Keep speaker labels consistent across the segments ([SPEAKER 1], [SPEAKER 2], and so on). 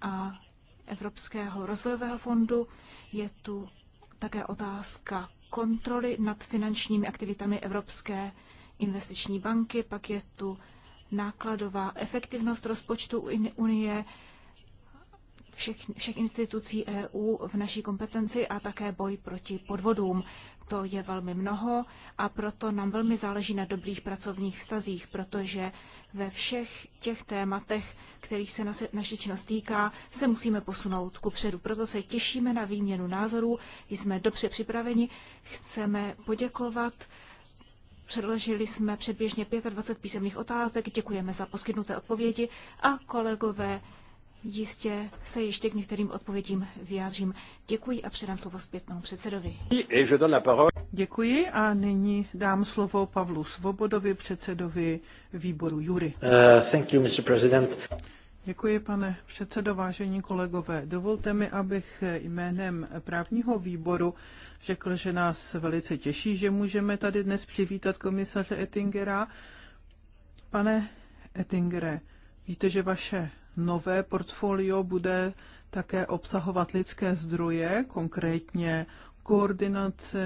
[SPEAKER 1] a Evropského rozvojového fondu. Je tu také otázka kontroly nad finančními aktivitami Evropské investiční banky, pak je tu nákladová efektivnost rozpočtu Unie, všech, všech institucí EU v naší kompetenci a také boj proti podvodům. To je velmi mnoho a proto nám velmi záleží na dobrých pracovních vztazích, protože ve všech těch tématech, kterých se naše činnost týká, se musíme posunout ku předu. Proto se těšíme na výměnu názorů, jsme dobře připraveni, chceme poděkovat. Předložili jsme předběžně 25 písemných otázek, děkujeme za poskytnuté odpovědi a kolegové Jistě se ještě k některým odpovědím vyjádřím. Děkuji a předám slovo zpětnou předsedovi. Děkuji a nyní dám slovo Pavlu Svobodovi,
[SPEAKER 2] předsedovi výboru Jury. Uh,
[SPEAKER 1] thank you, Mr. President.
[SPEAKER 2] Děkuji, pane předsedo, vážení kolegové. Dovolte mi, abych jménem právního výboru řekl, že nás velice těší, že můžeme tady dnes přivítat komisaře Ettingera. Pane Ettingere, víte, že vaše nové portfolio bude také obsahovat lidské zdroje, konkrétně koordinace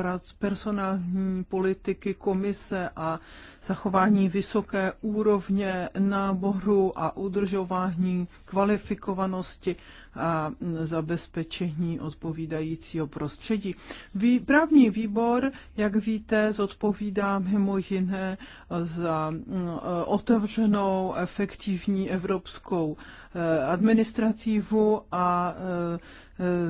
[SPEAKER 2] e, personální politiky komise a zachování vysoké úrovně náboru a udržování kvalifikovanosti a zabezpečení odpovídajícího prostředí. Vý, právní výbor, jak víte, zodpovídá mimo jiné za mm, otevřenou, efektivní evropskou eh, administrativu a eh,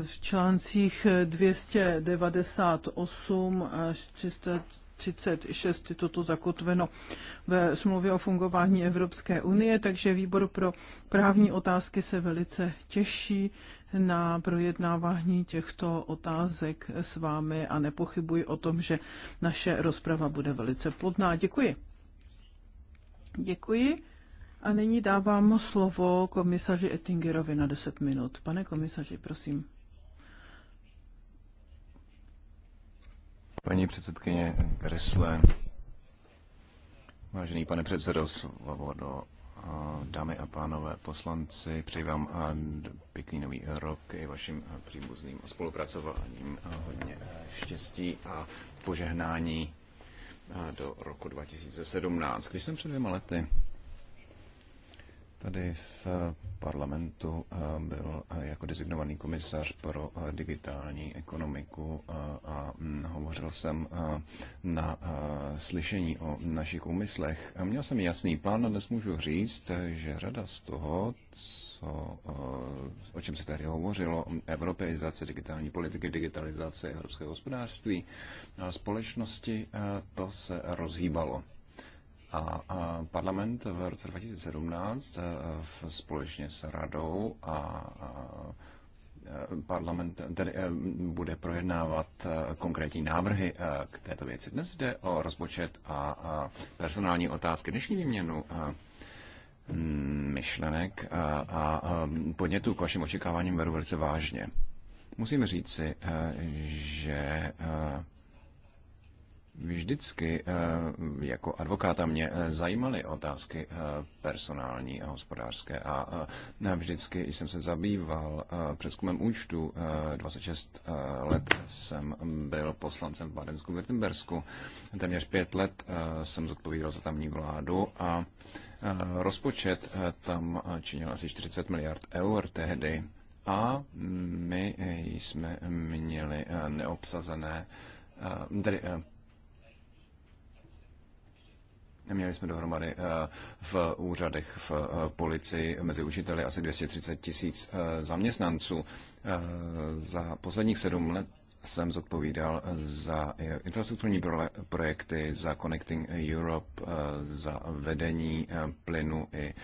[SPEAKER 2] v článcích 298 až 300 36 je toto zakotveno ve smlouvě o fungování Evropské unie, takže výbor pro právní otázky se velice těší na projednávání těchto otázek s vámi a nepochybuji o tom, že naše rozprava bude velice plodná. Děkuji. Děkuji. A nyní dávám slovo komisaři Ettingerovi na 10 minut. Pane komisaři, prosím.
[SPEAKER 3] Paní předsedkyně Gresle, vážený pane předsedo Svobodo, dámy a pánové poslanci, přeji vám pěkný nový rok i vašim příbuzným spolupracováním hodně štěstí a požehnání do roku 2017. Když jsem před dvěma lety Tady v eh, parlamentu eh, byl eh, jako designovaný komisař pro digitální ekonomiku a hm, hovořil jsem na slyšení o našich úmyslech. Měl jsem jasný plán a dnes můžu říct, že řada z toho, co, o čem se tady hovořilo, hm, evropeizace digitální politiky, digitalizace evropského hospodářství a společnosti, to se rozhýbalo. A, parlament v roce 2017 eh, společně s radou a, a eh, parlament tedy eh, bude projednávat konkrétní návrhy k této věci. Dnes jde o rozpočet a personální otázky. Dnešní výměnu myšlenek a podnětů k vašim očekáváním beru velice vážně. Musím říci, že Vždycky eh, jako advokáta mě eh, zajímaly otázky eh, personální a hospodářské a vždycky jsem se zabýval přeskumem účtu. 26 let jsem byl poslancem v Badensku, Württembersku. Téměř pět let jsem zodpovídal za tamní vládu a rozpočet tam činil asi 40 miliard eur tehdy a my jsme měli neobsazené, tedy Měli jsme dohromady eh, v úřadech, v eh, policii, mezi učiteli asi 230 tisíc eh, zaměstnanců. Za posledních sedm let jsem zodpovídal za infrastrukturní projekty, za Connecting Europe, za vedení plynu i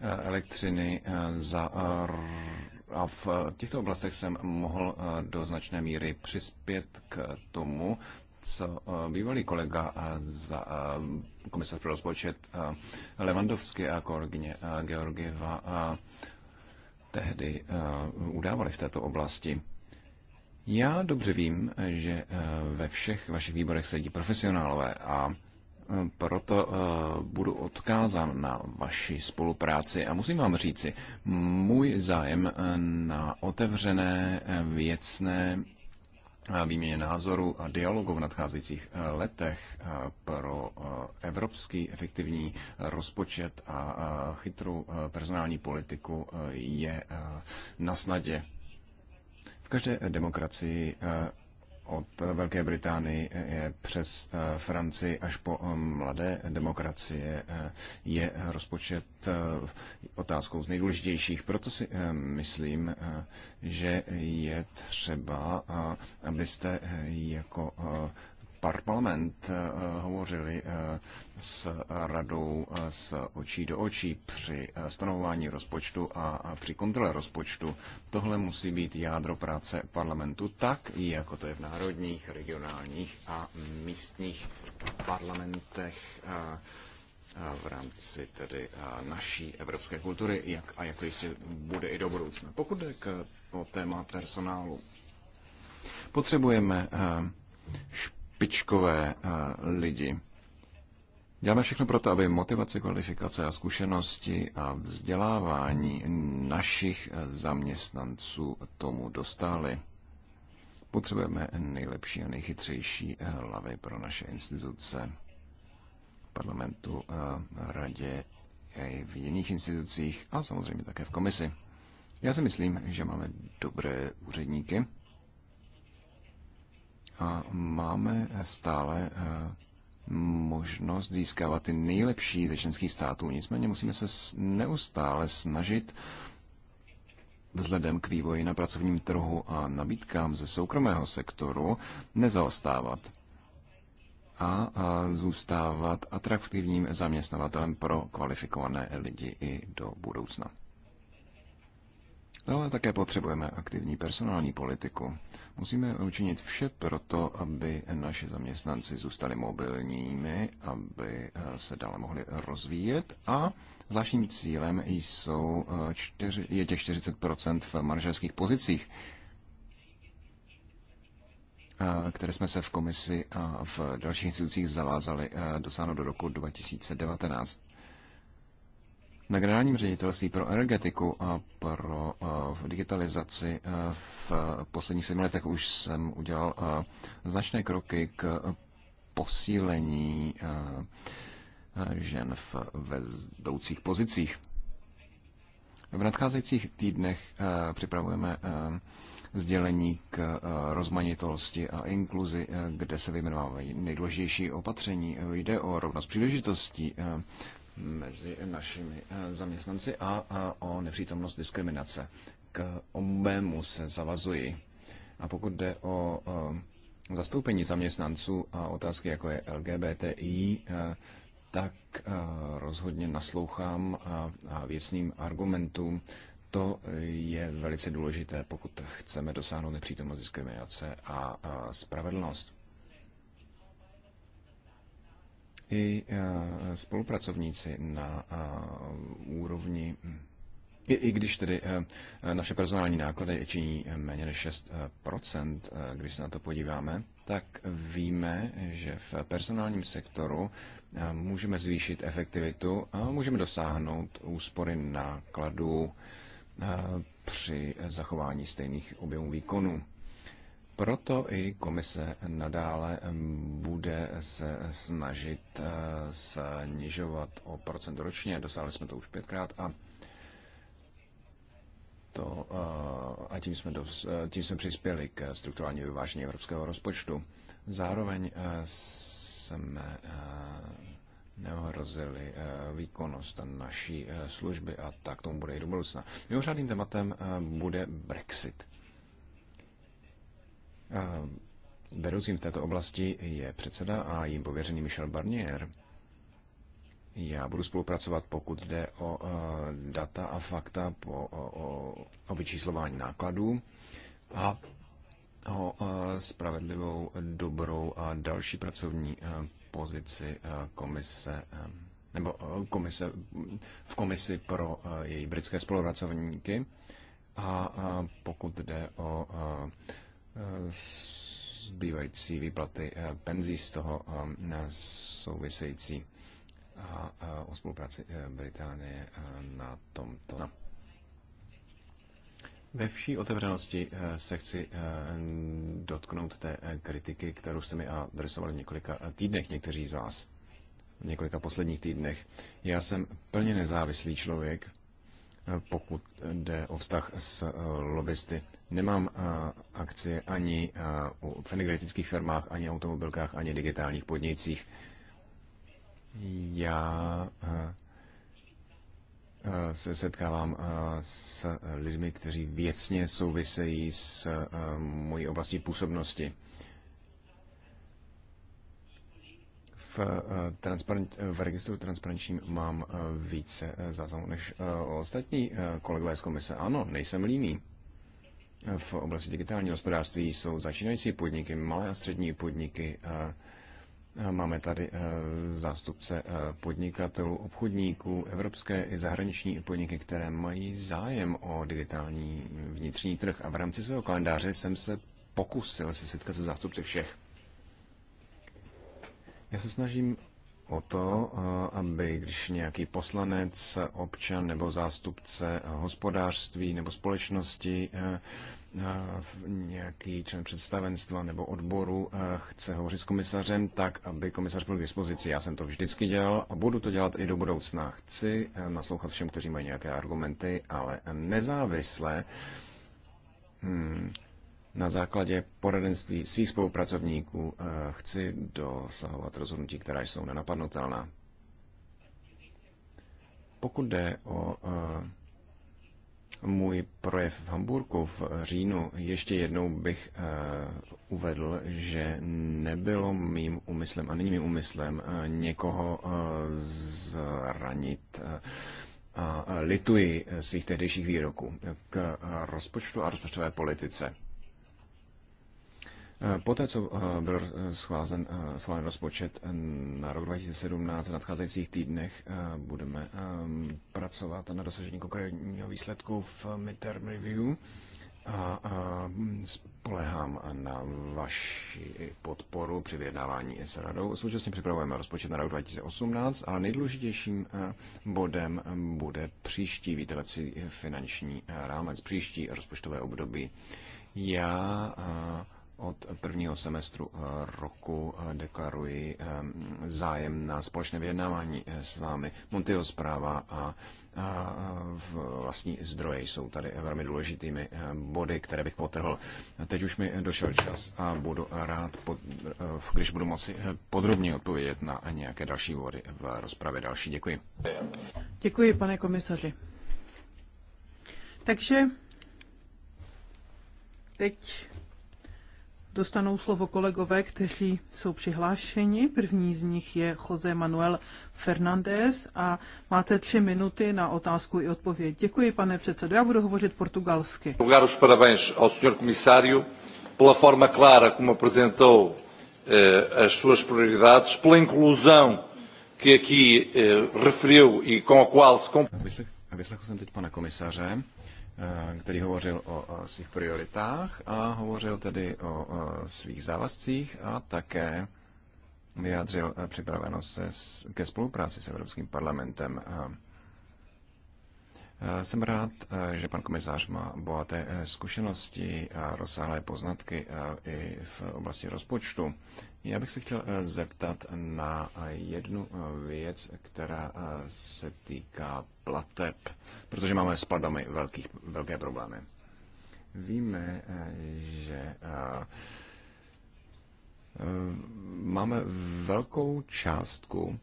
[SPEAKER 3] elektřiny za a v těchto oblastech jsem mohl do značné míry přispět k tomu, co eh, bývalý kolega eh, za eh, komisař pro rozpočet Levandovský a kolegyně Georgieva tehdy udávali v této oblasti. Já dobře vím, že ve všech vašich výborech sedí profesionálové a proto budu odkázán na vaši spolupráci a musím vám říci, můj zájem na otevřené, věcné výměně názoru a dialogu v nadcházejících eh, letech eh, pro eh, evropský efektivní rozpočet a chytrou personální politiku je na snadě. V každé demokracii od Velké Británie eh, přes eh, Francii až po eh, mladé demokracie je rozpočet otázkou z nejdůležitějších. Proto si myslím, že je třeba, abyste jako parlament eh, hovořili eh, s radou eh, s očí do očí při stanovování rozpočtu a při kontrole rozpočtu. Tohle musí být jádro práce parlamentu tak, jako to je v národních, regionálních a místních parlamentech v rámci tedy naší evropské kultury, jak a jak to jistě bude i do budoucna. Pokud jde k o téma personálu, potřebujeme špičkové eh, lidi. Děláme všechno proto, aby motivace, kvalifikace a zkušenosti a vzdělávání našich eh, zaměstnanců tomu dostály. Potřebujeme nejlepší a nejchytřejší eh, hlavy pro naše instituce, parlamentu, radě i v jiných institucích a samozřejmě také v komisi. Já si myslím, že máme dobré úředníky, a máme stále eh, možnost získávat ty nejlepší ze členských států. Nicméně musíme se neustále snažit vzhledem k vývoji na pracovním trhu a nabídkám ze soukromého sektoru nezaostávat a zůstávat atraktivním zaměstnavatelem pro kvalifikované lidi i do budoucna. No, ale také potřebujeme aktivní personální politiku. Musíme učinit vše pro to, aby naši zaměstnanci zůstali mobilními, aby eh, se dále mohli rozvíjet a zvláštním cílem jsou eh, čtyři, je těch 40% v manažerských pozicích, eh, které jsme se v komisi a v dalších institucích zavázali dosáhnout do roku 2019. Na generálním ředitelství pro energetiku a pro eh, v digitalizaci eh, v posledních sedmi letech už jsem udělal eh, značné kroky k posílení žen v vedoucích pozicích. V nadcházejících týdnech připravujeme sdělení k rozmanitosti a inkluzi, kde se vyjmenovávají nejdůležitější opatření. Jde o rovnost příležitostí, mezi našimi eh, zaměstnanci a, o nepřítomnost diskriminace. K obému se zavazuji. A pokud jde o eh, zastoupení zaměstnanců a otázky, jako je LGBTI, eh, tak rozhodně naslouchám a věcným argumentům. To je velice důležité, pokud chceme dosáhnout nepřítomnost diskriminace a spravedlnost. i e, spolupracovníci na e, úrovni, i, i když tedy e, naše personální náklady činí méně než 6%, když se na to podíváme, tak víme, že v personálním sektoru můžeme zvýšit efektivitu a můžeme dosáhnout úspory nákladů při zachování stejných objemů výkonů. Proto i komise nadále bude se snažit eh, snižovat o procent ročně. Dosáhli jsme to už pětkrát a to, eh, a tím jsme, dos, eh, tím jsme přispěli k strukturální vyvážení evropského rozpočtu. Zároveň jsme neohrozili výkonnost naší služby a tak tomu bude i do budoucna. Mimořádným tématem bude Brexit. Vedoucím v této oblasti je předseda a jim pověřený Michel Barnier. Já budu spolupracovat, pokud jde o e, data a fakta po, o, o vyčíslování nákladů a o e, spravedlivou, dobrou a další pracovní e, pozici komise nebo komise, v komisi pro její britské spolupracovníky. A pokud jde o zbývající výplaty eh, penzí z toho eh, související a eh, o spolupráci Británie na tomto. No. Ve vší otevřenosti se chci dotknout té kritiky, kterou jste mi adresovali v několika týdnech někteří z vás. V několika posledních týdnech. Já jsem plně nezávislý člověk, pokud jde o vztah s lobbysty. Nemám eh, akcie ani eh, u energetických firmách, ani automobilkách, ani digitálních podnicích. Já eh, se setkávám s lidmi, kteří věcně souvisejí s mojí oblastí působnosti. V, transparent, v registru transparentním mám více zázemů než ostatní kolegové z komise. Ano, nejsem líný v oblasti digitálního hospodářství jsou začínající podniky, malé a střední podniky. Máme tady e, zástupce e, podnikatelů, obchodníků, evropské i zahraniční podniky, které mají zájem o digitální vnitřní trh. A v rámci svého kalendáře jsem se pokusil se setkat se zástupci všech. Já se snažím o to, eh, aby když nějaký poslanec, občan nebo zástupce hospodářství nebo společnosti, eh, eh, nějaký člen představenstva nebo odboru chce hovořit s komisařem, tak aby komisař byl k dispozici. Já jsem to vždycky dělal a budu to dělat i do budoucna. Chci naslouchat všem, kteří mají nějaké argumenty, ale nezávisle hmm, na základě poradenství svých spolupracovníků eh, chci dosahovat rozhodnutí, která jsou nenapadnutelná. Pokud jde o eh, můj projev v Hamburku v říjnu, ještě jednou bych eh, uvedl, že nebylo mým úmyslem a není mým úmyslem někoho zranit a lituji svých tehdejších výroků k rozpočtu a rozpočtové politice. Eh, poté, co eh, byl eh, schválen, schválen rozpočet na rok 2017 v nadcházejících týdnech, budeme ehm, pracovat na dosažení konkrétního výsledku v midterm review a, spolehám na vaši podporu při vyjednávání s radou. Současně připravujeme rozpočet na rok 2018, ale nejdůležitějším bodem bude příští výtelecí finanční rámec, příští rozpočtové období. Já od prvního semestru eh, roku eh, deklaruji eh, zájem na společné vyjednávání s vámi. Montyho zpráva a vlastní zdroje jsou tady velmi důležitými body, které bych potrhl. Teď už mi došel čas a budu rád, když budu moci podrobně odpovědět na nějaké další vody v rozpravě další. Děkuji.
[SPEAKER 2] Děkuji, pane komisaři. Takže teď dostanou slovo kolegové, kteří jsou přihlášeni. První z nich je Jose Manuel Fernández a máte tři minuty na otázku i odpověď. Děkuji, pane předsedo. Já budu hovořit portugalsky.
[SPEAKER 4] Os parabéns ao senhor comissário pela forma clara como apresentou eh, as suas prioridades, pela inclusão que aqui eh, referiu e com a qual se... Vyslechl jsem teď pana
[SPEAKER 3] komisaře Eh, který hovořil o svých prioritách a hovořil tedy o svých závazcích a také vyjádřil eh, připravenost se ke spolupráci s Evropským parlamentem. Eh, jsem rád, že pan komisář má bohaté zkušenosti a rozsáhlé poznatky i v oblasti rozpočtu. Já bych se chtěl eh, zeptat na eh, jednu eh, věc, která se týká plateb, protože máme s platbami velkých, velké problémy. Víme, že máme velkou částku,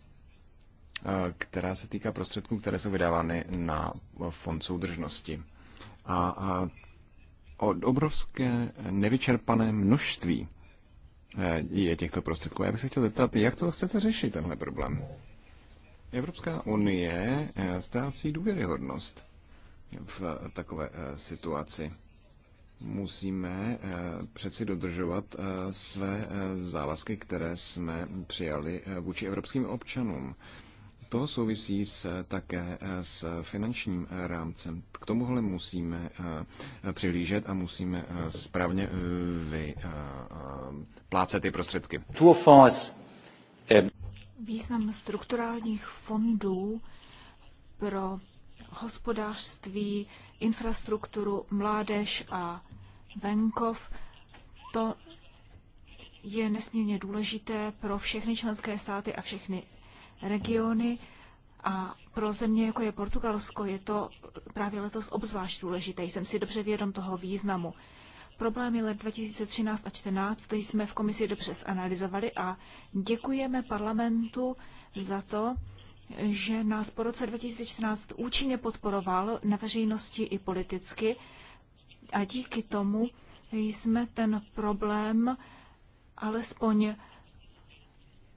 [SPEAKER 3] která se týká prostředků, které jsou vydávány na fond soudržnosti. A, a obrovské nevyčerpané množství Eh, je těchto prostředků. Já bych se chtěl zeptat, jak to chcete řešit, tenhle problém? Evropská unie eh, ztrácí důvěryhodnost v eh, takové situaci. Musíme přeci dodržovat své závazky, které jsme přijali vůči evropským občanům to souvisí s, také eh, s finančním eh, rámcem. K tomuhle musíme eh, přihlížet a musíme správně vyplácet ty prostředky.
[SPEAKER 1] Význam strukturálních fondů pro hospodářství, infrastrukturu, mládež a venkov, to je nesmírně důležité pro všechny členské státy a všechny regiony a pro země, jako je Portugalsko, je to právě letos obzvlášť důležité. Jsem si dobře vědom toho významu. Problémy let 2013 a 2014 jsme v komisi dobře zanalizovali a děkujeme parlamentu za to, že nás po roce 2014 účinně podporoval na veřejnosti i politicky a díky tomu jsme ten problém alespoň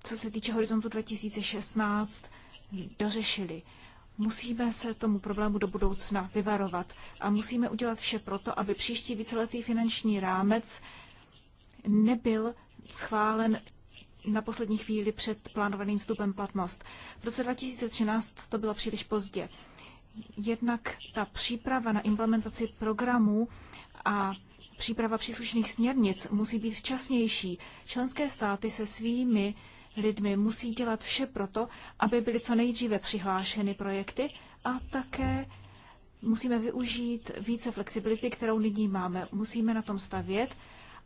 [SPEAKER 1] co se týče horizontu 2016, dořešili. Musíme se tomu problému do budoucna vyvarovat a musíme udělat vše proto, aby příští víceletý finanční rámec nebyl schválen na poslední chvíli před plánovaným vstupem platnost. V roce 2013 to bylo příliš pozdě. Jednak ta příprava na implementaci programů a příprava příslušných směrnic musí být včasnější. Členské státy se svými lidmi, musí dělat vše proto, aby byly co nejdříve přihlášeny projekty a také musíme využít více flexibility, kterou nyní máme. Musíme na tom stavět,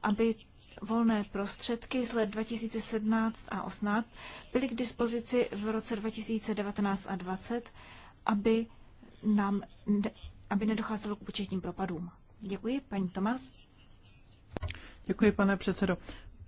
[SPEAKER 1] aby volné prostředky z let 2017 a 2018 byly k dispozici v roce 2019 a 2020, aby, nám, aby nedocházelo k početním propadům. Děkuji, paní Tomas.
[SPEAKER 2] Děkuji, pane předsedo.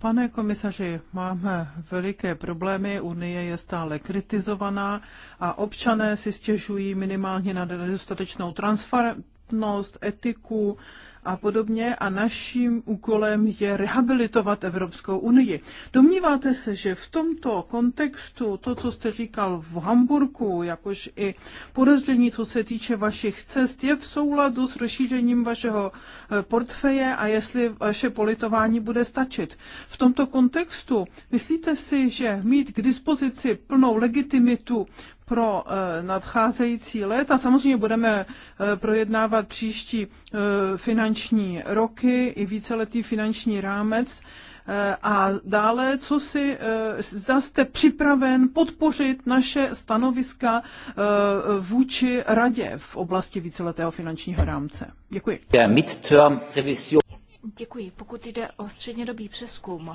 [SPEAKER 2] Pane komisaři, máme veliké problémy, Unie je stále kritizovaná a občané si stěžují minimálně na nedostatečnou transparentnost, etiku, a podobně a naším úkolem je rehabilitovat Evropskou unii. Domníváte se, že v tomto kontextu to, co jste říkal v Hamburgu, jakož i podezření, co se týče vašich cest, je v souladu s rozšířením vašeho eh, portfeje a jestli vaše politování bude stačit. V tomto kontextu myslíte si, že mít k dispozici plnou legitimitu pro eh, nadcházející let a samozřejmě budeme eh, projednávat příští eh, finanční roky i víceletý finanční rámec. A dále, co si, zda jste připraven podpořit naše stanoviska vůči radě v oblasti víceletého finančního rámce. Děkuji.
[SPEAKER 1] Děkuji. Pokud jde o střednědobý přeskum,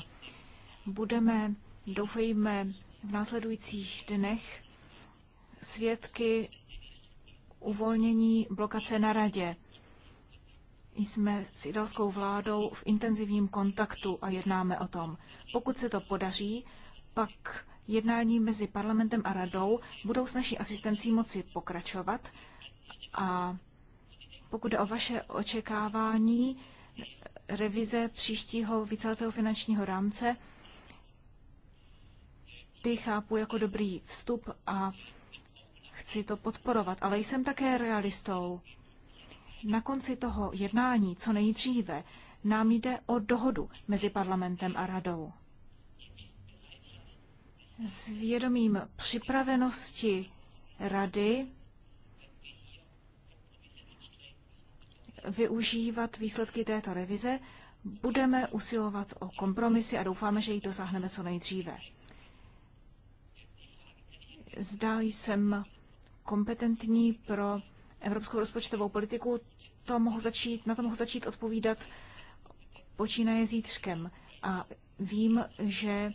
[SPEAKER 1] budeme, doufejme, v následujících dnech svědky uvolnění blokace na radě. Jsme s italskou vládou v intenzivním kontaktu a jednáme o tom. Pokud se to podaří, pak jednání mezi parlamentem a radou budou s naší asistencí moci pokračovat a pokud jde o vaše očekávání, revize příštího víceletého finančního rámce, ty chápu jako dobrý vstup a chci to podporovat, ale jsem také realistou. Na konci toho jednání, co nejdříve, nám jde o dohodu mezi parlamentem a radou. S vědomím připravenosti rady využívat výsledky této revize, budeme usilovat o kompromisy a doufáme, že jich dosáhneme co nejdříve. Zdá jsem kompetentní pro evropskou rozpočtovou politiku, to mohu začít, na to mohu začít odpovídat počínaje zítřkem. A vím, že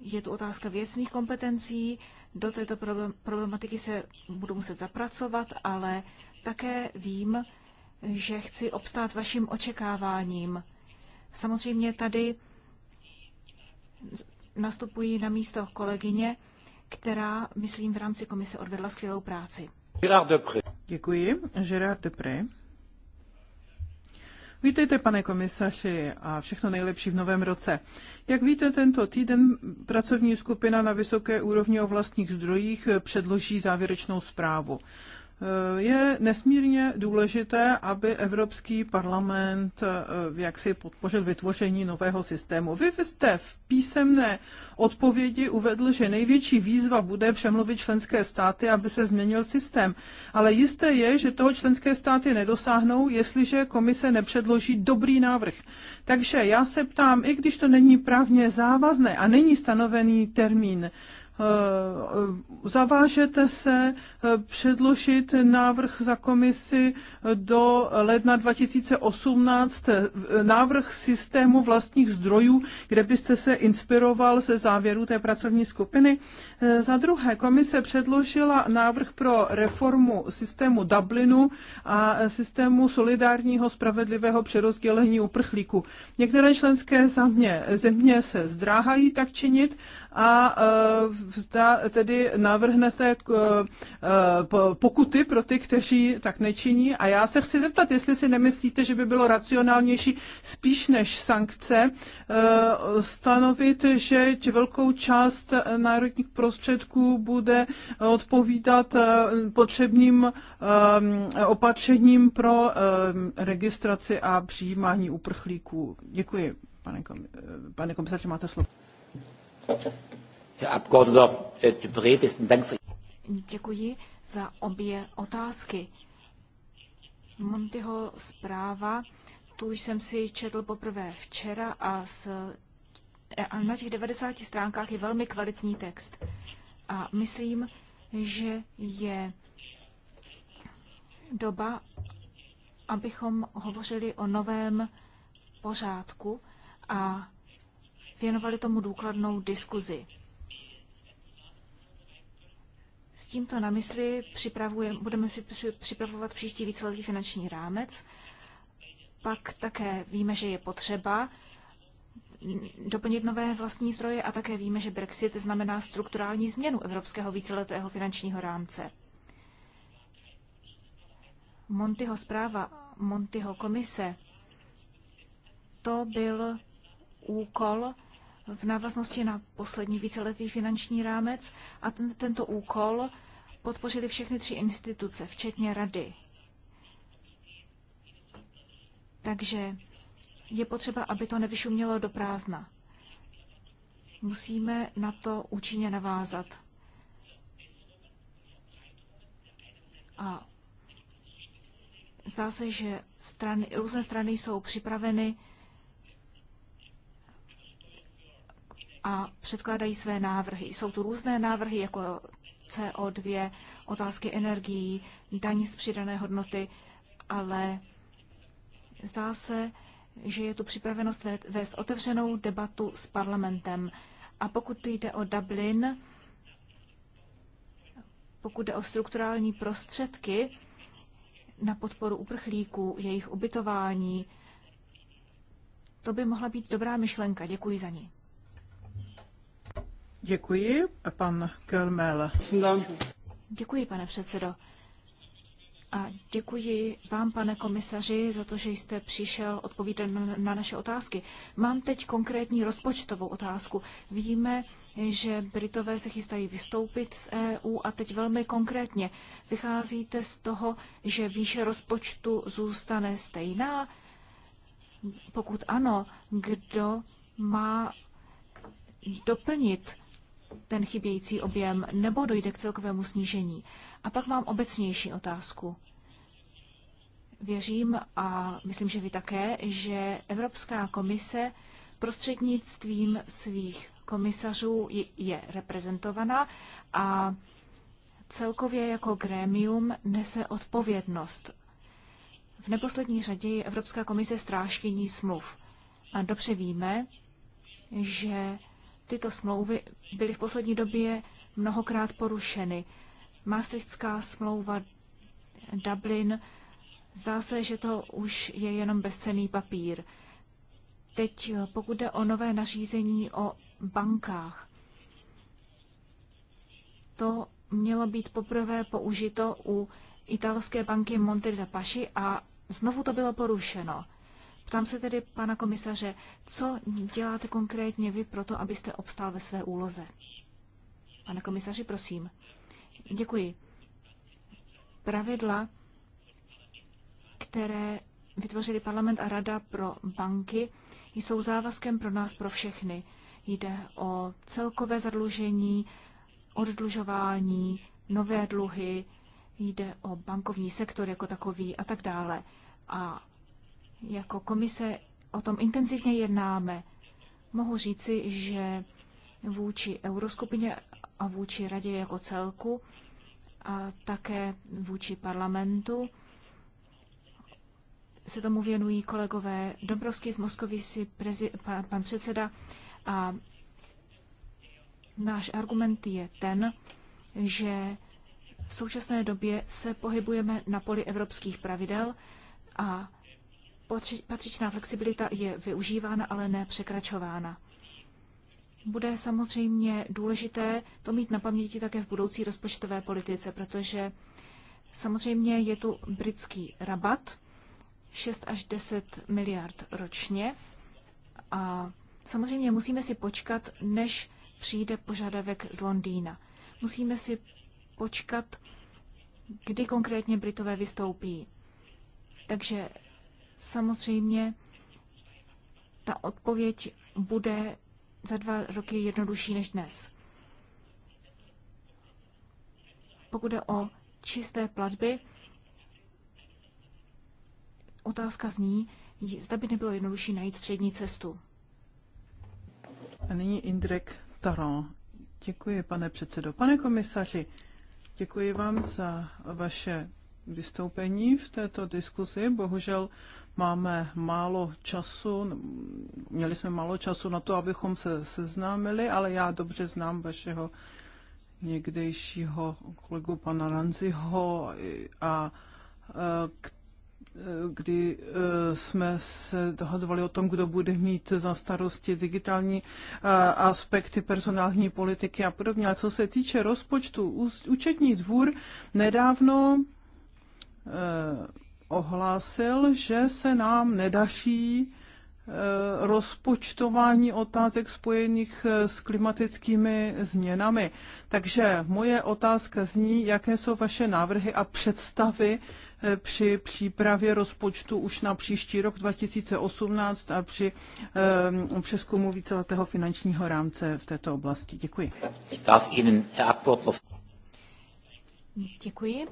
[SPEAKER 1] je tu otázka věcných kompetencí, do této problematiky se budu muset zapracovat, ale také vím, že chci obstát vašim očekáváním. Samozřejmě tady nastupují na místo kolegyně, která, myslím, v rámci komise odvedla skvělou práci.
[SPEAKER 2] Depré. Děkuji. Gerard Depré. Vítejte, pane komisaři, a všechno nejlepší v novém roce. Jak víte, tento týden pracovní skupina na vysoké úrovni o vlastních zdrojích předloží závěrečnou zprávu. Eh, je nesmírně důležité, aby Evropský parlament eh, jaksi podpořil vytvoření nového systému. Vy jste v písemné odpovědi uvedl, že největší výzva bude přemluvit členské státy, aby se změnil systém. Ale jisté je, že toho členské státy nedosáhnou, jestliže komise nepředloží dobrý návrh. Takže já se ptám, i když to není právně závazné a není stanovený termín, Eh, zavážete se eh, předložit návrh za komisi do ledna 2018, eh, návrh systému vlastních zdrojů, kde byste se inspiroval ze závěru té pracovní skupiny. Za druhé, komise předložila návrh pro reformu systému Dublinu a systému solidárního spravedlivého přerozdělení uprchlíků. Některé členské země, země se zdráhají tak činit a e, zda tedy navrhnete e, pokuty pro ty, kteří tak nečiní. A já se chci zeptat, jestli si nemyslíte, že by bylo racionálnější spíš než sankce e, stanovit, že velkou část národních prostředků bude odpovídat potřebným opatřením pro registraci a přijímání uprchlíků. Děkuji, pane, kom- pane komisaři, máte slovo.
[SPEAKER 1] Äh, Děkuji za obě otázky. Montyho zpráva, tu už jsem si četl poprvé včera a, s, a na těch 90 stránkách je velmi kvalitní text. A myslím, že je doba, abychom hovořili o novém pořádku a věnovali tomu důkladnou diskuzi. S tímto na mysli budeme připravovat příští víceletý finanční rámec. Pak také víme, že je potřeba doplnit nové vlastní zdroje a také víme, že Brexit znamená strukturální změnu evropského víceletého finančního rámce. Montyho zpráva, Montyho komise, to byl úkol, v návaznosti na poslední víceletý finanční rámec a ten, tento úkol podpořili všechny tři instituce, včetně rady. Takže je potřeba, aby to nevyšumělo do prázdna. Musíme na to účinně navázat. A zdá se, že strany, různé strany jsou připraveny a předkládají své návrhy. Jsou tu různé návrhy, jako CO2, otázky energií, daní z přidané hodnoty, ale zdá se, že je tu připravenost vést otevřenou debatu s parlamentem. A pokud jde o Dublin, pokud jde o strukturální prostředky na podporu uprchlíků, jejich ubytování, to by mohla být dobrá myšlenka. Děkuji za ní.
[SPEAKER 2] Děkuji, pan Kelmel.
[SPEAKER 1] Děkuji, pane předsedo. A děkuji vám, pane komisaři, za to, že jste přišel odpovídat na naše otázky. Mám teď konkrétní rozpočtovou otázku. Víme, že Britové se chystají vystoupit z EU a teď velmi konkrétně. Vycházíte z toho, že výše rozpočtu zůstane stejná? Pokud ano, kdo má doplnit ten chybějící objem, nebo dojde k celkovému snížení? A pak mám obecnější otázku. Věřím a myslím, že vy také, že Evropská komise prostřednictvím svých komisařů je reprezentovaná a celkově jako grémium nese odpovědnost. V neposlední řadě je Evropská komise strážkyní smluv. A dobře víme, že tyto smlouvy byly v poslední době mnohokrát porušeny. Maastrichtská smlouva Dublin, zdá se, že to už je jenom bezcený papír. Teď eh, pokud jde o nové nařízení o bankách, to mělo být poprvé použito u italské banky Monte da Paschi a znovu to bylo porušeno. Ptám se tedy pana komisaře, co děláte konkrétně vy pro to, abyste obstál ve své úloze? Pane komisaři, prosím. Děkuji. Pravidla, které vytvořili parlament a rada pro banky, jsou závazkem pro nás, pro všechny. Jde o celkové zadlužení, oddlužování, nové dluhy, jde o bankovní sektor jako takový a tak dále. A jako komise o tom intenzivně jednáme. Mohu říci, že vůči euroskupině a vůči radě jako celku a také vůči parlamentu se tomu věnují kolegové Dobrovský z prezi, pan, pan předseda. A náš argument je ten, že v současné době se pohybujeme na poli evropských pravidel a patřičná flexibilita je využívána, ale ne překračována. Bude samozřejmě důležité to mít na paměti také v budoucí rozpočtové politice, protože samozřejmě je tu britský rabat 6 až 10 miliard ročně a samozřejmě musíme si počkat, než přijde požadavek z Londýna. Musíme si počkat, kdy konkrétně Britové vystoupí. Takže Samozřejmě ta odpověď bude za dva roky jednodušší než dnes. Pokud je o čisté platby, otázka zní, zda by nebylo jednodušší najít střední cestu. A nyní Indrek Taro. Děkuji, pane
[SPEAKER 2] předsedo. Pane komisaři, děkuji vám za vaše vystoupení v této diskuzi. Bohužel máme málo času, měli jsme málo času na to, abychom se seznámili, ale já dobře znám vašeho někdejšího kolegu pana Ranziho a kdy e, jsme se dohadovali o tom, kdo bude mít za starosti digitální e, aspekty personální politiky a podobně. A co se týče rozpočtu, účetní dvůr nedávno e, ohlásil, že se nám nedaří eh, rozpočtování otázek spojených eh, s klimatickými změnami. Takže moje otázka zní, jaké jsou vaše návrhy a představy eh, při přípravě rozpočtu už na příští rok 2018 a při přeskumu víceletého finančního rámce v této oblasti. Děkuji.
[SPEAKER 1] Děkuji.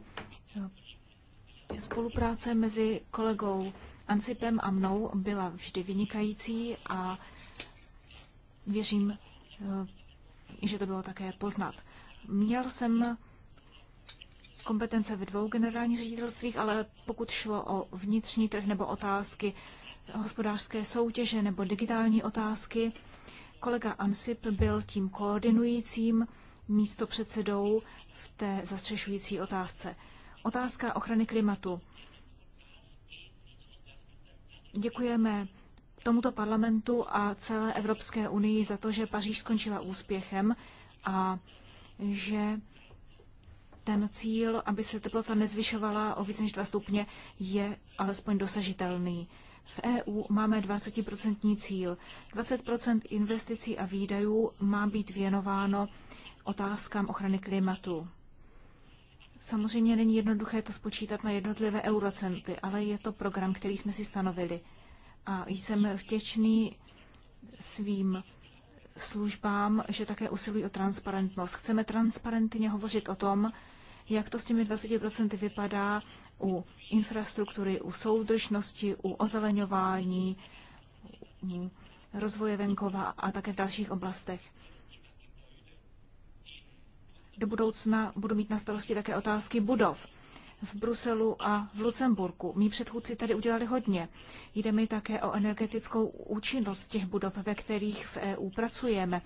[SPEAKER 1] Spolupráce mezi kolegou Ancipem a mnou byla vždy vynikající a věřím, eh, že to bylo také poznat. Měl jsem kompetence ve dvou generálních ředitelstvích, ale pokud šlo o vnitřní trh nebo otázky hospodářské soutěže nebo digitální otázky, kolega Ansip byl tím koordinujícím místopředsedou v té zastřešující otázce. Otázka ochrany klimatu. Děkujeme tomuto parlamentu a celé Evropské unii za to, že Paříž skončila úspěchem a že ten cíl, aby se teplota nezvyšovala o více než 2 stupně, je alespoň dosažitelný. V EU máme 20% cíl. 20% investicí a výdajů má být věnováno otázkám ochrany klimatu. Samozřejmě není jednoduché to spočítat na jednotlivé eurocenty, ale je to program, který jsme si stanovili. A jsem vděčný svým službám, že také usilují o transparentnost. Chceme transparentně hovořit o tom, jak to s těmi 20% vypadá u infrastruktury, u soudržnosti, u ozeleňování, u rozvoje venkova a také v dalších oblastech do budoucna budu mít na starosti také otázky budov v Bruselu a v Lucemburku. Mí předchůdci tady udělali hodně. Jde mi také o energetickou účinnost těch budov, ve kterých v EU pracujeme.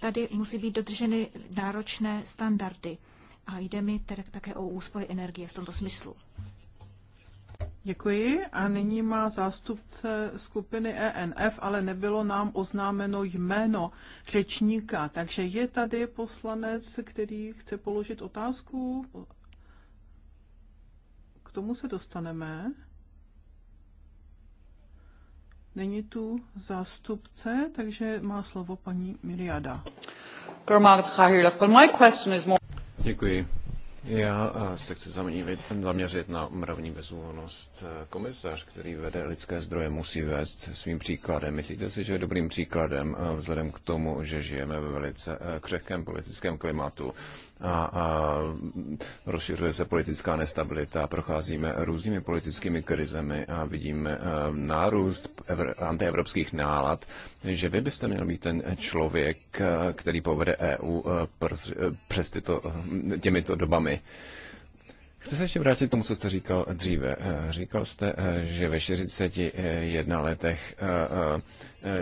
[SPEAKER 1] Tady musí být dodrženy náročné standardy. A jde mi tedy také o úspory energie v tomto smyslu.
[SPEAKER 2] Děkuji a nyní má zástupce skupiny ENF, ale nebylo nám oznámeno jméno řečníka, takže je tady poslanec, který chce položit otázku. K tomu se dostaneme. Není tu zástupce, takže má slovo paní Miriada.
[SPEAKER 3] Děkuji. Já se chci zaměřit, zaměřit na mravní bezúhonost. Komisař, který vede lidské zdroje, musí vést svým příkladem. Myslíte si, že je dobrým příkladem vzhledem k tomu, že žijeme ve velice křehkém politickém klimatu a, a rozšiřuje se politická nestabilita, procházíme různými politickými krizemi a vidíme eh, nárůst antievropských nálad, že vy byste měl být ten člověk, eh, který povede EU eh, přes tyto, těmito dobami. Chci se ještě vrátit k tomu, co jste říkal dříve. Eh, říkal jste, eh, že ve 41 eh, letech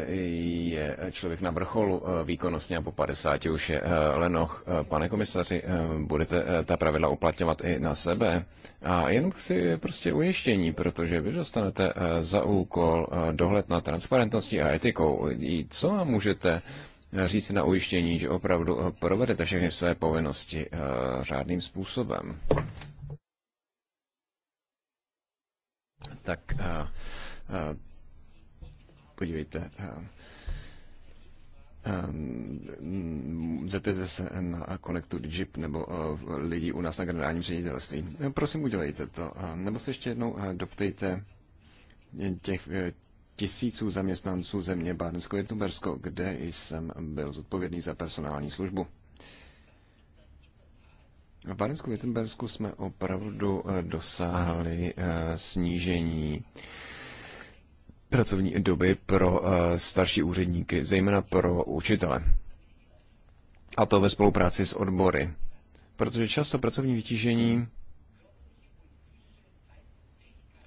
[SPEAKER 3] je člověk na vrcholu výkonnostně a po 50 už je lenoch. Pane komisaři, budete ta pravidla uplatňovat i na sebe? A jenom chci prostě ujištění, protože vy dostanete za úkol dohled na transparentnosti a etikou. Co vám můžete říct na ujištění, že opravdu provedete všechny své povinnosti řádným způsobem? tak eh, eh, podívejte. Eh, zeptejte se na konektu Digip nebo lidí u nás na generálním ředitelství. Prosím, udělejte to. Nebo se ještě jednou doptejte těch tisíců zaměstnanců země bárnsko jednobersko kde jsem byl zodpovědný za personální službu. V Barensku Wittenbergsku jsme opravdu eh, dosáhli eh, snížení pracovní doby pro eh, starší úředníky, zejména pro učitele. A to ve spolupráci s odbory. Protože často pracovní vytížení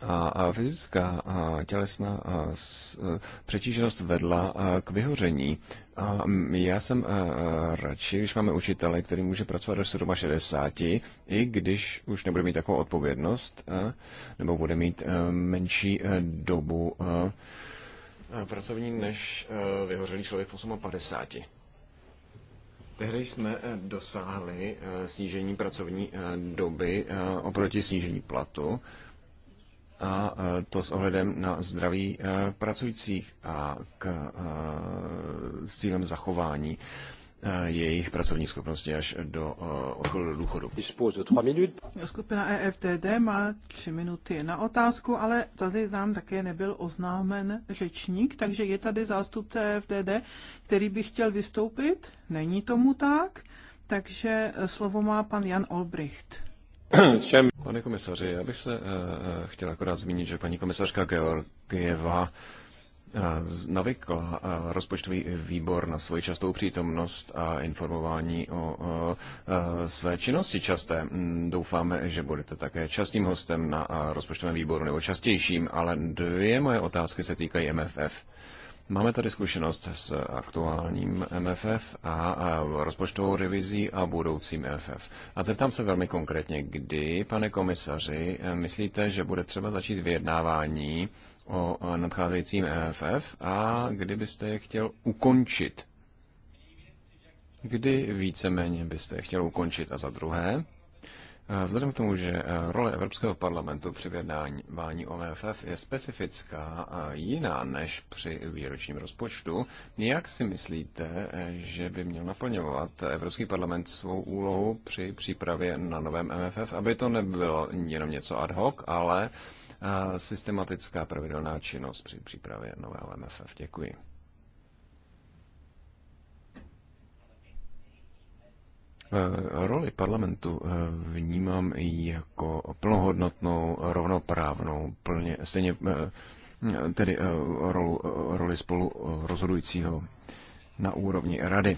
[SPEAKER 3] a fyzická tělesná e, přetíženost vedla k vyhoření. A já jsem e, e, radši, když máme učitele, který může pracovat do 67, i když už nebude mít takovou odpovědnost, nebo bude mít menší dobu pracovní než vyhořelý člověk v 58. Tehdy jsme dosáhli snížení pracovní doby oproti snížení platu a to s ohledem na zdraví e, pracujících a k, e, s cílem zachování e, jejich pracovní schopnosti až do odchodu do důchodu.
[SPEAKER 2] Skupina EFTD má tři minuty na otázku, ale tady nám také nebyl oznámen řečník, takže je tady zástupce EFTD, který by chtěl vystoupit. Není tomu tak, takže slovo má pan Jan Olbricht
[SPEAKER 3] všem. Pane komisaři, já bych se eh, eh, chtěl akorát zmínit, že paní komisařka Georgieva eh, navykla rozpočtový výbor na svoji častou přítomnost a informování o, o své činnosti časté. Mm, doufáme, že budete také častým hostem na rozpočtovém výboru nebo častějším, ale dvě moje otázky se týkají MFF. Máme tady zkušenost s aktuálním MFF a rozpočtovou revizí a budoucím MFF. A zeptám se velmi konkrétně, kdy, pane komisaři, eh, myslíte, že bude třeba začít vyjednávání o eh, nadcházejícím MFF a kdy byste je chtěl ukončit? Kdy víceméně byste je chtěl ukončit? A za druhé, Eh, vzhledem k tomu, že eh, role Evropského parlamentu při vyjednávání o MFF je specifická a jiná než při výročním rozpočtu, jak si myslíte, eh, že by měl naplňovat Evropský parlament svou úlohu při přípravě na novém MFF, aby to nebylo jenom něco ad hoc, ale systematická pravidelná činnost při přípravě nového MFF? Děkuji. Eh, roli parlamentu eh, vnímám jako plnohodnotnou, rovnoprávnou, plně, stejně eh, tedy roli, roli spolu rozhodujícího na úrovni rady.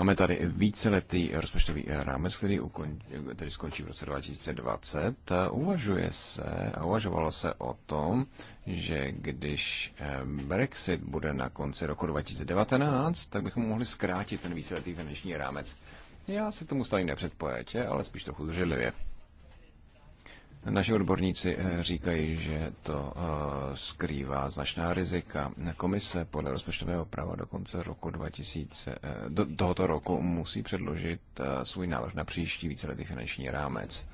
[SPEAKER 3] Máme tady víceletý rozpočtový eh, rámec, který, ukon, který skončí v roce 2020. Uvažuje se a uvažovalo se o tom, že když eh, Brexit bude na konci roku 2019, tak bychom mohli zkrátit ten víceletý finanční rámec. Já se tomu stavím nepředpojetě, ale spíš trochu zřelivě. Naši odborníci eh, říkají, že to eh, skrývá značná rizika. Komise podle rozpočtového práva do konce roku 2000, eh, do tohoto roku musí předložit svůj návrh na příští víceletý finanční rámec.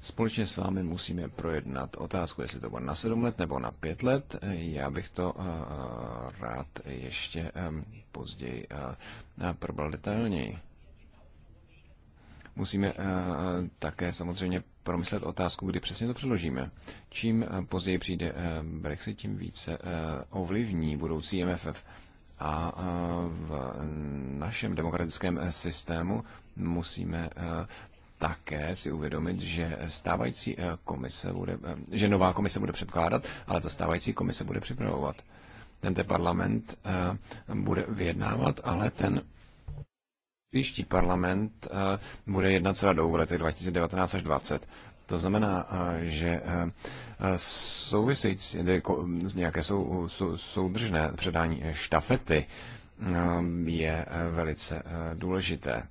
[SPEAKER 3] Společně s vámi musíme projednat otázku, jestli to bude na sedm let nebo na pět let. Já bych to rád ještě později probral detailněji. Musíme eh, eh, také samozřejmě promyslet otázku, kdy přesně to přeložíme. Čím eh, později přijde Brexit, tím více ovlivní budoucí MFF. A v našem demokratickém systému musíme také si uvědomit, že stávající komise bude, že nová komise bude předkládat, ale ta stávající komise bude připravovat. Tento parlament bude vyjednávat, ale ten příští parlament eh, bude jednat celá radou v letech 2019 až 2020. To znamená, eh, že eh, souvisící, nějaké sou, sou, soudržné předání štafety je velice důležité.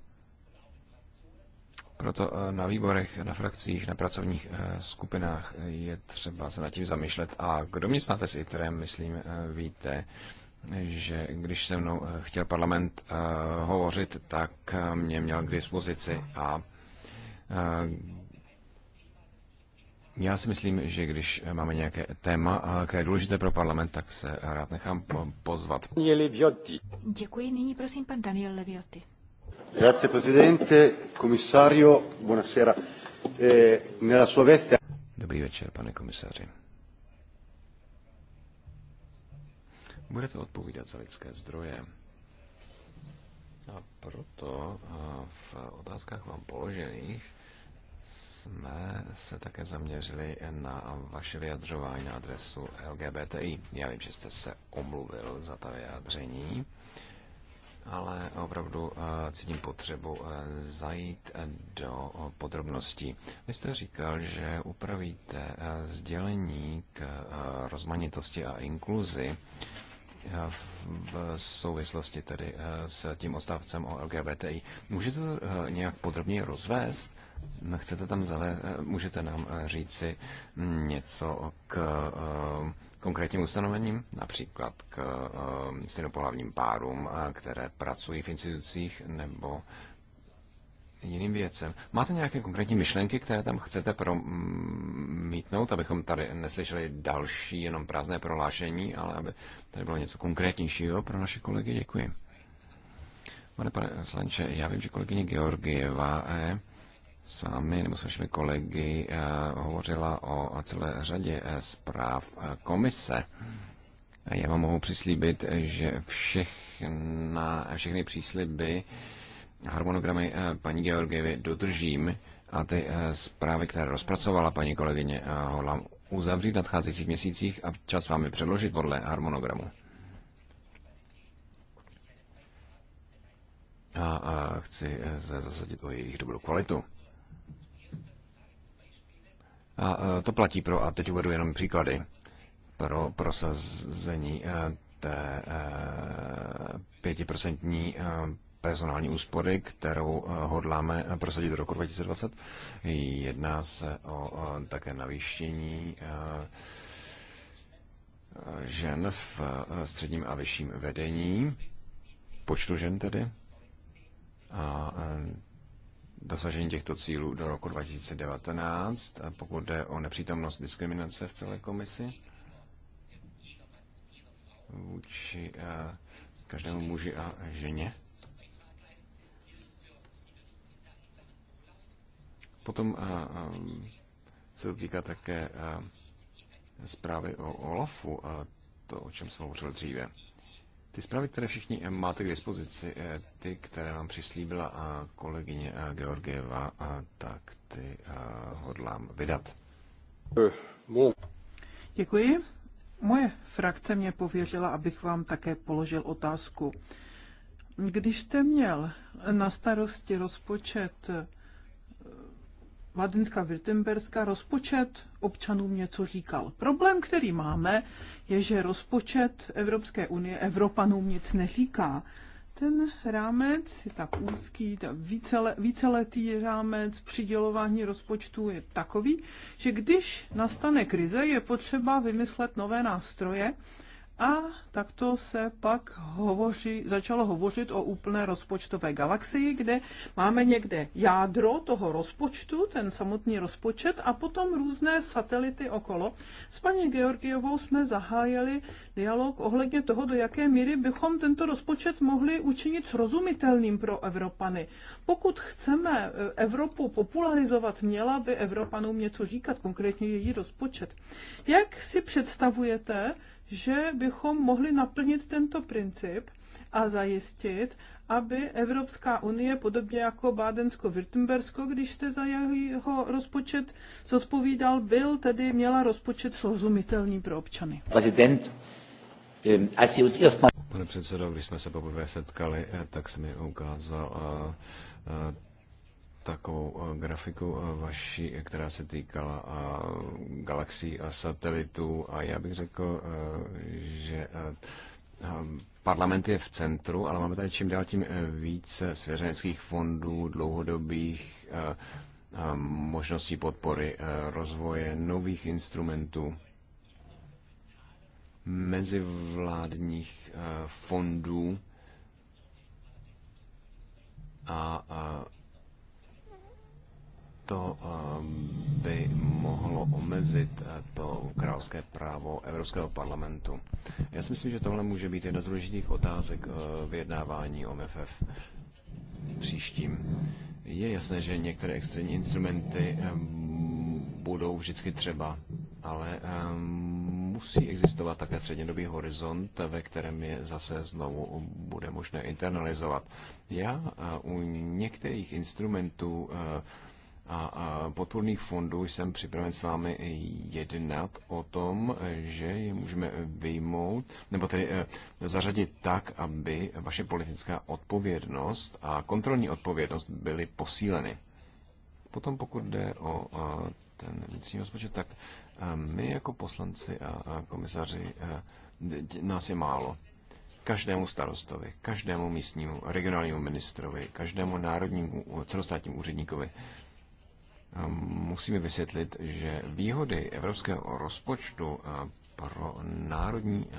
[SPEAKER 3] Proto na výborech, na frakcích, na pracovních skupinách je třeba se nad tím zamýšlet. A kdo mě znáte s ITRem, myslím, víte, že když se mnou eh, chtěl parlament uh, hovořit, tak eh, mě měl k dispozici a uh, já si myslím, že když máme nějaké téma, které je důležité pro parlament, tak se rád nechám po- pozvat.
[SPEAKER 1] Děkuji. Nyní prosím pan Daniel Leviotti.
[SPEAKER 3] Grazie
[SPEAKER 4] presidente, commissario, buonasera. Eh, Nella sua veste...
[SPEAKER 3] Dobrý večer, pane komisaři. budete odpovídat za lidské zdroje. A proto v otázkách vám položených jsme se také zaměřili na vaše vyjadřování na adresu LGBTI. Já vím, že jste se omluvil za ta vyjádření, ale opravdu cítím potřebu zajít do podrobností. Vy jste říkal, že upravíte sdělení k rozmanitosti a inkluzi Eh, v souvislosti tedy eh, s tím odstavcem o LGBTI. Můžete to eh, nějak podrobněji rozvést? Chcete tam zale, můžete nám říci mm, něco k konkrétním ustanovením, například k stejnopohlavním párům, které pracují v institucích nebo jiným věcem. Máte nějaké konkrétní myšlenky, které tam chcete promítnout, mm, abychom tady neslyšeli další jenom prázdné prohlášení, ale aby tady bylo něco konkrétnějšího pro naše kolegy? Děkuji. Pane pane Slanče, já vím, že kolegyně Georgieva eh, s vámi nebo s vašimi kolegy eh, hovořila o celé řadě eh, zpráv komise. Já vám mohu přislíbit, že všechna, všechny přísliby harmonogramy eh, paní Georgievy dodržím a ty eh, zprávy, které rozpracovala paní kolegyně, eh, hodlám uzavřít v nadcházejících měsících a čas vám je předložit podle harmonogramu. A, chci se zasadit o jejich dobrou kvalitu. A, a to platí pro, a teď uvedu jenom příklady, pro prosazení té pětiprocentní personální úspory, kterou eh, hodláme eh, prosadit do roku 2020. Jedná se o eh, také navýšení žen v středním a vyšším vedení, počtu žen tedy, a dosažení těchto cílů do roku 2019, pokud jde o nepřítomnost diskriminace v celé komisi vůči každému muži a ženě. Potom se to týká také zprávy o OLAFu, a to, o čem jsem hovořil dříve. Ty zprávy, které všichni eh, máte k dispozici, eh, ty, které vám přislíbila a kolegyně Georgieva, a tak ty hodlám vydat. Děkuji. Moje frakce mě pověřila, abych
[SPEAKER 2] vám také položil otázku. Když jste měl na starosti rozpočet Vadenská Wirtemberska rozpočet občanům něco říkal. Problém, který máme, je, že rozpočet Evropské unie Evropanům nic neříká. Ten rámec je tak úzký, ta víceletý rámec přidělování rozpočtu je takový, že když nastane krize, je potřeba vymyslet nové nástroje, a takto se pak hovoří, začalo hovořit o úplné rozpočtové galaxii, kde máme někde jádro toho rozpočtu, ten samotný rozpočet a potom různé satelity okolo. S paní Georgiovou jsme zahájili dialog ohledně toho, do jaké míry bychom tento rozpočet mohli učinit srozumitelným pro Evropany. Pokud chceme eh, Evropu popularizovat, měla by Evropanům něco říkat, konkrétně její rozpočet. Jak si představujete, že bychom mohli naplnit tento princip a zajistit, aby Evropská unie, podobně jako Bádensko-Württembersko, když jste za jeho rozpočet zodpovídal, byl, tedy měla rozpočet srozumitelný pro občany.
[SPEAKER 3] Prezident, eh, Pane předsedo, když jsme se poprvé setkali, eh, tak se mi ukázal eh, takovou eh, grafiku eh, vaší, která se týkala eh, galaxií a satelitů a já bych řekl, že parlament je v centru, ale máme tady čím dál tím více svěřeneckých fondů, dlouhodobých možností podpory rozvoje nových instrumentů mezivládních fondů a, a to eh, by mohlo omezit eh, to královské právo Evropského parlamentu. Já si myslím, že tohle může být jedna z důležitých otázek eh, vyjednávání o MFF příštím. Je jasné, že některé extrémní instrumenty budou vždycky třeba, ale musí existovat také střednědobý horizont, ve kterém je zase znovu bude možné internalizovat. Já u některých instrumentů a podpůrných fondů jsem připraven s vámi jednat o tom, že je můžeme vyjmout, nebo tedy eh, zařadit tak, aby vaše politická odpovědnost a kontrolní odpovědnost byly posíleny. Potom pokud jde o eh, ten vnitřní rozpočet, tak eh, my jako poslanci a komisaři nás je málo každému starostovi, každému místnímu regionálnímu ministrovi, každému národnímu celostátnímu úředníkovi musíme vysvětlit, že výhody evropského rozpočtu eh, pro národní eh,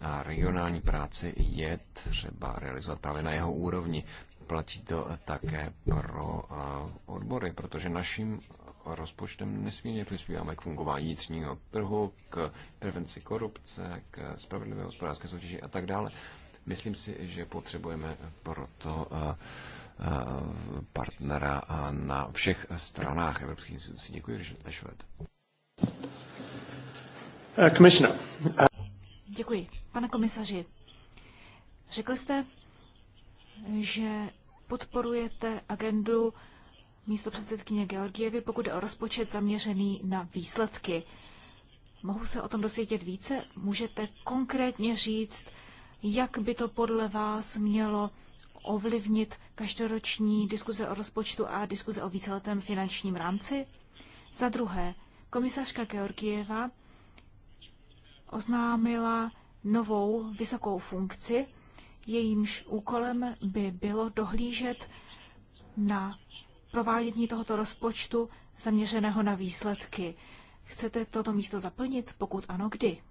[SPEAKER 3] a regionální práci je třeba realizovat právě na jeho úrovni. Platí to také pro eh, odbory, protože naším rozpočtem nesmírně přispíváme k fungování vnitřního trhu, k prevenci korupce, k spravedlivé hospodářské soutěži a tak dále. Myslím si, že potřebujeme proto uh, partnera na všech stranách evropských institucí. Děkuji, Richard Ashworth.
[SPEAKER 4] Eh, Děkuji.
[SPEAKER 1] Pane komisaři, řekl jste, že podporujete agendu místo předsedkyně Georgievy, pokud je o rozpočet zaměřený na výsledky. Mohu se o tom dosvědět více? Můžete konkrétně říct, jak by to podle vás mělo ovlivnit každoroční diskuze o rozpočtu a diskuze o víceletém finančním rámci? Za druhé, komisařka Georgieva oznámila novou vysokou funkci, jejímž úkolem by bylo dohlížet na provádění tohoto rozpočtu zaměřeného na výsledky. Chcete toto místo zaplnit? Pokud ano, kdy?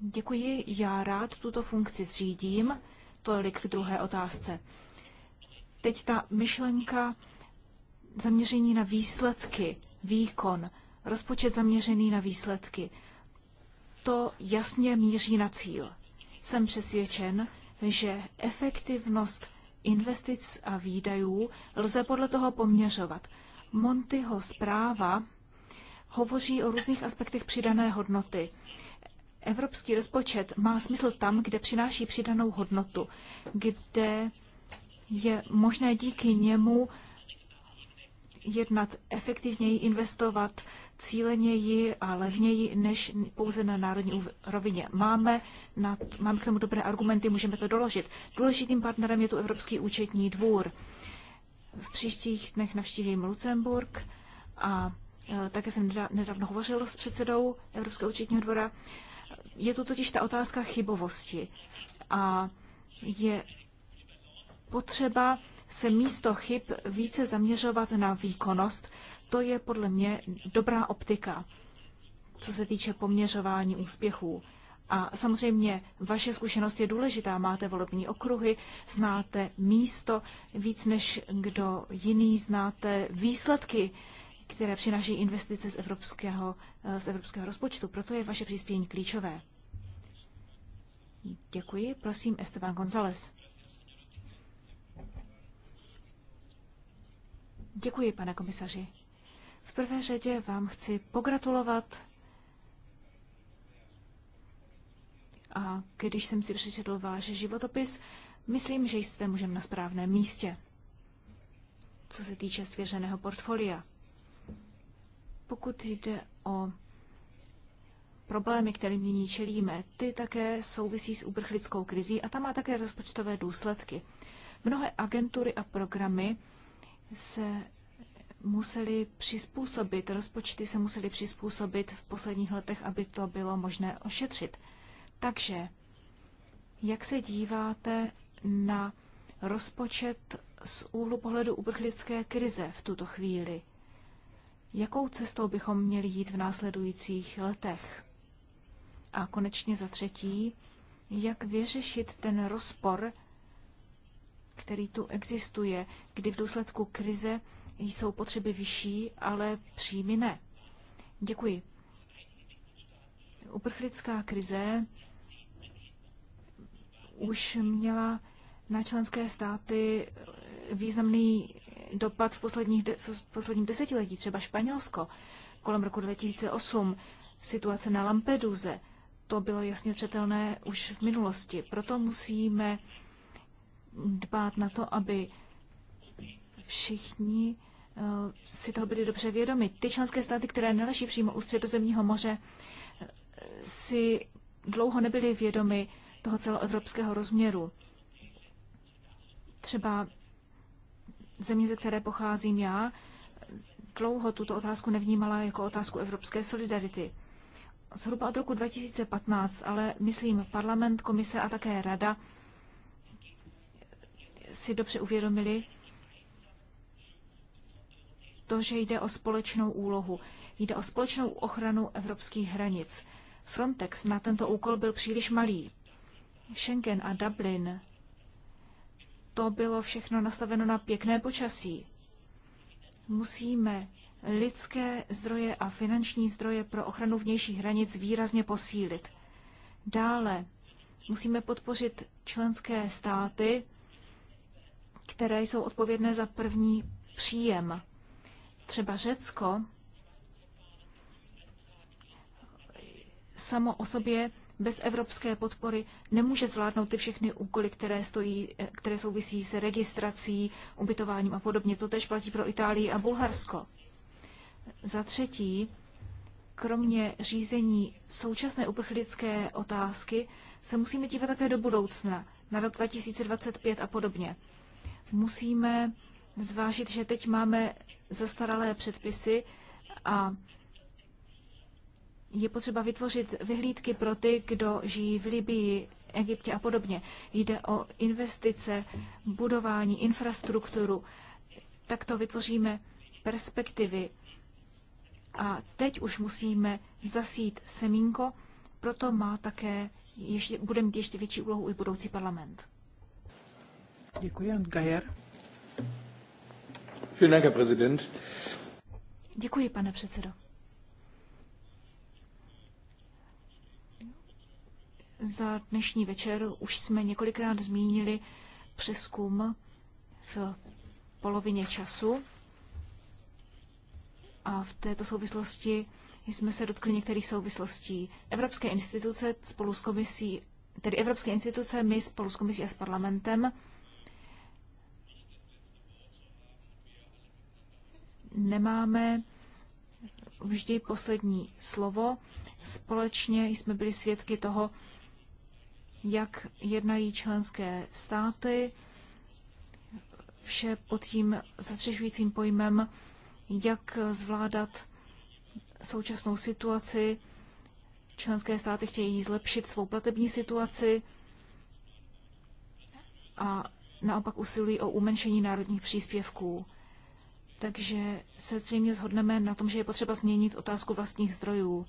[SPEAKER 1] Děkuji, já rád tuto funkci zřídím. Tolik k druhé otázce. Teď ta myšlenka zaměření na výsledky, výkon, rozpočet zaměřený na výsledky, to jasně míří na cíl. Jsem přesvědčen, že efektivnost investic a výdajů lze podle toho poměřovat. Montyho zpráva hovoří o různých aspektech přidané hodnoty. Evropský rozpočet má smysl tam, kde přináší přidanou hodnotu, kde je možné díky němu jednat efektivněji, investovat cíleněji a levněji než pouze na národní rovině. Máme, na, máme k tomu dobré argumenty, můžeme to doložit. Důležitým partnerem je tu Evropský účetní dvůr. V příštích dnech navštívím Lucemburg a Eh, také jsem nedávno hovořil s předsedou Evropského účetního dvora. Je tu totiž ta otázka chybovosti. A je potřeba se místo chyb více zaměřovat na výkonnost. To je podle mě dobrá optika, co se týče poměřování úspěchů. A samozřejmě vaše zkušenost je důležitá. Máte volební okruhy, znáte místo víc než kdo jiný, znáte výsledky které přináší investice z evropského, eh, z evropského rozpočtu. Proto je vaše příspění klíčové. Děkuji. Prosím, Esteban González. Děkuji, pane komisaři. V prvé řadě vám chci pogratulovat a když jsem si přečetl váš životopis, myslím, že jste můžeme na správném místě, co se týče svěřeného portfolia. Pokud jde o problémy, kterým nyní čelíme, ty také souvisí s uprchlickou krizí a ta má také rozpočtové důsledky. Mnohé agentury a programy se museli přizpůsobit, rozpočty se museli přizpůsobit v posledních letech, aby to bylo možné ošetřit. Takže, jak se díváte na rozpočet z úhlu pohledu uprchlické krize v tuto chvíli? Jakou cestou bychom měli jít v následujících letech? A konečně za třetí, jak vyřešit ten rozpor, který tu existuje, kdy v důsledku krize jsou potřeby vyšší, ale příjmy ne. Děkuji. Uprchlická krize už měla na členské státy významný dopad v, posledních, v posledním desetiletí, třeba Španělsko, kolem roku 2008, situace na Lampeduze, to bylo jasně třetelné už v minulosti. Proto musíme dbát na to, aby všichni eh, si toho byli dobře vědomi. Ty členské státy, které neleží přímo u středozemního moře, eh, si dlouho nebyly vědomi toho celoevropského rozměru. Třeba země, ze které pocházím já, dlouho tuto otázku nevnímala jako otázku evropské solidarity. Zhruba od roku 2015, ale myslím, parlament, komise a také rada si dobře uvědomili to, že jde o společnou úlohu. Jde o společnou ochranu evropských hranic. Frontex na tento úkol byl příliš malý. Schengen a Dublin to bylo všechno nastaveno na pěkné počasí. Musíme lidské zdroje a finanční zdroje pro ochranu vnějších hranic výrazně posílit. Dále musíme podpořit členské státy, které jsou odpovědné za první příjem. Třeba Řecko samo o sobě bez evropské podpory nemůže zvládnout ty všechny úkoly, které, stojí, eh, které souvisí se registrací, ubytováním a podobně. To tež platí pro Itálii a Bulharsko. Za třetí, kromě řízení současné uprchlické otázky se musíme dívat také do budoucna, na rok 2025 a podobně. Musíme zvážit, že teď máme zastaralé předpisy a je potřeba vytvořit vyhlídky pro ty, kdo žijí v Libii, Egyptě a podobně. Jde o investice, budování, infrastrukturu. Takto vytvoříme perspektivy. A teď už musíme zasít semínko, proto má také ještě, bude mít ještě větší úlohu i budoucí parlament. Děkuji, Gajer. Děkuji, pane předsedo. za dnešní večer už jsme několikrát zmínili přeskum v polovině času a v této souvislosti jsme se dotkli některých souvislostí. Evropské instituce spolu s komisí, tedy Evropské instituce, my spolu s komisí a s parlamentem nemáme vždy poslední slovo. Společně jsme byli svědky toho, jak jednají členské státy, vše pod tím zatřežujícím pojmem, jak zvládat současnou situaci. Členské státy chtějí zlepšit svou platební situaci a naopak usilují o umenšení národních příspěvků. Takže se zřejmě shodneme na tom, že je potřeba změnit otázku vlastních zdrojů.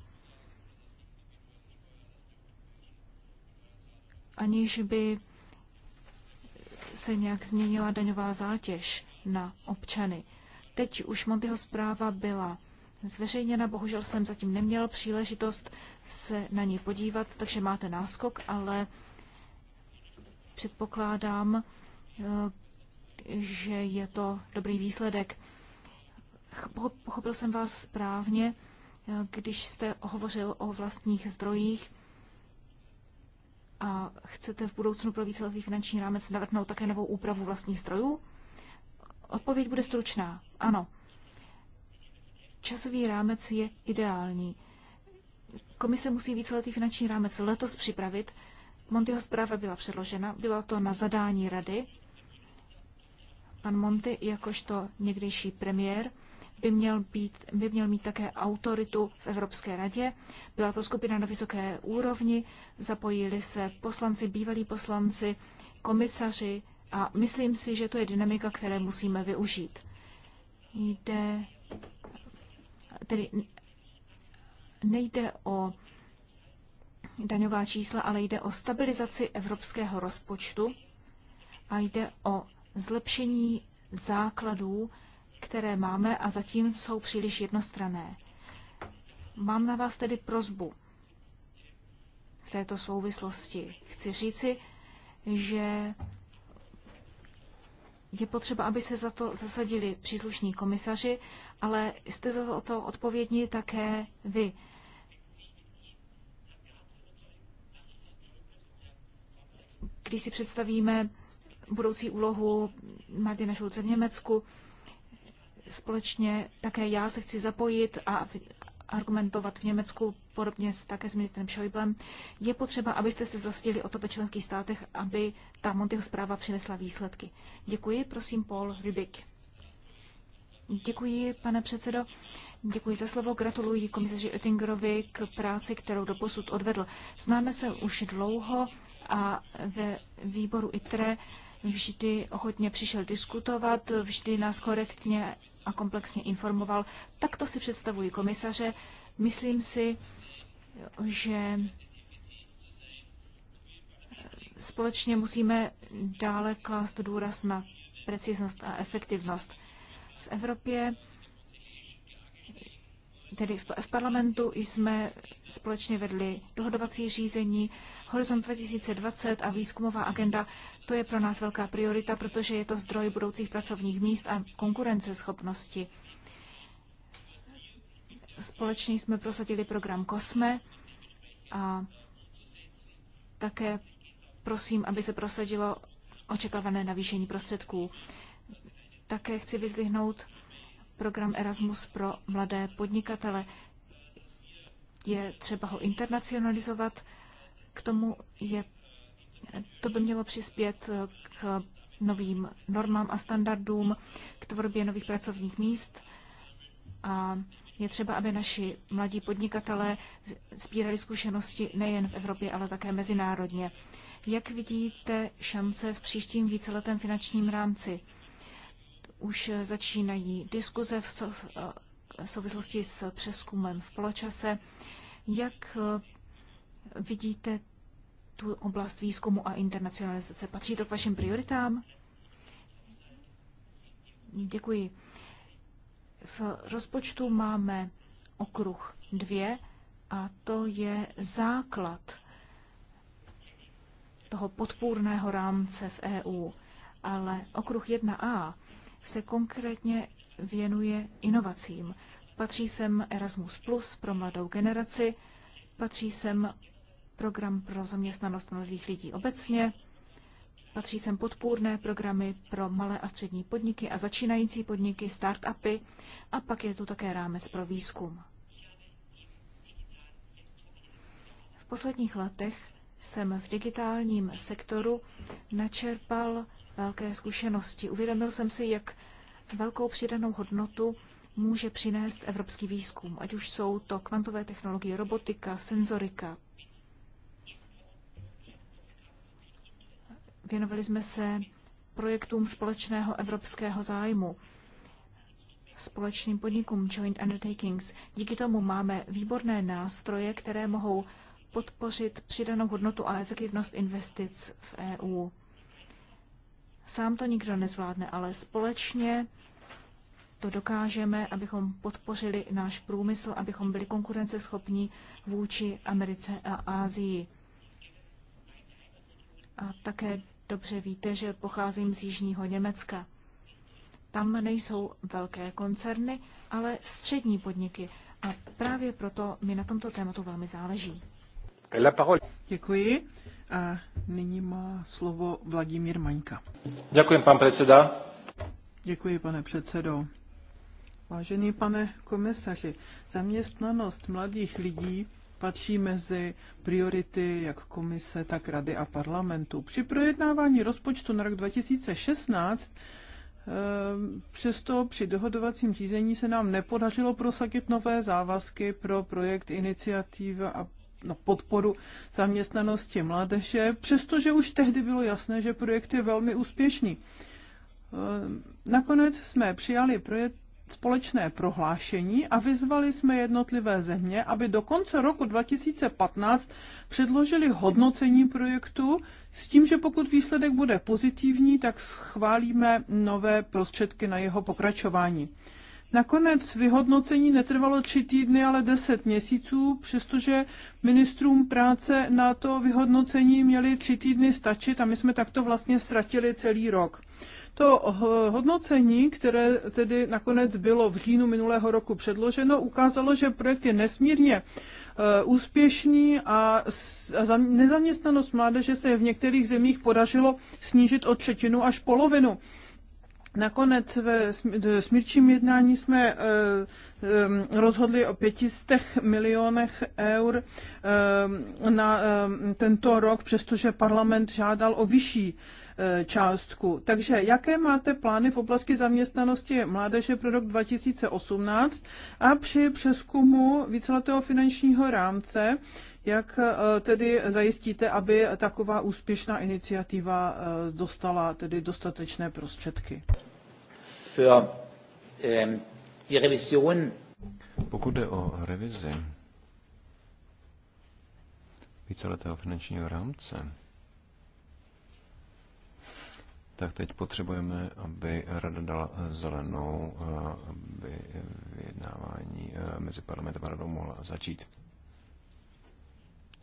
[SPEAKER 1] aniž by se nějak změnila daňová zátěž na občany. Teď už Montyho zpráva byla zveřejněna, bohužel jsem zatím neměl příležitost se na ní podívat, takže máte náskok, ale předpokládám, eh, že je to dobrý výsledek. Pochopil jsem vás správně, eh, když jste hovořil o vlastních zdrojích. A chcete v budoucnu pro víceletý finanční rámec navrhnout také novou úpravu vlastních zdrojů? Odpověď bude stručná. Ano. Časový rámec je ideální. Komise musí víceletý finanční rámec letos připravit. Montyho zpráva byla předložena, bylo to na zadání rady. Pan Monty, jakožto někdejší premiér, by měl, být, by měl mít také autoritu v Evropské radě. Byla to skupina na vysoké úrovni, zapojili se poslanci, bývalí poslanci, komisaři a myslím si, že to je dynamika, které musíme využít. Jde tedy nejde o daňová čísla, ale jde o stabilizaci evropského rozpočtu a jde o zlepšení základů které máme a zatím jsou příliš jednostrané. Mám na vás tedy prozbu v této souvislosti. Chci říci, že je potřeba, aby se za to zasadili příslušní komisaři, ale jste za to odpovědní také vy. Když si představíme budoucí úlohu Martina Šulce v Německu, Společně také já se chci zapojit a argumentovat v Německu, podobně s, také s ministrem Schäublem, je potřeba, abyste se zastěli o to ve členských státech, aby ta Montyho zpráva přinesla výsledky. Děkuji, prosím, Paul Rybik. Děkuji, pane předsedo. Děkuji za slovo. Gratuluji komisaři Oettingerovi k práci, kterou doposud odvedl. Známe se už dlouho a ve výboru ITRE vždy ochotně přišel diskutovat, vždy nás korektně a komplexně informoval. Takto si představuji komisaře. Myslím si, že společně musíme dále klást důraz na preciznost a efektivnost. V Evropě tedy v, v parlamentu jsme společně vedli dohodovací řízení, Horizont 2020 a výzkumová agenda, to je pro nás velká priorita, protože je to zdroj budoucích pracovních míst a konkurenceschopnosti. Společně jsme prosadili program COSME a také prosím, aby se prosadilo očekávané navýšení prostředků. Také chci vyzvihnout program Erasmus pro mladé podnikatele. Je třeba ho internacionalizovat. K tomu je, to by mělo přispět k novým normám a standardům, k tvorbě nových pracovních míst a je třeba, aby naši mladí podnikatelé sbírali zkušenosti nejen v Evropě, ale také mezinárodně. Jak vidíte šance v příštím víceletém finančním rámci? už eh, začínají diskuze v, sov, eh, v souvislosti s přeskumem v poločase. Jak eh, vidíte tu oblast výzkumu a internacionalizace? Patří to k vašim prioritám? Děkuji. V rozpočtu máme okruh dvě a to je základ toho podpůrného rámce v EU. Ale okruh 1a se konkrétně věnuje inovacím. Patří sem Erasmus Plus pro mladou generaci, patří sem program pro zaměstnanost mladých lidí obecně, patří sem podpůrné programy pro malé a střední podniky a začínající podniky, start-upy a pak je tu také rámec pro výzkum. V posledních letech jsem v digitálním sektoru načerpal velké zkušenosti. Uvědomil jsem si, jak velkou přidanou hodnotu může přinést evropský výzkum, ať už jsou to kvantové technologie, robotika, senzorika. Věnovali jsme se projektům společného evropského zájmu, společným podnikům Joint Undertakings. Díky tomu máme výborné nástroje, které mohou podpořit přidanou hodnotu a efektivnost investic v EU. Sám to nikdo nezvládne, ale společně to dokážeme, abychom podpořili náš průmysl, abychom byli konkurenceschopní vůči Americe a Ázii. A také dobře víte, že pocházím z Jižního Německa. Tam nejsou velké koncerny, ale střední podniky. A právě proto mi na tomto tématu velmi záleží.
[SPEAKER 2] La parole. Děkuji. A nyní má slovo Vladimír Maňka. Děkuji,
[SPEAKER 4] pan předseda.
[SPEAKER 2] Děkuji, pane předsedo. Vážený pane komisaři, zaměstnanost mladých lidí patří mezi priority jak komise, tak rady a parlamentu. Při projednávání rozpočtu na rok 2016 eh, Přesto při dohodovacím řízení se nám nepodařilo prosadit nové závazky pro projekt Iniciativa a na podporu zaměstnanosti mládeže, přestože už tehdy bylo jasné, že projekt je velmi úspěšný. Eh, nakonec jsme přijali projekt společné prohlášení a vyzvali jsme jednotlivé země, aby do konce roku 2015 předložili hodnocení projektu s tím, že pokud výsledek bude pozitivní, tak schválíme nové prostředky na jeho pokračování. Nakonec vyhodnocení netrvalo tři týdny, ale deset měsíců, přestože ministrům práce na to vyhodnocení měli tři týdny stačit a my jsme takto vlastně ztratili celý rok. To hodnocení, které tedy nakonec bylo v říjnu minulého roku předloženo, ukázalo, že projekt je nesmírně e, úspěšný a nezaměstnanost mládeže se v některých zemích podařilo snížit o třetinu až polovinu. Nakonec ve smírčím jednání jsme e, e, rozhodli o 500 milionech eur e, na tento rok, přestože parlament žádal o vyšší částku. Takže jaké máte plány v oblasti zaměstnanosti mládeže pro rok 2018 a při přeskumu víceletého finančního rámce jak eh, tedy zajistíte, aby taková úspěšná iniciativa eh, dostala tedy dostatečné prostředky?
[SPEAKER 1] Für, ähm, die Revision. Pokud jde o
[SPEAKER 3] revizi víceletého finančního rámce, tak teď potřebujeme, aby rada dala eh, zelenou, aby vyjednávání mezi parlamentem a radou mohla začít.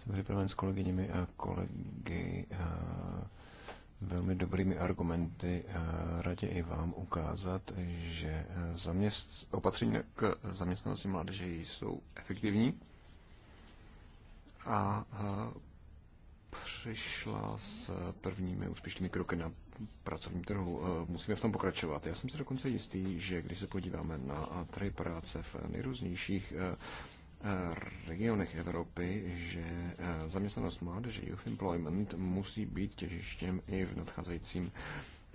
[SPEAKER 3] Jsem připraven s kolegyněmi a kolegy eh, velmi dobrými argumenty eh, radě i vám ukázat, že eh, zaměst, opatření k zaměstnanosti mládeže jsou efektivní a přišla s prvními úspěšnými kroky na pracovním trhu. Musíme v tom pokračovat. Já jsem si dokonce jistý, že když se podíváme na trhy práce v nejrůznějších regionech Evropy, že eh, zaměstnanost mládeže Youth Employment musí být těžištěm i v nadcházejícím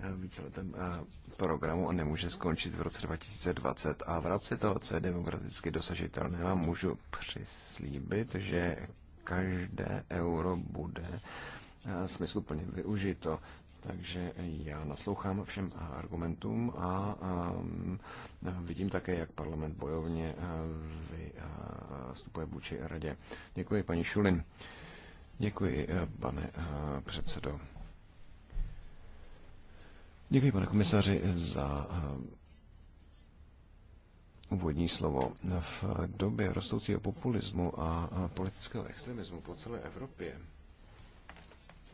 [SPEAKER 3] eh, víceletém eh, programu a nemůže skončit v roce 2020. A v rámci toho, co je demokraticky dosažitelné, vám můžu přislíbit, že každé euro bude smysluplně využito. Takže já naslouchám všem argumentům a vidím také, jak parlament bojovně vystupuje vůči radě. Děkuji, paní Šulin. Děkuji, pane předsedo. Děkuji, pane komisaři, za úvodní slovo. V době rostoucího populismu a politického extremismu po celé Evropě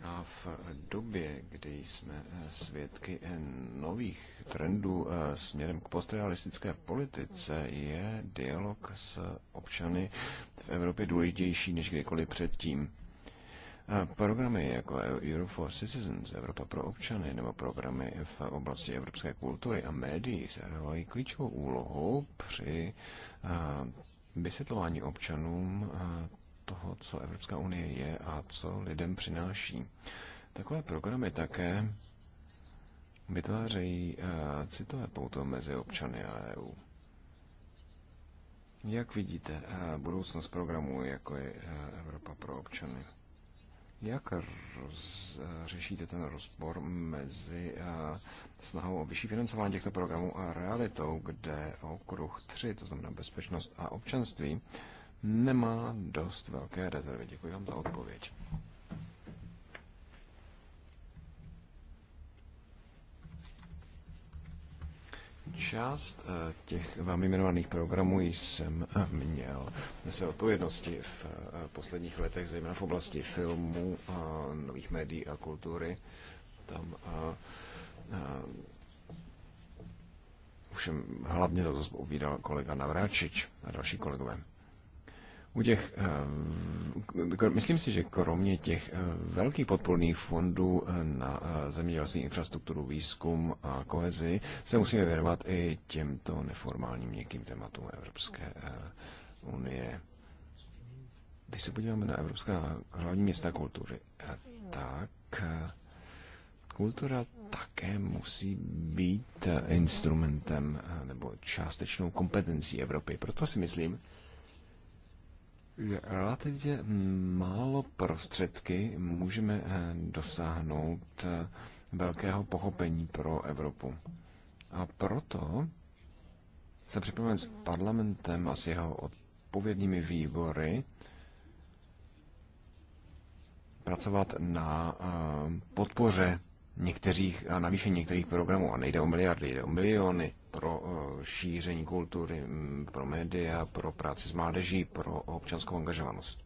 [SPEAKER 3] a v době, kdy jsme eh, svědky eh, nových trendů eh, směrem k postrealistické politice, je dialog s občany v Evropě důležitější než kdykoliv předtím. Programy jako Euro for Citizens, Evropa pro občany, nebo programy v oblasti evropské kultury a médií sehrávají klíčovou úlohu při vysvětlování občanům toho, co Evropská unie je a co lidem přináší. Takové programy také vytvářejí eh, citové pouto mezi občany a EU. Jak vidíte eh, budoucnost programů, jako je eh, Evropa pro občany? Jak roz, řešíte ten rozpor mezi snahou o vyšší financování těchto programů a realitou, kde okruh 3, to znamená bezpečnost a občanství, nemá dost velké rezervy. Děkuji vám za odpověď. Část eh, těch vám jmenovaných programů jsem eh, měl své odpovědnosti v eh, posledních letech, zejména v oblasti filmu, nových médií a kultury. Tam už hlavně za to zpovídal kolega Navráčič a další kolegové. U těch, eh, myslím si, že kromě těch eh, velkých podporných fondů eh, na zemědělství, infrastrukturu, výzkum a kohezi se musíme věnovat i těmto neformálním měkkým tématům Evropské unie. Když se podíváme na Evropská hlavní města kultury, tak kultura také musí být instrumentem nebo částečnou kompetencí Evropy. Proto si myslím, relativně málo prostředky můžeme eh, dosáhnout eh, velkého pochopení pro Evropu. A proto se připraven s parlamentem a s jeho odpovědnými výbory pracovat na eh, podpoře některých a navýšení některých programů. A nejde o miliardy, jde o miliony pro eh, šíření kultury, mm, pro média, pro práci s mládeží, pro občanskou angažovanost.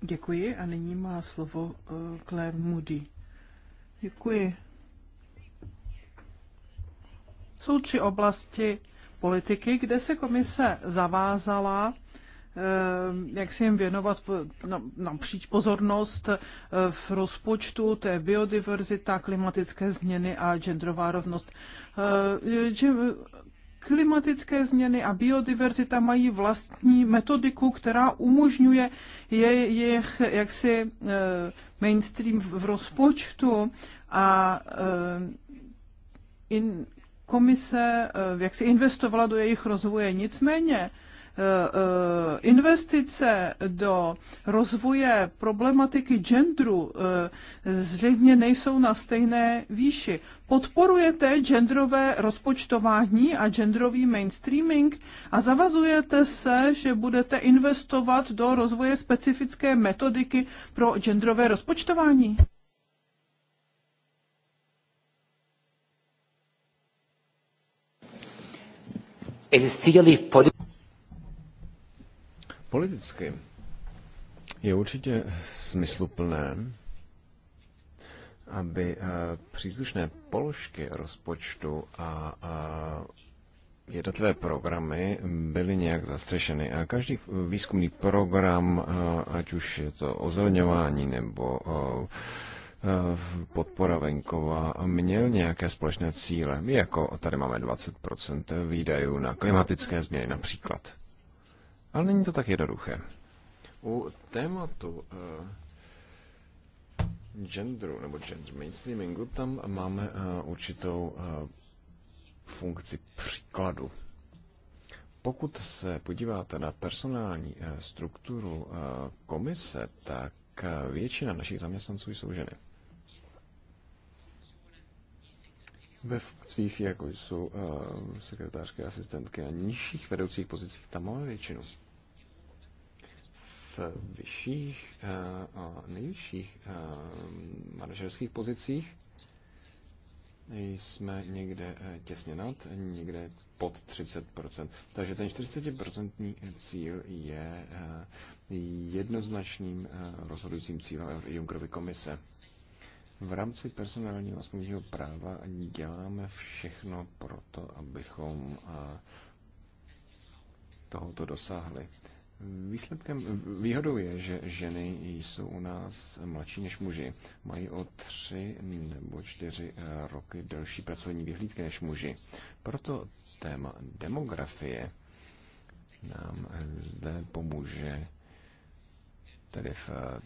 [SPEAKER 2] Děkuji a nyní má slovo eh, Claire Moody. Děkuji. Jsou tři oblasti politiky, kde se komise zavázala Eh, jak se jim věnovat napříč pozornost eh, v rozpočtu, to je biodiverzita, klimatické změny a genderová rovnost. Eh, klimatické změny a biodiverzita mají vlastní metodiku, která umožňuje jejich jaksi mainstream v rozpočtu a in, komise jaksi investovala do jejich rozvoje. Nicméně Eh, eh, investice do rozvoje problematiky genderu eh, zřejmě nejsou na stejné výši. Podporujete genderové rozpočtování a genderový mainstreaming a zavazujete se, že budete investovat do rozvoje specifické metodiky pro genderové rozpočtování?
[SPEAKER 1] Es ist sicherlich
[SPEAKER 3] Politicky je určitě smysluplné, aby eh, příslušné položky rozpočtu a jednotlivé programy byly nějak zastřešeny a každý výzkumný program, eh, ať už je to ozelňování nebo eh, podpora venkova, měl nějaké společné cíle, jako tady máme 20% výdajů na klimatické změny například. Ale není to tak jednoduché. U tématu uh, genderu nebo gender mainstreamingu tam máme uh, určitou uh, funkci příkladu. Pokud se podíváte na personální uh, strukturu uh, komise, tak uh, většina našich zaměstnanců jsou ženy. ve funkcích, jako jsou uh, sekretářské asistentky a nižších vedoucích pozicích, tam máme většinu v vyšších eh, a nejvyšších eh, manažerských pozicích jsme někde eh, těsně nad, někde pod 30%. Takže ten 40% cíl je jednoznačným rozhodujícím cílem Junckerovy komise. V rámci personálního a smluvního práva děláme všechno pro to, abychom tohoto dosáhli. Výsledkem, výhodou je, že ženy jsou u nás mladší než muži. Mají o tři nebo čtyři eh, roky delší pracovní vyhlídky než muži. Proto téma demografie nám eh, zde pomůže tedy v eh,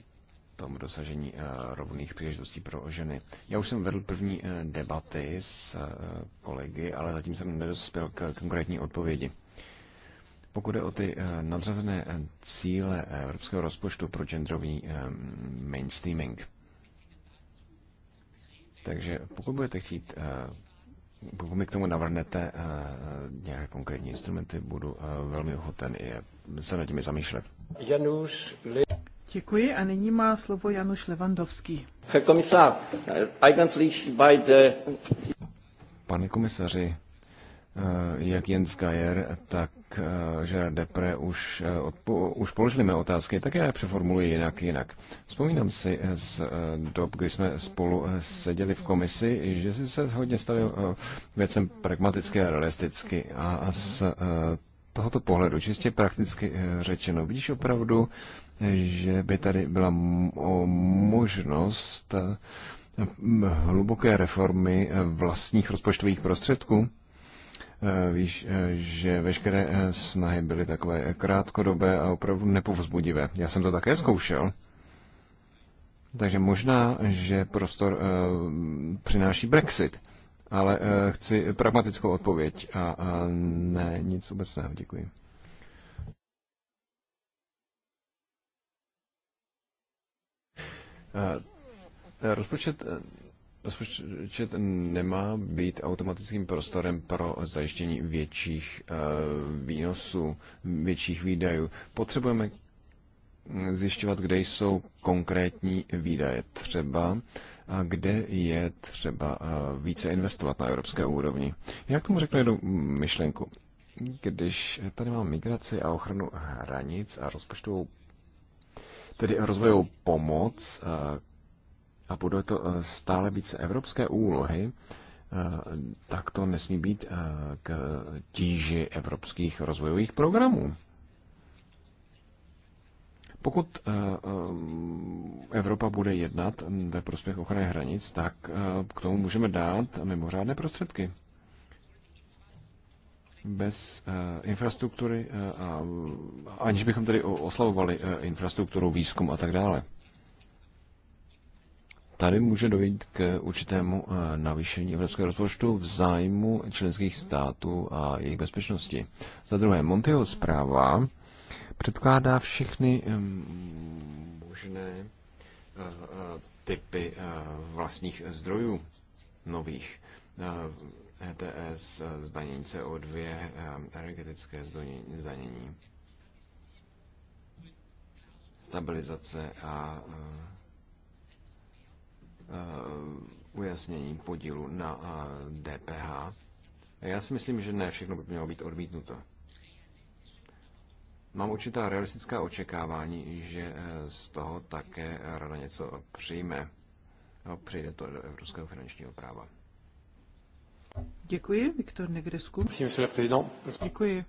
[SPEAKER 3] tom dosažení rovných příležitostí pro ženy. Já už jsem vedl první debaty s kolegy, ale zatím jsem nedospěl k konkrétní odpovědi. Pokud je o ty eh, nadřazené eh, cíle eh, evropského rozpočtu pro genderový mainstreaming, takže pokud budete chtít, pokud mi k tomu navrhnete nějaké konkrétní instrumenty, budu velmi ochoten i se nad nimi zamýšlet. Januš Le...
[SPEAKER 2] Děkuji a nyní má slovo Januš Levandovský.
[SPEAKER 3] Herr Kommissar, eigentlich bei der... Pane komisaři, Eh, jak Jens Geier, tak Gerard eh, Depre už, eh, odpo- už položili mé otázky, tak já je přeformuluji jinak, jinak. Vzpomínám si z dob, kdy jsme spolu seděli v komisi, že jsi se hodně stavil věcem pragmaticky a realisticky a z tohoto pohledu, čistě prakticky řečeno, vidíš opravdu, že by tady byla možnost hm, hluboké reformy vlastních rozpočtových prostředků? Eh, víš, eh, že veškeré eh, snahy byly takové krátkodobé a opravdu nepovzbudivé. Já jsem to také zkoušel. Takže možná, že prostor přináší Brexit, ale chci pragmatickou odpověď a ne nic obecného. Děkuji. Rozpočet Rozpočet nemá být automatickým prostorem pro zajištění větších eh, výnosů, větších výdajů. Potřebujeme zjišťovat, kde jsou konkrétní výdaje třeba a kde je třeba eh, více investovat na evropské úrovni. Jak tomu řeknu jednu myšlenku? Když tady mám migraci a ochranu hranic a rozpočtovou, tedy rozvojovou pomoc, eh, a bude to eh, stále více evropské úlohy, eh, tak to nesmí být eh, k tíži evropských rozvojových programů. Pokud Evropa bude jednat ve prospěch ochrany hranic, tak k tomu můžeme dát mimořádné prostředky. Bez infrastruktury, aniž bychom tedy oslavovali infrastrukturu, výzkum a tak dále. Tady může dojít k eh, určitému eh, navýšení evropského rozpočtu v zájmu členských států a jejich bezpečnosti. Za druhé, Monteho zpráva předkládá všechny možné eh, typy vlastních zdrojů nových. ETS, e zdanění CO2, energetické zdanění, stabilizace a Eh, ujasnění podílu na DPH. Eh, Já si myslím, že ne všechno by mělo být odmítnuto. Mám určitá realistická očekávání, že eh, z toho také rada něco přijme. Přijde to do evropského finančního práva.
[SPEAKER 2] Děkuji, Viktor Negrescu. Děkuji.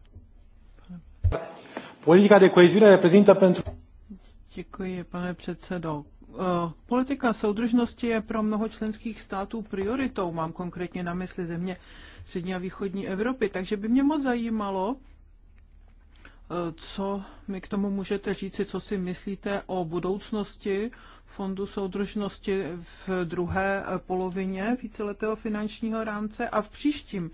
[SPEAKER 4] Politika de coeziune pentru...
[SPEAKER 2] Děkuji, pane předsedo. Eh, politika soudržnosti je pro mnoho členských států prioritou, mám konkrétně na mysli země střední a východní Evropy, takže by mě moc zajímalo, eh, co mi k tomu můžete říci, co si myslíte o budoucnosti Fondu soudržnosti v druhé polovině víceletého finančního rámce a v příštím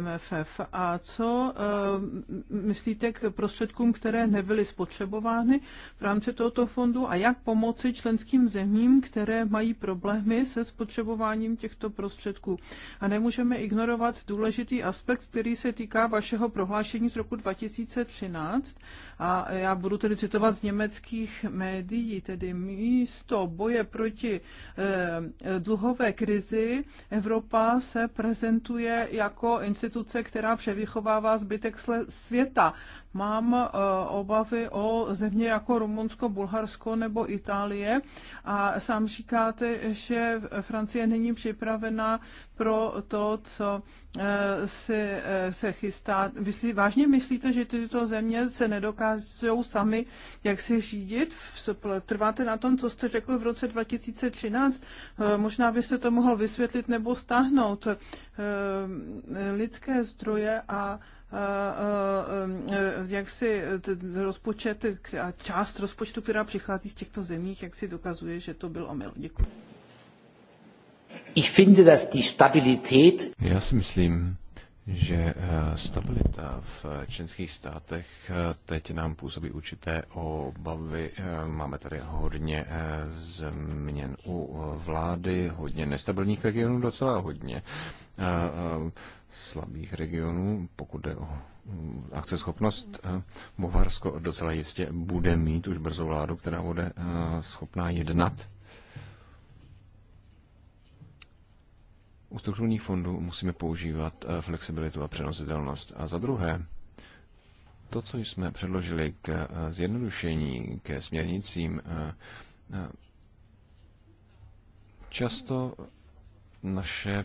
[SPEAKER 2] MFF. A co eh, myslíte k prostředkům, které nebyly spotřebovány v rámci tohoto fondu a jak pomoci členským zemím, které mají problémy se spotřebováním těchto prostředků? A nemůžeme ignorovat důležitý aspekt, který se týká vašeho prohlášení z roku 2013. A já budu tedy citovat z německých médií, tedy místo boje proti eh, dluhové krizi Evropa se prezentuje jako instituce, instituce, která převychovává zbytek světa mám eh, obavy o země jako Rumunsko, Bulharsko nebo Itálie a sám říkáte, že Francie není připravena pro to, co eh, se, eh, se chystá. Vy si vážně myslíte, že tyto země se nedokážou sami jak se řídit? Trváte na tom, co jste řekl v roce 2013? Možná byste to mohl vysvětlit nebo stáhnout. Lidské zdroje a jak si rozpočet a část rozpočtu, která přichází z těchto zemích, jak si dokazuje, že to byl omyl. Děkuji.
[SPEAKER 3] Ich
[SPEAKER 1] finde, dass die Stabilität...
[SPEAKER 3] Já si myslím, že eh, stabilita v eh, členských státech eh, teď nám působí určité obavy. Máme tady hodně změn u vlády, hodně nestabilních regionů, docela hodně slabých regionů, pokud jde o mm, akceschopnost. Bulharsko docela jistě bude mít už brzo vládu, která bude schopná jednat U strukturních fondů musíme používat eh, flexibilitu a přenositelnost. A za druhé, to, co jsme předložili k eh, zjednodušení, ke směrnicím, eh, často naše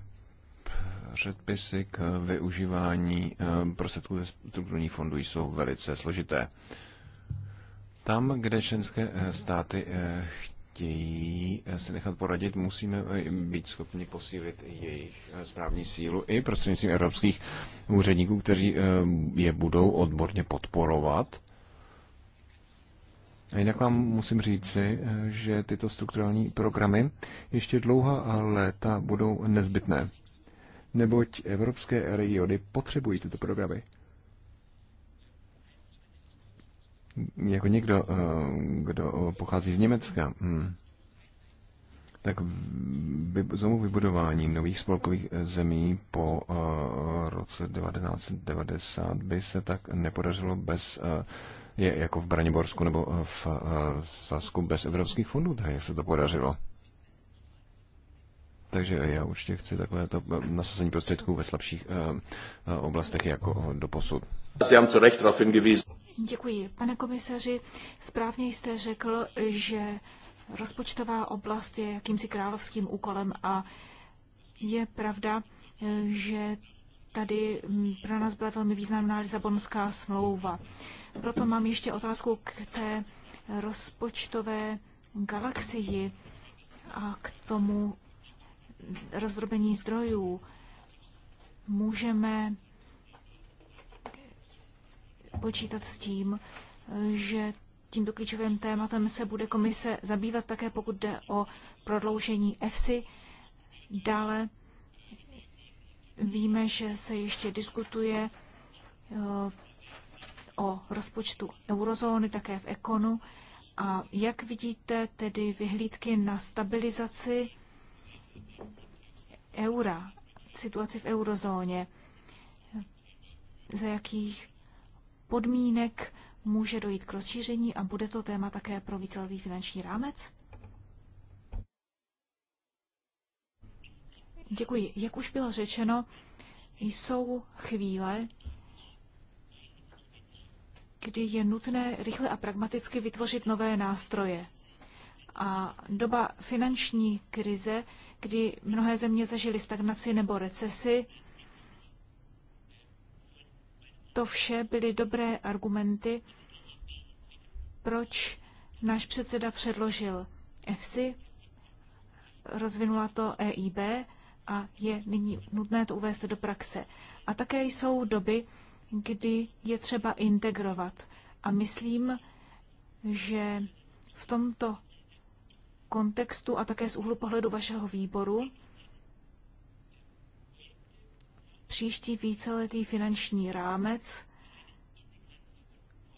[SPEAKER 3] předpisy k využívání prostředků ze strukturních fondů jsou velice složité. Tam, kde členské státy chtějí eh, se nechat poradit, musíme eh, být schopni posílit jejich eh, správní sílu i prostřednictvím evropských úředníků, kteří je budou odborně podporovat. A jinak vám musím říci, že tyto strukturální programy ještě dlouhá léta budou nezbytné, neboť evropské regiony potřebují tyto programy. jako někdo, eh, kdo eh, pochází z Německa, hm, tak znovu vybudování nových spolkových eh, zemí po roce 1990 by se tak nepodařilo bez je jako v Braniborsku nebo v Sasku bez evropských fondů, tak jak se to podařilo. Takže já určitě chci takové to nasazení prostředků ve slabších oblastech jako doposud.
[SPEAKER 1] Děkuji. Pane komisaři, správně jste řekl, že rozpočtová oblast je jakýmsi královským úkolem a je pravda, že tady pro nás byla velmi významná Lisabonská smlouva. Proto mám ještě otázku k té rozpočtové galaxii a k tomu rozdrobení zdrojů. Můžeme počítat s tím, že tímto klíčovým tématem se bude komise zabývat také, pokud jde o prodloužení EFSI. Dále víme, že se ještě diskutuje eh, o rozpočtu eurozóny, také v ekonu. A jak vidíte tedy vyhlídky na stabilizaci eura, situaci v eurozóně? Za jakých podmínek může dojít k rozšíření a bude to téma také pro víceletý finanční rámec? Děkuji. Jak už bylo řečeno, jsou chvíle, kdy je nutné rychle a pragmaticky vytvořit nové nástroje. A doba finanční krize, kdy mnohé země zažily stagnaci nebo recesi, to vše byly dobré argumenty, proč náš předseda předložil EFSI, rozvinula to EIB a je nyní nutné to uvést do praxe. A také jsou doby, kdy je třeba integrovat. A myslím, že v tomto kontextu a také z úhlu pohledu vašeho výboru příští víceletý finanční rámec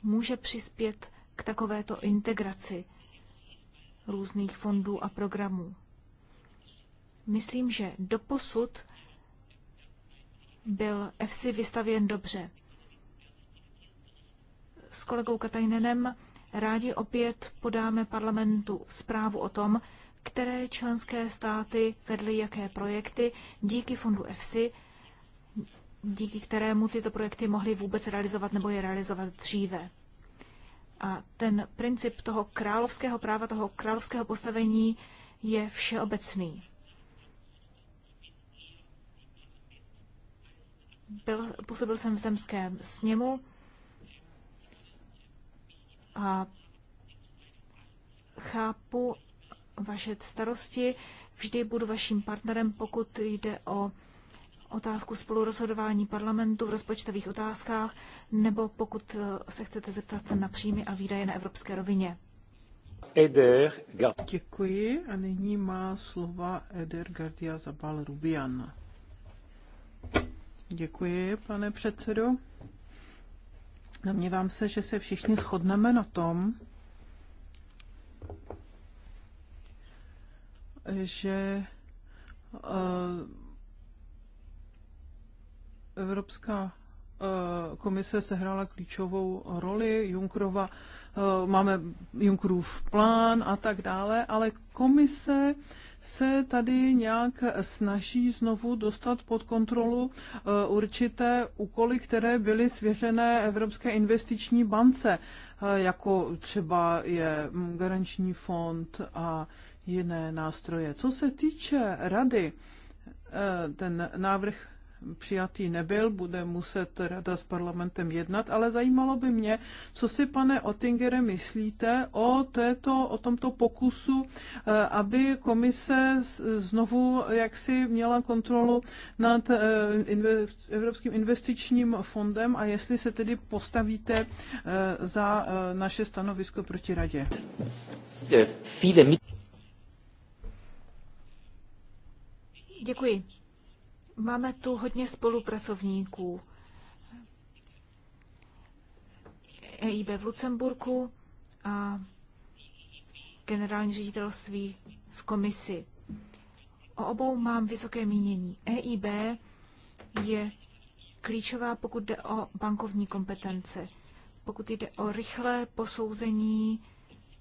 [SPEAKER 1] může přispět k takovéto integraci různých fondů a programů. Myslím, že doposud byl EFSI vystavěn dobře. S kolegou Katajnenem rádi opět podáme parlamentu zprávu o tom, které členské státy vedly jaké projekty díky fondu EFSI díky kterému tyto projekty mohly vůbec realizovat nebo je realizovat dříve. A ten princip toho královského práva, toho královského postavení je všeobecný. Byl, působil jsem v zemském sněmu a chápu vaše starosti. Vždy budu vaším partnerem, pokud jde o otázku spolurozhodování parlamentu v rozpočtových otázkách, nebo pokud eh, se chcete zeptat na příjmy a výdaje na evropské rovině.
[SPEAKER 2] Eder Gard. Děkuji a nyní má slova Eder Gardia Zabal Rubian. Děkuji, pane předsedo. Domnívám se, že se všichni shodneme na tom, že eh, Evropská eh, komise sehrála klíčovou roli, Junkrova, eh, máme Junkrův plán a tak dále, ale komise se tady nějak snaží znovu dostat pod kontrolu eh, určité úkoly, které byly svěřené Evropské investiční bance, jako třeba je garanční fond a jiné nástroje. Co se týče rady, ten návrh přijatý nebyl, bude muset rada s parlamentem jednat, ale zajímalo by mě, co si, pane Ottingere, myslíte o, této, o tomto pokusu, eh, aby komise znovu jaksi měla kontrolu nad eh, Evropským investičním fondem a jestli se tedy postavíte eh, za naše stanovisko proti radě.
[SPEAKER 1] Děkuji. Máme tu hodně spolupracovníků. EIB v Lucemburku a generální ředitelství v komisi. O obou mám vysoké mínění. EIB je klíčová, pokud jde o bankovní kompetence, pokud jde o rychlé posouzení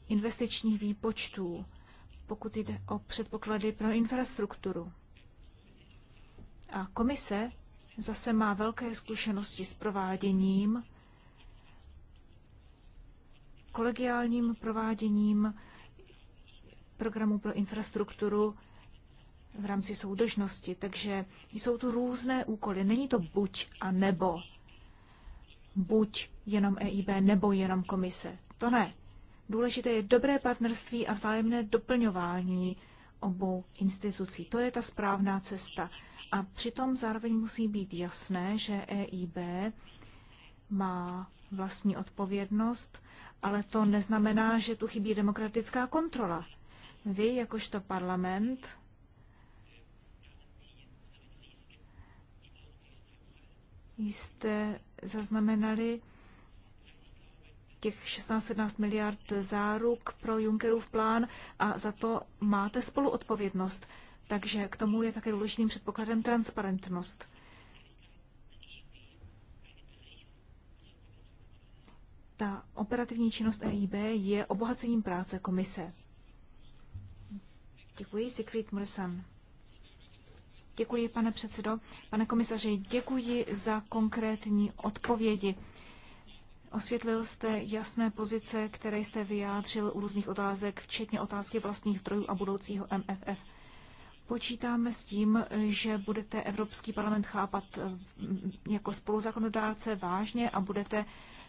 [SPEAKER 1] investičních výpočtů, pokud jde o předpoklady pro infrastrukturu. A komise zase má velké zkušenosti s prováděním, kolegiálním prováděním programu pro infrastrukturu v rámci soudržnosti. Takže jsou tu různé úkoly. Není to buď a nebo. Buď jenom EIB nebo jenom komise. To ne. Důležité je dobré partnerství a vzájemné doplňování obou institucí. To je ta správná cesta. A přitom zároveň musí být jasné, že EIB má vlastní odpovědnost, ale to neznamená, že tu chybí demokratická kontrola. Vy, jakožto parlament, jste zaznamenali těch 16-17 miliard záruk pro Junckerův plán a za to máte spoluodpovědnost. odpovědnost. Takže k tomu je také důležitým předpokladem transparentnost. Ta operativní činnost EIB je obohacením práce komise. Děkuji, Siegfried Mursan. Děkuji, pane předsedo. Pane komisaři, děkuji za konkrétní odpovědi. Osvětlil jste jasné pozice, které jste vyjádřil u různých otázek, včetně otázky vlastních zdrojů a budoucího MFF. Počítáme s tím, že budete Evropský parlament chápat eh, jako spoluzákonodárce vážně a budete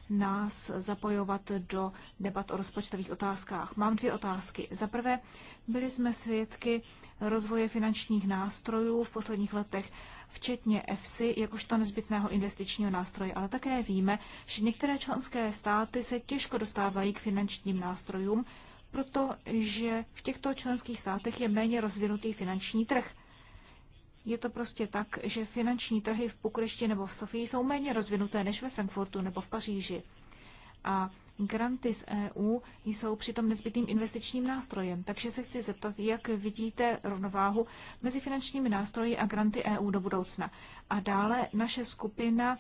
[SPEAKER 1] nás zapojovat do debat o rozpočtových otázkách. Mám dvě otázky. Za prvé, byli jsme svědky rozvoje finančních nástrojů v posledních letech, včetně EFSI, jakožto nezbytného investičního nástroje. Ale také víme, že některé členské státy se těžko dostávají k finančním nástrojům, protože v těchto členských státech je méně rozvinutý finanční trh. Je to prostě tak, že finanční trhy v Bukurešti nebo v Sofii jsou méně rozvinuté než ve Frankfurtu nebo v Paříži. A granty z EU jsou přitom nezbytným investičním nástrojem. Takže se chci zeptat, jak vidíte rovnováhu mezi finančními nástroji a granty EU do budoucna. A dále naše skupina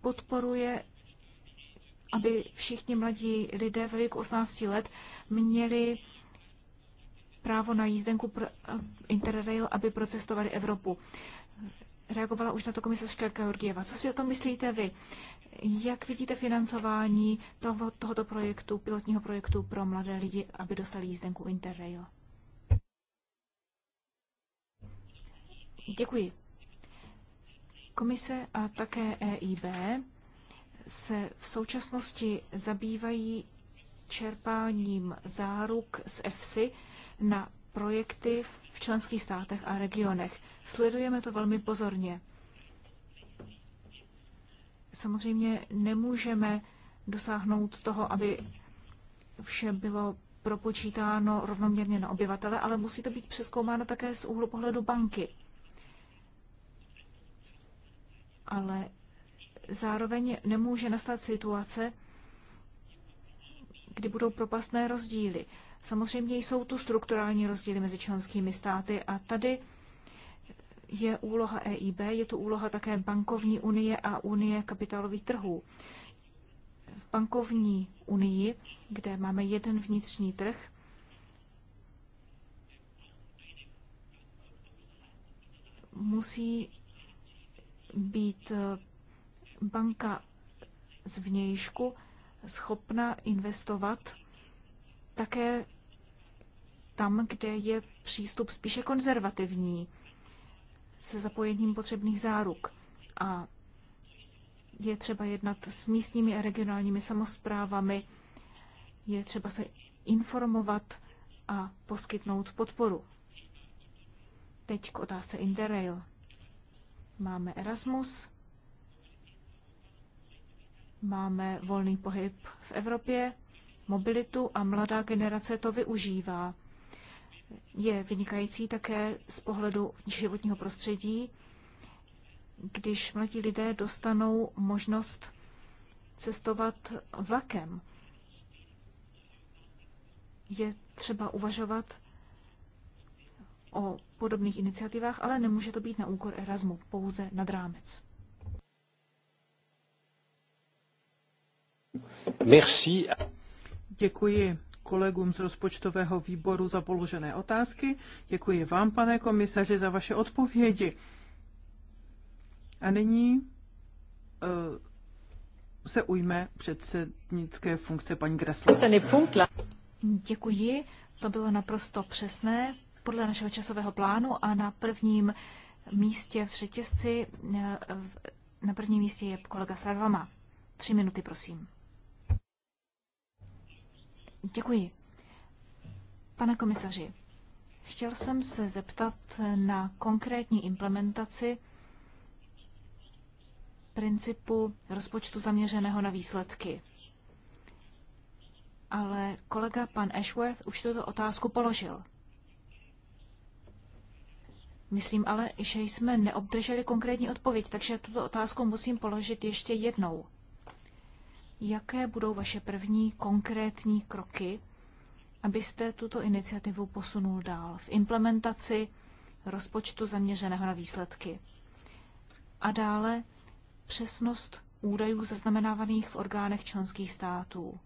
[SPEAKER 1] podporuje aby všichni mladí lidé ve věku 18 let měli právo na jízdenku pro eh, Interrail, aby procestovali Evropu. Reagovala už na to komisařka Georgieva. Co si o tom myslíte vy? Jak vidíte financování toho, tohoto projektu, pilotního projektu pro mladé lidi, aby dostali jízdenku Interrail? Děkuji. Komise a také EIB se v současnosti zabývají čerpáním záruk z EFSI na projekty v členských státech a regionech. Sledujeme to velmi pozorně. Samozřejmě nemůžeme dosáhnout toho, aby vše bylo propočítáno rovnoměrně na obyvatele, ale musí to být přeskoumáno také z úhlu pohledu banky. Ale zároveň nemůže nastat situace, kdy budou propastné rozdíly. Samozřejmě jsou tu strukturální rozdíly mezi členskými státy a tady je úloha EIB, je tu úloha také bankovní unie a unie kapitálových trhů. V bankovní unii, kde máme jeden vnitřní trh, musí být banka z vnějšku schopna investovat také tam, kde je přístup spíše konzervativní, se zapojením potřebných záruk. A je třeba jednat s místními a regionálními samozprávami, je třeba se informovat a poskytnout podporu. Teď k otázce Interrail. Máme Erasmus, Máme volný pohyb v Evropě, mobilitu a mladá generace to využívá. Je vynikající také z pohledu životního prostředí, když mladí lidé dostanou možnost cestovat vlakem. Je třeba uvažovat o podobných iniciativách, ale nemůže to být na úkor Erasmu, pouze nad rámec.
[SPEAKER 2] Děkuji kolegům z rozpočtového výboru za položené otázky. Děkuji vám, pane komisaři, za vaše odpovědi. A nyní uh, se ujme předsednické funkce paní Gressler.
[SPEAKER 1] Děkuji, to bylo naprosto přesné podle našeho časového plánu a na prvním místě v řetězci, eh, na prvním místě je kolega Sarvama. Tři minuty, prosím. Děkuji. Pane komisaři, chtěl jsem se zeptat na konkrétní implementaci principu rozpočtu zaměřeného na výsledky. Ale kolega pan Ashworth už tuto otázku položil. Myslím ale, že jsme neobdrželi konkrétní odpověď, takže tuto otázku musím položit ještě jednou jaké budou vaše první konkrétní kroky, abyste tuto iniciativu posunul dál v implementaci rozpočtu zaměřeného na výsledky. A dále přesnost údajů zaznamenávaných v orgánech členských států.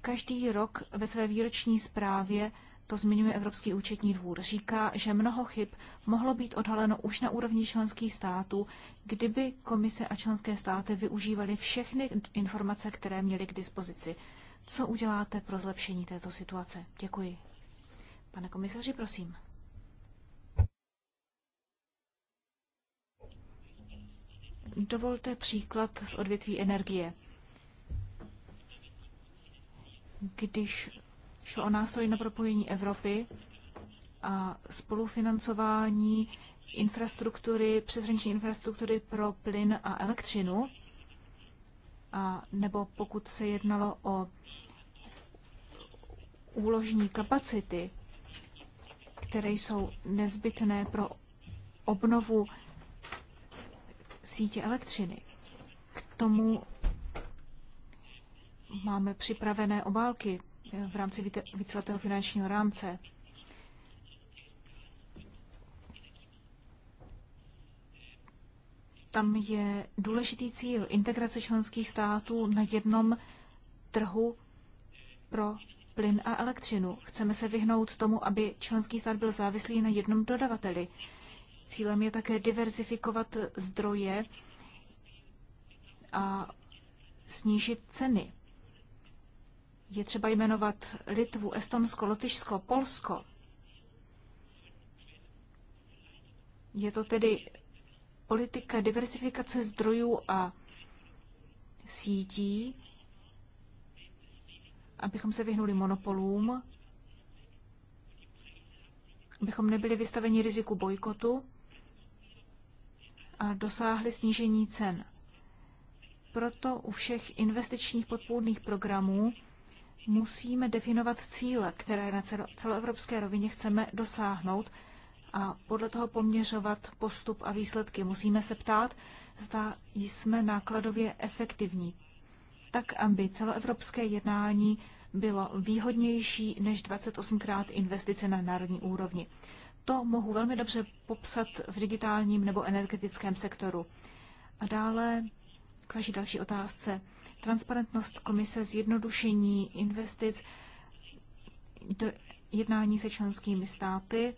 [SPEAKER 1] Každý rok ve své výroční zprávě to zmiňuje Evropský účetní dvůr, říká, že mnoho chyb mohlo být odhaleno už na úrovni členských států, kdyby komise a členské státy využívaly všechny informace, které měly k dispozici. Co uděláte pro zlepšení této situace? Děkuji. Pane komisaři, prosím. Dovolte příklad z odvětví energie. Když Šlo o nástroj na propojení Evropy a spolufinancování infrastruktury, přeshraniční infrastruktury pro plyn a elektřinu, a nebo pokud se jednalo o úložní kapacity, které jsou nezbytné pro obnovu sítě elektřiny. K tomu máme připravené obálky v rámci víceletého finančního rámce. Tam je důležitý cíl integrace členských států na jednom trhu pro plyn a elektřinu. Chceme se vyhnout tomu, aby členský stát byl závislý na jednom dodavateli. Cílem je také diverzifikovat zdroje a snížit ceny. Je třeba jmenovat Litvu, Estonsko, Lotyšsko, Polsko. Je to tedy politika diversifikace zdrojů a sítí, abychom se vyhnuli monopolům, abychom nebyli vystaveni riziku bojkotu a dosáhli snížení cen. Proto u všech investičních podpůrných programů musíme definovat cíle, které na celoevropské rovině chceme dosáhnout a podle toho poměřovat postup a výsledky. Musíme se ptát, zda jsme nákladově efektivní. Tak, aby celoevropské jednání bylo výhodnější než 28krát investice na národní úrovni. To mohu velmi dobře popsat v digitálním nebo energetickém sektoru. A dále k vaší další otázce transparentnost komise, zjednodušení investic, do jednání se členskými státy,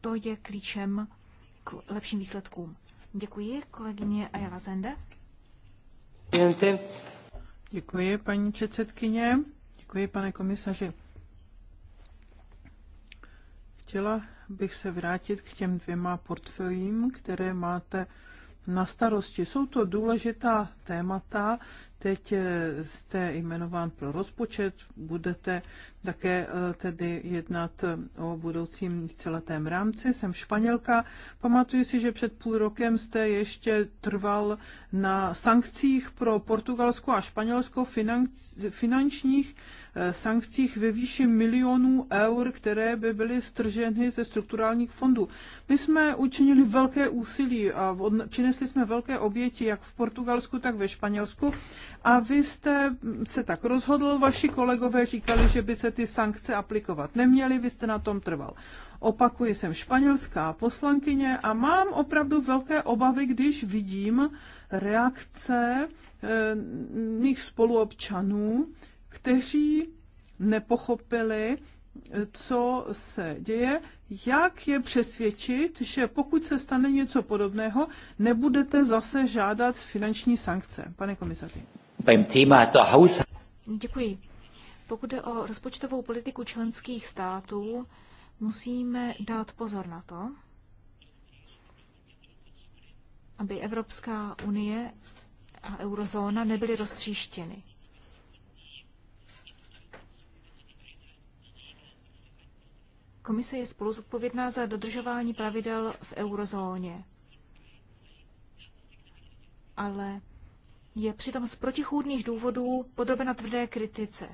[SPEAKER 1] to je klíčem k lepším výsledkům. Děkuji, kolegyně Ayala Zende.
[SPEAKER 2] Děkuji, paní předsedkyně. Děkuji, pane komisaři. Chtěla bych se vrátit k těm dvěma portfeliím, které máte na starosti. Jsou to důležitá témata, Teď eh, jste jmenován pro rozpočet, budete také eh, tedy jednat eh, o budoucím celetém rámci. Jsem Španělka. Pamatuju si, že před půl rokem jste ještě trval na sankcích pro Portugalsko a Španělsko, finančních sankcích ve výši milionů eur, které by byly strženy ze strukturálních fondů. My jsme učinili velké úsilí a přinesli jsme velké oběti jak v Portugalsku, tak ve Španělsku a vy jste se tak rozhodl, vaši kolegové říkali, že by se ty sankce aplikovat neměly, vy jste na tom trval. Opakuji, jsem španělská poslankyně a mám opravdu velké obavy, když vidím reakce eh, mých spoluobčanů, kteří nepochopili, co se děje, jak je přesvědčit, že pokud se stane něco podobného, nebudete zase žádat finanční sankce, pane komisaři
[SPEAKER 1] beim Thema der Haushalt. Děkuji. Pokud je o rozpočtovou politiku členských států, musíme dát pozor na to, aby Evropská unie a eurozóna nebyly roztříštěny. Komise je spolu zodpovědná za dodržování pravidel v eurozóně. Ale je přitom z protichůdných důvodů podrobena tvrdé kritice.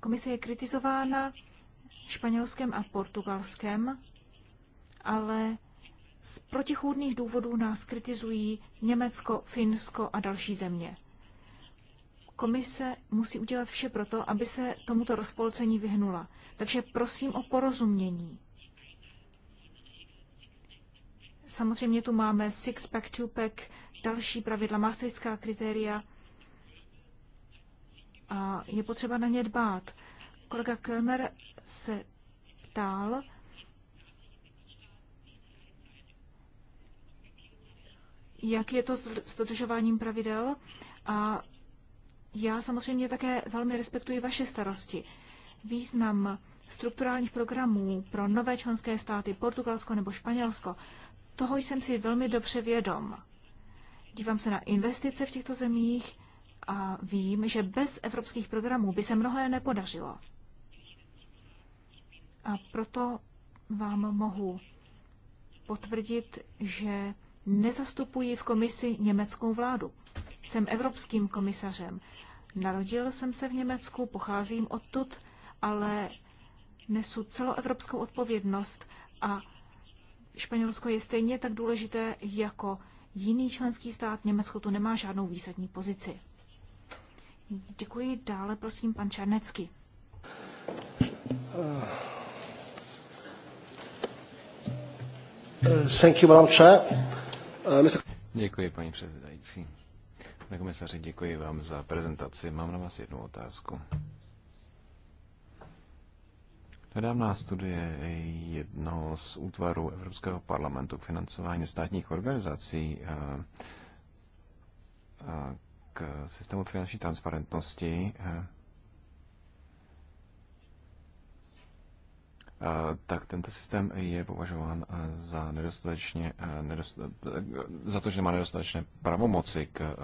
[SPEAKER 1] Komise je kritizována španělském a portugalském, ale z protichůdných důvodů nás kritizují Německo, Finsko a další země. Komise musí udělat vše proto, aby se tomuto rozpolcení vyhnula. Takže prosím o porozumění. Samozřejmě tu máme six-pack, two-pack, další pravidla, maastrichtská kritéria. A je potřeba na ně dbát. Kolega Kölmer se ptal, jak je to s dodržováním pravidel. A já samozřejmě také velmi respektuji vaše starosti. Význam strukturálních programů pro nové členské státy, Portugalsko nebo Španělsko, toho jsem si velmi dobře vědom. Dívám se na investice v těchto zemích a vím, že bez evropských programů by se mnohé nepodařilo. A proto vám mohu potvrdit, že nezastupuji v komisi německou vládu. Jsem evropským komisařem. Narodil jsem se v Německu, pocházím odtud, ale nesu celoevropskou odpovědnost a Španělsko je stejně tak důležité jako jiný členský stát. Německo tu nemá žádnou výsadní pozici. Děkuji. Dále prosím pan Černecký.
[SPEAKER 4] Thank you, uh,
[SPEAKER 3] Děkuji, paní předsedající. Pane komisaři, děkuji vám za prezentaci. Mám na vás jednu otázku. Nedávná studie jedno z útvarů Evropského parlamentu k financování státních organizací eh, eh, k systému finanční transparentnosti eh, tak tento systém je považován za nedostatečně, za to, že má nedostatečné pravomoci k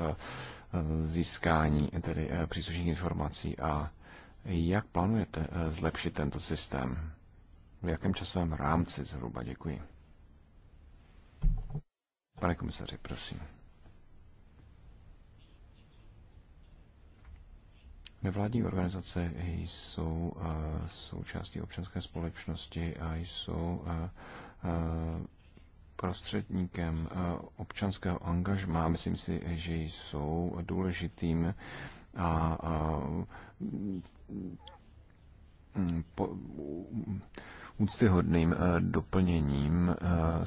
[SPEAKER 3] získání tedy příslušných informací a jak plánujete eh, zlepšit tento systém? V jakém časovém rámci zhruba? Děkuji. Pane komisaři, prosím. Nevládní organizace jsou eh, součástí občanské společnosti a jsou eh, prostředníkem občanského angažma. Myslím si, že jsou důležitým a, a mm, po, úctyhodným eh, doplněním eh,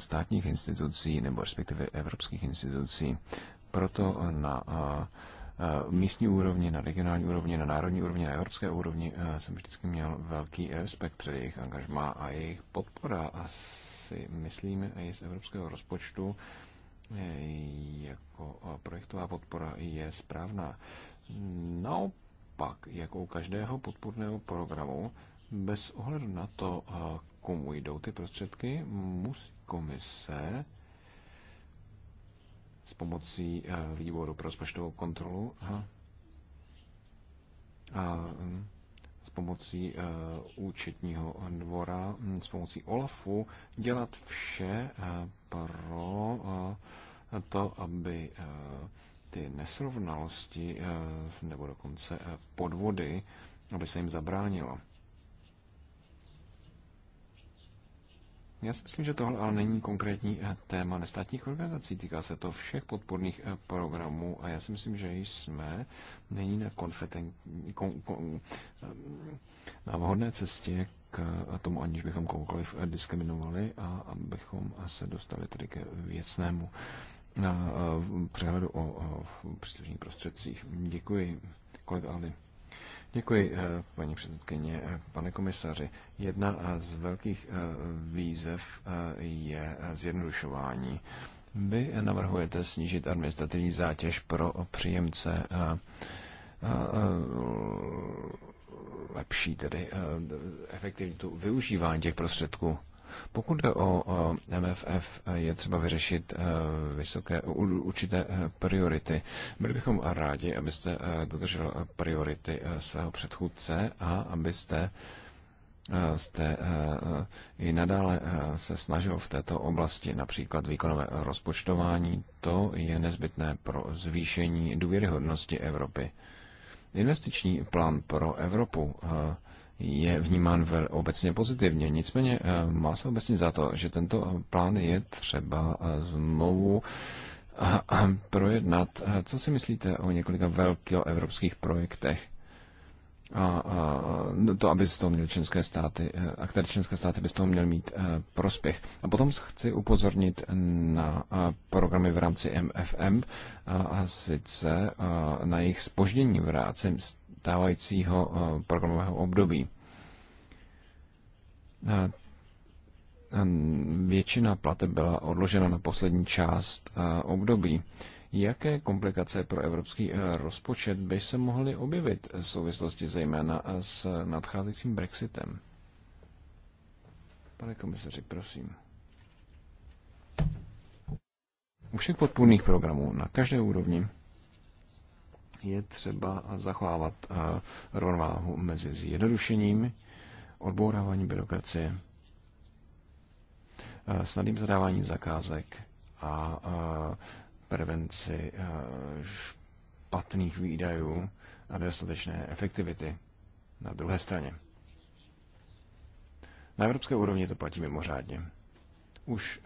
[SPEAKER 3] státních institucí nebo respektive evropských institucí. Proto na eh, místní úrovni, na regionální úrovni, na národní úrovni, na evropské úrovni jsem vždycky měl velký respekt před jejich angažmá a jejich podpora a si myslím i z evropského rozpočtu jako projektová podpora je správná. Naopak, jako u každého podpůrného programu, bez ohledu na to, eh, komu jdou ty prostředky, musí komise s pomocí eh, výboru pro rozpočtovou kontrolu eh, a, a hm, s pomocí účetního dvora, hm, s pomocí OLAFu dělat vše pro to, aby ty nesrovnalosti eh, nebo dokonce eh, podvody, aby se jim zabránilo. Já si myslím, že tohle ale není konkrétní eh, téma nestátních organizací. Týká se to všech podporných programů a já si myslím, že jsme není na, konfeten, kon, kon, na vhodné cestě k tomu, aniž bychom kohokoliv diskriminovali a abychom se dostali tedy ke věcnému na eh, přehledu o eh, příslušných prostředcích. Děkuji, kolega Ali. Děkuji, eh, paní předsedkyně, pane komisaři. Jedna z velkých výzev je zjednodušování. Vy navrhujete snížit administrativní zátěž pro příjemce lepší tedy efektivitu využívání těch prostředků. Pokud jde o MFF, je třeba vyřešit eh, vysoké, určité eh, priority. Byli bychom rádi, abyste eh, dodržel priority svého předchůdce a abyste jste i nadále se snažil v této oblasti, například výkonové rozpočtování, to je nezbytné pro zvýšení důvěryhodnosti Evropy. Investiční plán pro Evropu je vnímán vel, obecně pozitivně. Nicméně eh, má se obecně za to, že tento plán je třeba eh, znovu eh, projednat. Co si myslíte o několika velkých evropských projektech? A, a no, to, aby z toho měly členské státy, a které členské státy by z toho měly mít a, prospěch. A potom chci upozornit na a, programy v rámci MFM, a, a sice a, na jejich spoždění v rámci stávajícího eh, programového období. Většina plateb byla odložena na poslední část eh, období. Jaké komplikace pro evropský eh, rozpočet by se mohly objevit v souvislosti zejména s nadcházejícím Brexitem? Pane komisaři, prosím. U všech podpůrných programů na každé úrovni je třeba zachovávat eh, rovnováhu mezi zjednodušením, odbouráváním byrokracie, eh, snadným zadáváním zakázek a eh, prevenci špatných výdajů a dostatečné efektivity na druhé straně. Na evropské úrovni to platí mimořádně. Už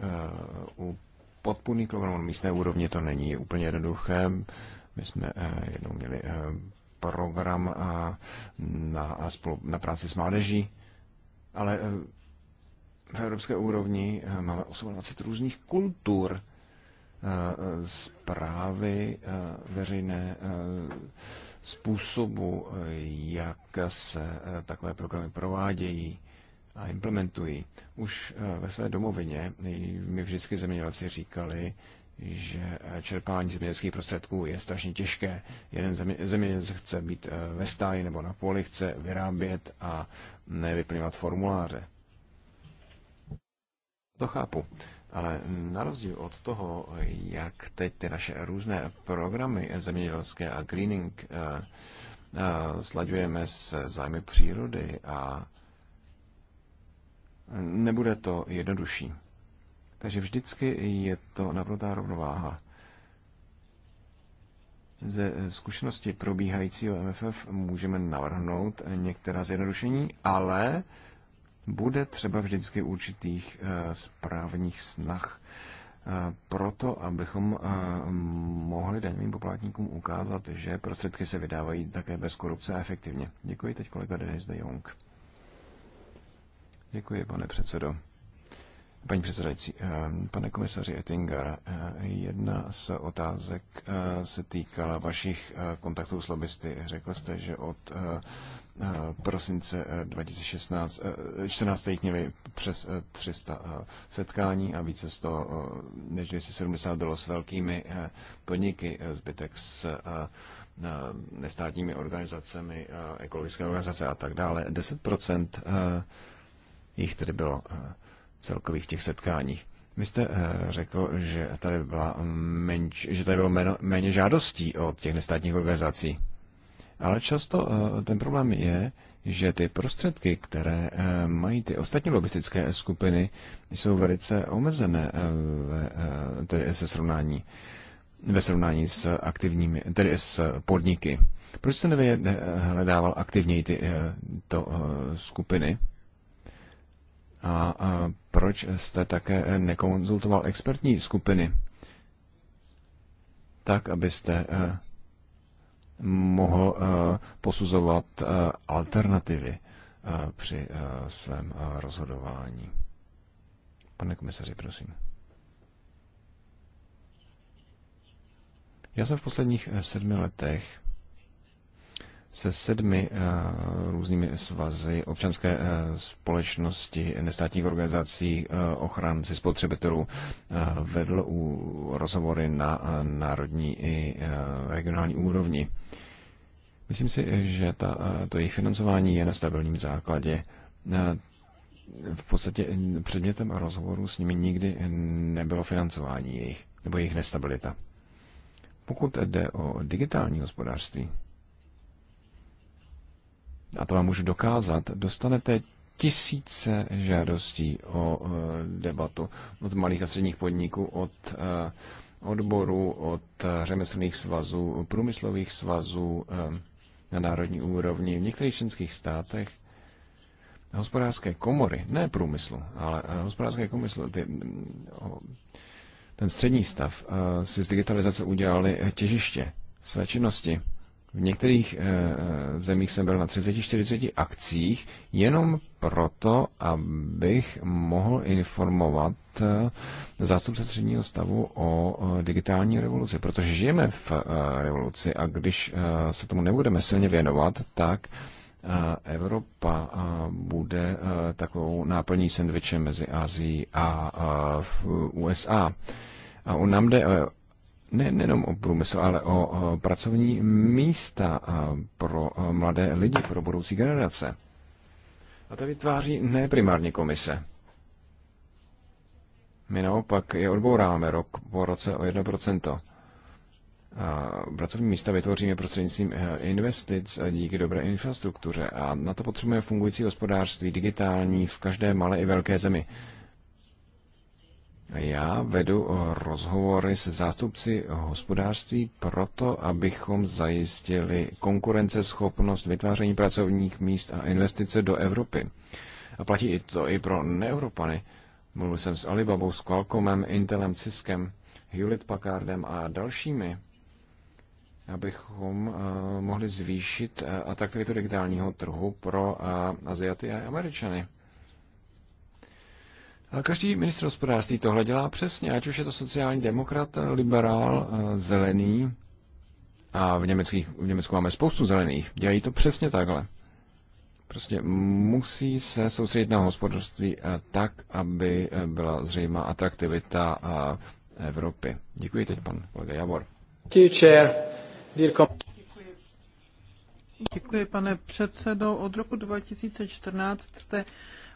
[SPEAKER 3] u podpůrných programů místné úrovně to není úplně jednoduché. My jsme eh, jednou měli eh, program eh, na, na práci s mládeží, ale v evropské úrovni máme 28 různých kultur zprávy veřejné způsobu, jak se takové programy provádějí a implementují. Už ve své domovině mi vždycky zemědělci říkali, že eh, čerpání zemědělských prostředků je strašně těžké. Jeden zemědělec chce být eh, ve stáji nebo na poli, chce vyrábět a nevyplňovat formuláře. To chápu. Ale na rozdíl od toho, jak teď ty naše různé programy zemědělské a greening eh, slaďujeme s zájmy přírody a nebude to jednodušší. Takže vždycky je to naprotá rovnováha. Ze zkušenosti probíhajícího MFF můžeme navrhnout některá zjednodušení, ale bude třeba vždycky určitých eh, správních snah eh, proto, abychom eh, mohli daňovým poplatníkům ukázat, že prostředky se vydávají také bez korupce a efektivně. Děkuji teď kolega Denis de Jong. Děkuji, pane předsedo. Paní předsedající, eh, pane komisaři Ettinger, eh, jedna z otázek eh, se týkala vašich kontaktů s lobbysty. Řekl jste, že od prosince 2016, 14. měli přes 300 setkání a více z toho než 270 bylo s velkými podniky, zbytek s nestátními organizacemi, ekologické organizace a tak dále. 10% jich tedy bylo celkových těch setkáních. Vy jste eh, řekl, že tady, byla menč, že tady bylo méně, méně žádostí od těch nestátních organizací. Ale často eh, ten problém je, že ty prostředky, které eh, mají ty ostatní lobistické skupiny, jsou velice omezené ve, tedy se srovnání, ve srovnání s aktivními, tedy s podniky. Proč jste nevyhledával aktivněji ty to skupiny? A, a proč jste také nekonzultoval expertní skupiny? Tak, abyste eh, mohl eh, posuzovat eh, alternativy při svém rozhodování. Pane komisaři, prosím. Já jsem v posledních sedmi letech se sedmi eh, různými svazy občanské eh, společnosti, nestátních organizací, eh, ochranci spotřebitelů vedl u rozhovory na národní i regionální úrovni. Myslím si, že ta, to jejich financování je na stabilním základě. V podstatě předmětem rozhovoru s nimi nikdy nebylo financování jejich nebo jejich nestabilita. Pokud jde o digitální hospodářství, a to vám můžu dokázat, dostanete tisíce žádostí o eh, debatu od malých a středních podniků, od eh, odborů, od eh, řemeslných svazů, průmyslových svazů na národní úrovni. V některých členských státech hospodářské komory, ne průmyslu, ale hospodářské komyslu, ty, ten střední stav si z digitalizace udělali těžiště své činnosti. V některých eh, eh, zemích jsem byl na 30-40 akcích jenom proto, abych mohl informovat eh, zástupce středního stavu o digitální revoluci, protože žijeme v revoluci a když se tomu nebudeme silně věnovat, tak Evropa bude takovou náplní sendviče mezi Azií a USA. A on nám jde ne, nejenom o průmysl, ale o pracovní místa pro mladé lidi, pro budoucí generace. A to vytváří ne primárně komise. My naopak je odbouráme rok po roce o 1%. A pracovní místa vytvoříme prostřednictvím eh, investic díky dobré infrastruktuře a na to potřebujeme fungující hospodářství digitální v každé malé i velké zemi. Já vedu eh, rozhovory se zástupci hospodářství proto, abychom zajistili konkurenceschopnost vytváření pracovních míst a investice do Evropy. A platí i to i pro neeuropany. Mluvil jsem s Alibabou, s Qualcommem, Intelem, Ciskem, Hewlett Packardem a dalšími, abychom eh, mohli zvýšit eh, atraktivitu digitálního trhu pro Aziaty a Američany. A každý ministr hospodářství tohle dělá přesně, ať už je to sociální demokrat, liberál, eh, zelený. A v, německých, v Německu máme spoustu zelených. Dělají to přesně takhle. Prostě musí se soustředit na hospodářství eh, tak, aby eh, byla zřejmá atraktivita Evropy. Děkuji teď, pan kolega Javor.
[SPEAKER 2] Děkuji, pane předsedo. Od roku 2014 jste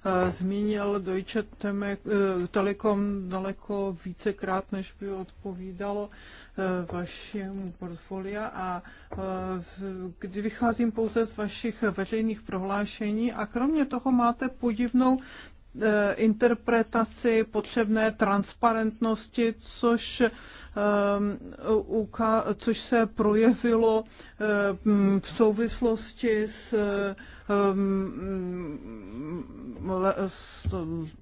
[SPEAKER 2] Eh, zmínil Deutsche eh, Telekom daleko vícekrát, než by odpovídalo eh, vašemu portfolia a kdy vycházím pouze z vašich veřejných prohlášení a kromě toho máte podivnou interpretaci potřebné transparentnosti, což Ehm, což se projevilo ehm, v souvislosti ehm, mm, s,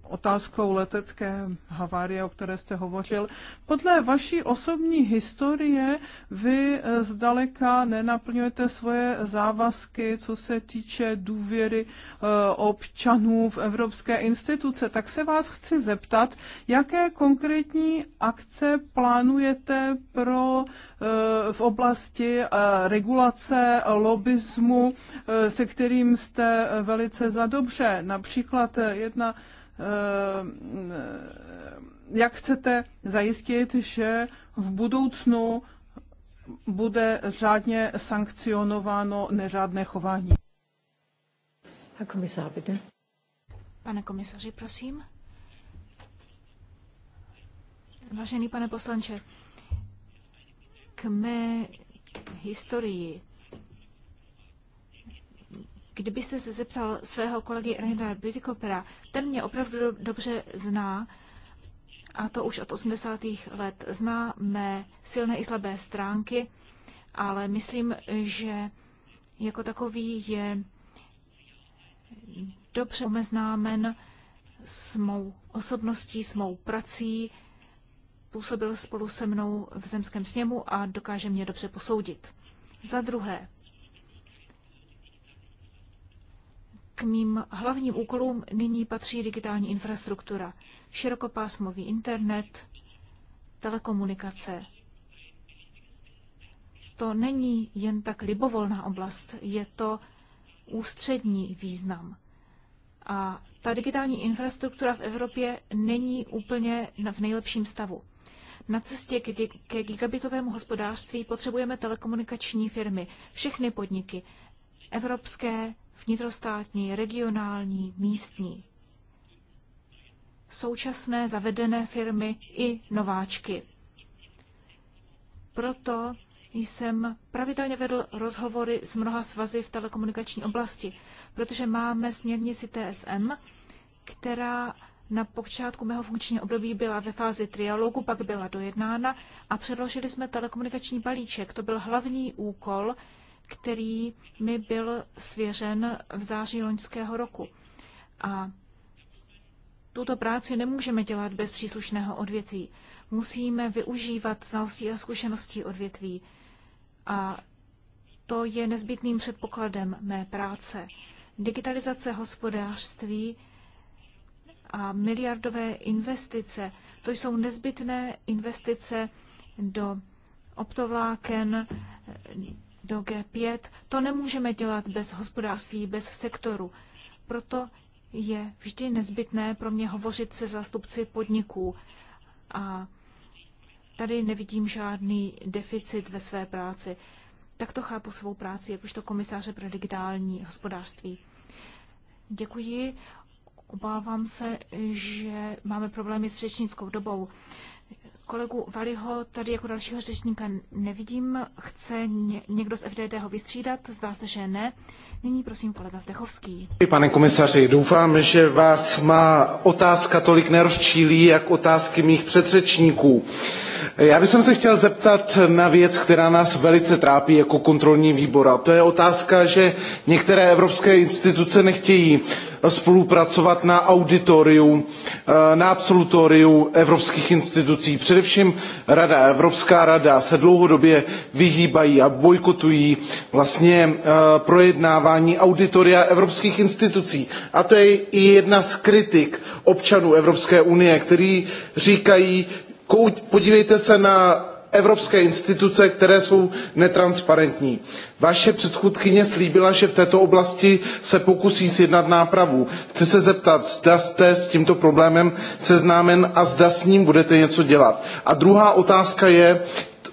[SPEAKER 2] otázkou letecké havárie, o které jste hovořil. Podle vaší osobní historie vy eh, zdaleka nenaplňujete svoje závazky, co se týče důvěry eh, občanů v evropské instituce. Tak se vás chci zeptat, jaké konkrétní akce plánujete plánujete pro, eh, v oblasti eh, regulace lobismu, eh, se kterým jste velice zadobře? Například jedna jak chcete zajistit, že v budoucnu bude řádně sankcionováno neřádné chování? A bitte.
[SPEAKER 1] Pane komisaři, prosím. Vážený pane poslanče, k mé historii. Kdybyste se zeptal svého kolegy Reinhard Bütikopera, ten mě opravdu dobře zná, a to už od 80. let zná mé silné i slabé stránky, ale myslím, že jako takový je dobře omeznámen s mou osobností, s mou prací, působil spolu se mnou v zemském sněmu a dokáže mě dobře posoudit. Za druhé, k mým hlavním úkolům nyní patří digitální infrastruktura, širokopásmový internet, telekomunikace. To není jen tak libovolná oblast, je to ústřední význam. A ta digitální infrastruktura v Evropě není úplně v nejlepším stavu. Na cestě ke gigabitovému hospodářství potřebujeme telekomunikační firmy, všechny podniky, evropské, vnitrostátní, regionální, místní. Současné zavedené firmy i nováčky. Proto jsem pravidelně vedl rozhovory s mnoha svazy v telekomunikační oblasti, protože máme směrnici TSM, která na počátku mého funkčního období byla ve fázi trialogu, pak byla dojednána a předložili jsme telekomunikační balíček. To byl hlavní úkol, který mi byl svěřen v září loňského roku. A tuto práci nemůžeme dělat bez příslušného odvětví. Musíme využívat znalostí a zkušeností odvětví. A to je nezbytným předpokladem mé práce. Digitalizace hospodářství a miliardové investice. To jsou nezbytné investice do optovláken, do G5. To nemůžeme dělat bez hospodářství, bez sektoru. Proto je vždy nezbytné pro mě hovořit se zástupci podniků. A tady nevidím žádný deficit ve své práci. Tak to chápu svou práci, jakožto komisáře pro digitální hospodářství. Děkuji. Obávám se, že máme problémy s řečnickou dobou. Kolegu Valiho tady jako dalšího řečníka nevidím. Chce někdo z FDD ho vystřídat? Zdá se, že ne. Nyní prosím kolega Zdechovský.
[SPEAKER 4] Pane komisaři, doufám, že vás má otázka tolik nerozčílí, jak otázky mých předřečníků. Já bych se chtěl zeptat na věc, která nás velice trápí jako kontrolní výbor. A to je otázka, že některé evropské instituce nechtějí spolupracovat na auditoriu, eh, na absolutoriu evropských institucí. Především Rada, Evropská rada se dlouhodobě vyhýbají a bojkotují vlastně eh, projednávání auditoria evropských institucí. A to je i jedna z kritik občanů Evropské unie, kteří říkají, podívejte se na evropské instituce, které jsou netransparentní. Vaše předchůdkyně slíbila, že v této oblasti se pokusí sjednat nápravu. Chci se zeptat, zda jste s tímto problémem seznámen a zda s ním budete něco dělat. A druhá otázka je,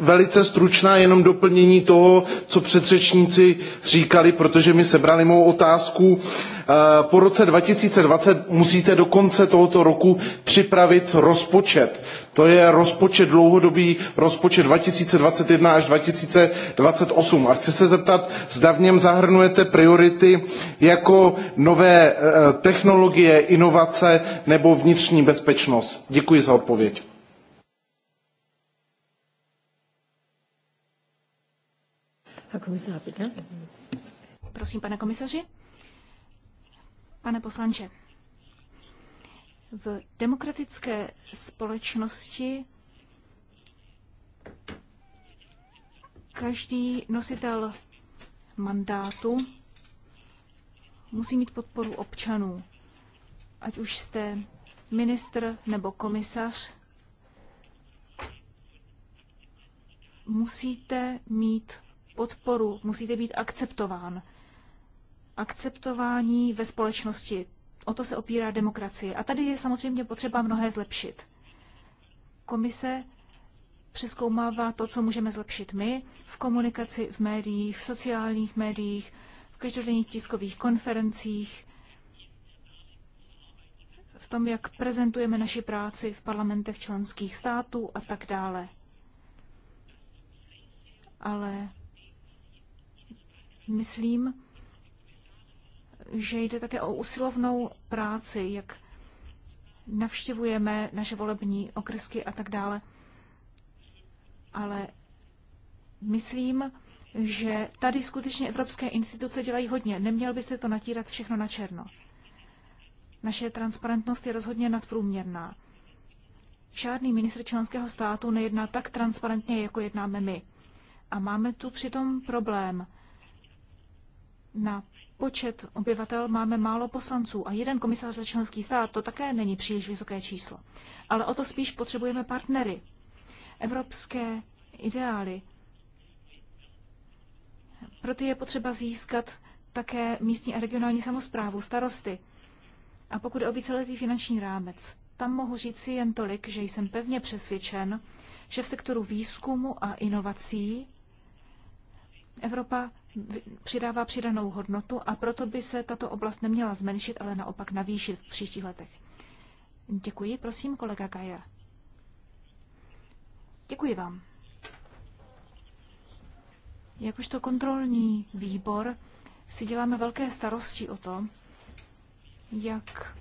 [SPEAKER 4] velice stručná jenom doplnění toho, co předřečníci říkali, protože mi sebrali mou otázku. Eh, po roce 2020 musíte do konce tohoto roku připravit rozpočet. To je rozpočet dlouhodobý, rozpočet 2021 až 2028. A chci se zeptat, zda v něm zahrnujete priority jako nové eh, technologie, inovace nebo vnitřní bezpečnost. Děkuji za odpověď.
[SPEAKER 1] Herr Prosím, pane komisaři. Pane poslanče, v demokratické společnosti každý nositel mandátu musí mít podporu občanů. Ať už jste ministr nebo komisař, musíte mít podporu, musíte být akceptován. Akceptování ve společnosti, o to se opírá demokracie. A tady je samozřejmě potřeba mnohé zlepšit. Komise přeskoumává to, co můžeme zlepšit my v komunikaci, v médiích, v sociálních médiích, v každodenních tiskových konferencích, v tom, jak prezentujeme naši práci v parlamentech členských států a tak dále. Ale Myslím, že jde také o usilovnou práci, jak navštěvujeme naše volební okrsky a tak dále. Ale myslím, že tady skutečně evropské instituce dělají hodně. Neměl byste to natírat všechno na černo. Naše transparentnost je rozhodně nadprůměrná. Žádný ministr členského státu nejedná tak transparentně, jako jednáme my. A máme tu přitom problém – na počet obyvatel máme málo poslanců a jeden komisař za členský stát, to také není příliš vysoké číslo. Ale o to spíš potřebujeme partnery. Evropské ideály. Proto je potřeba získat také místní a regionální samozprávu, starosty. A pokud o víceletý finanční rámec, tam mohu říci jen tolik, že jsem pevně přesvědčen, že v sektoru výzkumu a inovací Evropa přidává přidanou hodnotu a proto by se tato oblast neměla zmenšit, ale naopak navýšit v příštích letech. Děkuji, prosím, kolega Kaja. Děkuji vám. Jakožto kontrolní výbor si děláme velké starosti o to, jak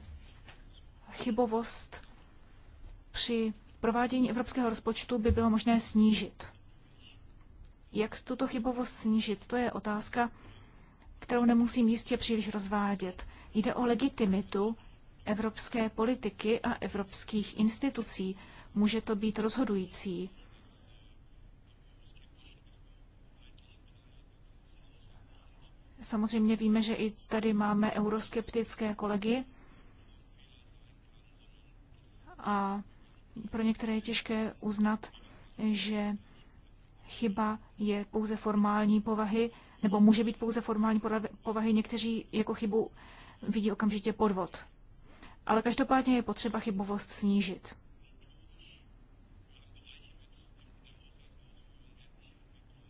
[SPEAKER 1] chybovost při provádění evropského rozpočtu by bylo možné snížit. Jak tuto chybovost snížit, to je otázka, kterou nemusím jistě příliš rozvádět. Jde o legitimitu evropské politiky a evropských institucí. Může to být rozhodující. Samozřejmě víme, že i tady máme euroskeptické kolegy a pro některé je těžké uznat, že chyba je pouze formální povahy, nebo může být pouze formální povahy, někteří jako chybu vidí okamžitě podvod. Ale každopádně je potřeba chybovost snížit.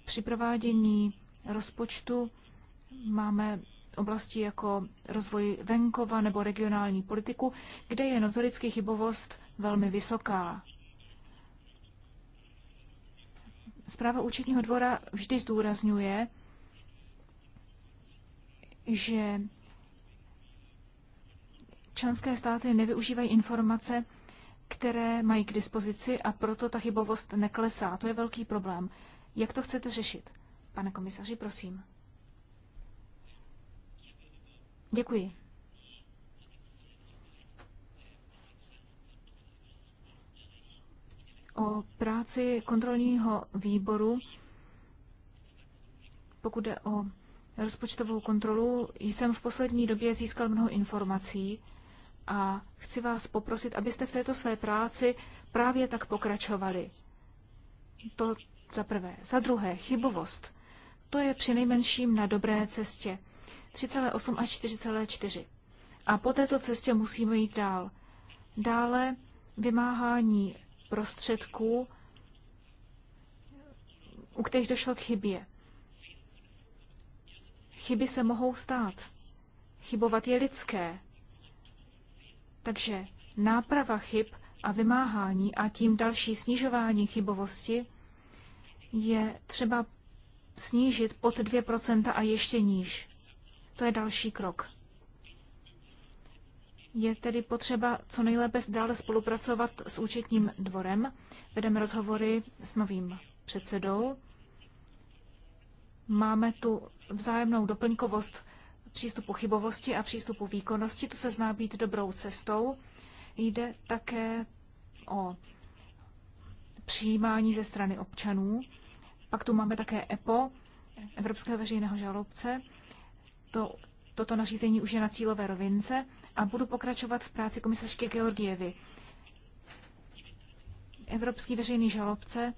[SPEAKER 1] Při provádění rozpočtu máme oblasti jako rozvoj venkova nebo regionální politiku, kde je notoricky chybovost velmi vysoká. Zpráva účetního dvora vždy zdůrazňuje, že členské státy nevyužívají informace, které mají k dispozici a proto ta chybovost neklesá. To je velký problém. Jak to chcete řešit? Pane komisaři, prosím. Děkuji. o práci kontrolního výboru. Pokud jde o rozpočtovou kontrolu, jsem v poslední době získal mnoho informací a chci vás poprosit, abyste v této své práci právě tak pokračovali. To za prvé. Za druhé, chybovost. To je nejmenším na dobré cestě. 3,8 a 4,4. A po této cestě musíme jít dál. Dále vymáhání prostředků, u kterých došlo k chybě. Chyby se mohou stát. Chybovat je lidské. Takže náprava chyb a vymáhání a tím další snižování chybovosti je třeba snížit pod 2% a ještě níž. To je další krok. Je tedy potřeba co nejlépe dále spolupracovat s účetním dvorem. Vedeme rozhovory s novým předsedou. Máme tu vzájemnou doplňkovost přístupu chybovosti a přístupu výkonnosti. to se zná být dobrou cestou. Jde také o přijímání ze strany občanů. Pak tu máme také EPO, Evropského veřejného žalobce. To, toto nařízení už je na cílové rovince a budu pokračovat v práci komisařky Georgievy. Evropský veřejný žalobce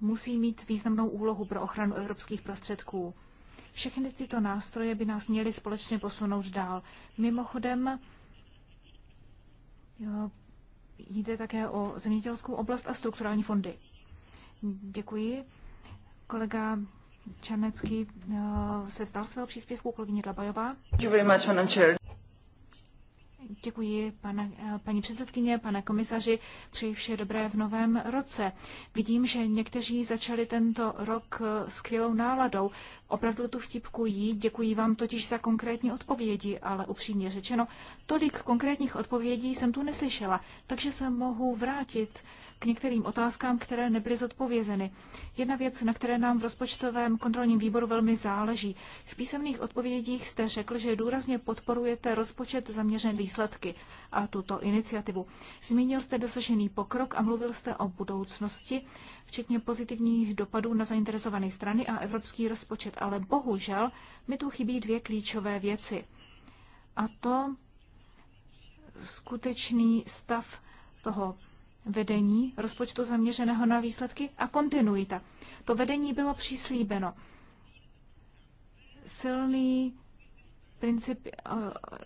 [SPEAKER 1] musí mít významnou úlohu pro ochranu evropských prostředků. Všechny tyto nástroje by nás měly společně posunout dál. Mimochodem, jo, jde také o zemědělskou oblast a strukturální fondy. Děkuji. Kolega Černecký se vzdal svého příspěvku, kolegyně Dlabajová. Děkuji, pana, eh, paní předsedkyně, pane komisaři, přeji vše dobré v novém roce. Vidím, že někteří začali tento rok eh, skvělou náladou. Opravdu tu vtipku jí, děkuji vám totiž za konkrétní odpovědi, ale upřímně řečeno, tolik konkrétních odpovědí jsem tu neslyšela, takže se mohu vrátit k některým otázkám, které nebyly zodpovězeny. Jedna věc, na které nám v rozpočtovém kontrolním výboru velmi záleží. V písemných odpovědích jste řekl, že důrazně podporujete rozpočet zaměřen výsledky a tuto iniciativu. Zmínil jste dosažený pokrok a mluvil jste o budoucnosti, včetně pozitivních dopadů na zainteresované strany a evropský rozpočet. Ale bohužel mi tu chybí dvě klíčové věci. A to skutečný stav toho vedení rozpočtu zaměřeného na výsledky a kontinuita. To vedení bylo přislíbeno. Silný princip, eh,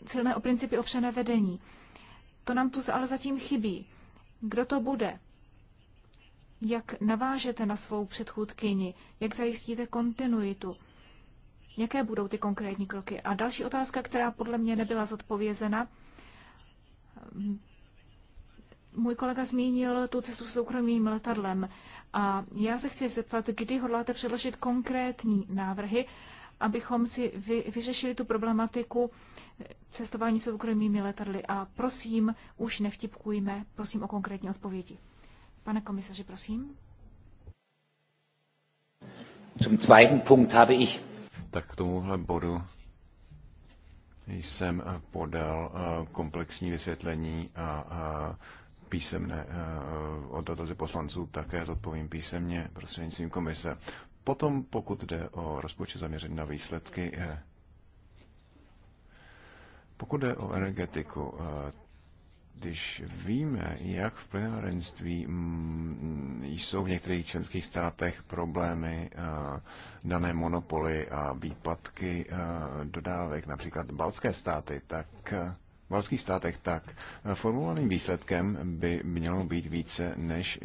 [SPEAKER 1] silné o principy ovšené vedení. To nám tu ale zatím chybí. Kdo to bude? Jak navážete na svou předchůdkyni? Jak zajistíte kontinuitu? Jaké budou ty konkrétní kroky? A další otázka, která podle mě nebyla zodpovězena, můj kolega zmínil tu cestu soukromým letadlem a já se chci zeptat, kdy hodláte předložit konkrétní návrhy, abychom si vy, vyřešili tu problematiku cestování soukromými letadly. A prosím, už nevtipkujme, prosím o konkrétní odpovědi. Pane komisaři, prosím.
[SPEAKER 3] Zum zweiten Punkt habe ich. Tak k tomuhle bodu jsem podal eh, komplexní vysvětlení a písemné eh, o dotazy poslanců, také odpovím písemně prostřednictvím komise. Potom, pokud jde o rozpočet zaměřený na výsledky, eh, pokud jde o energetiku, eh, když víme, jak v plenárenství mm, jsou v některých členských státech problémy, dané monopoly a výpadky dodávek, například balské státy, tak balských státech, tak eh, formulovaným výsledkem by mělo být více než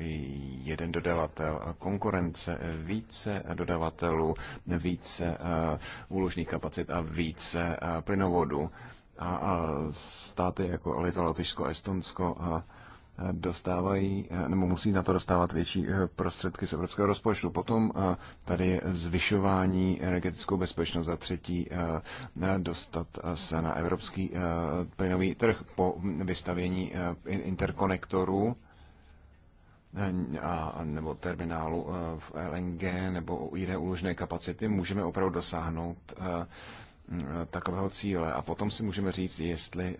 [SPEAKER 3] jeden dodavatel, eh, konkurence, eh, více dodavatelů, více úložných kapacit a více plynovodů. A státy jako Litva, Lotyšsko, Estonsko, a dostávají, eh, nebo musí na to dostávat větší eh, prostředky z evropského rozpočtu. Potom eh, tady je zvyšování energetickou bezpečnost za třetí, dostat se na evropský plynový trh po vystavění interkonektorů a, nebo terminálu v LNG nebo jiné úložné kapacity, můžeme opravdu dosáhnout mm, takového cíle. A potom si můžeme říct, jestli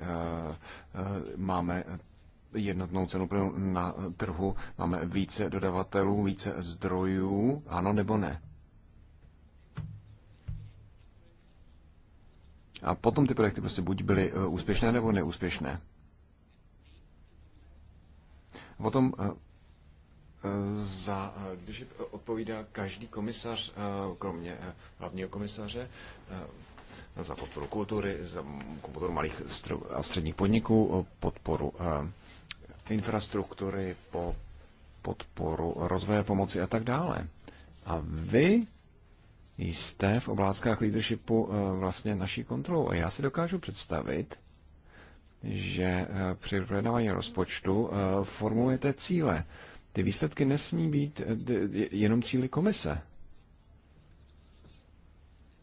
[SPEAKER 3] máme jednotnou cenu plynu na trhu, máme více dodavatelů, více zdrojů, ano nebo ne? A potom ty projekty prostě buď byly e, úspěšné nebo neúspěšné. Potom e, e, za, když odpovídá každý komisař, kromě hlavního komisaře, za podporu kultury, za podporu malých a středních podniků, podporu infrastruktury, po podporu rozvoje pomoci a tak dále. A vy jste v obláckách leadershipu eh, vlastně naší kontrolou. A já si dokážu představit, že eh, při projednávání rozpočtu eh, formulujete cíle. Ty výsledky nesmí být jenom cíly komise.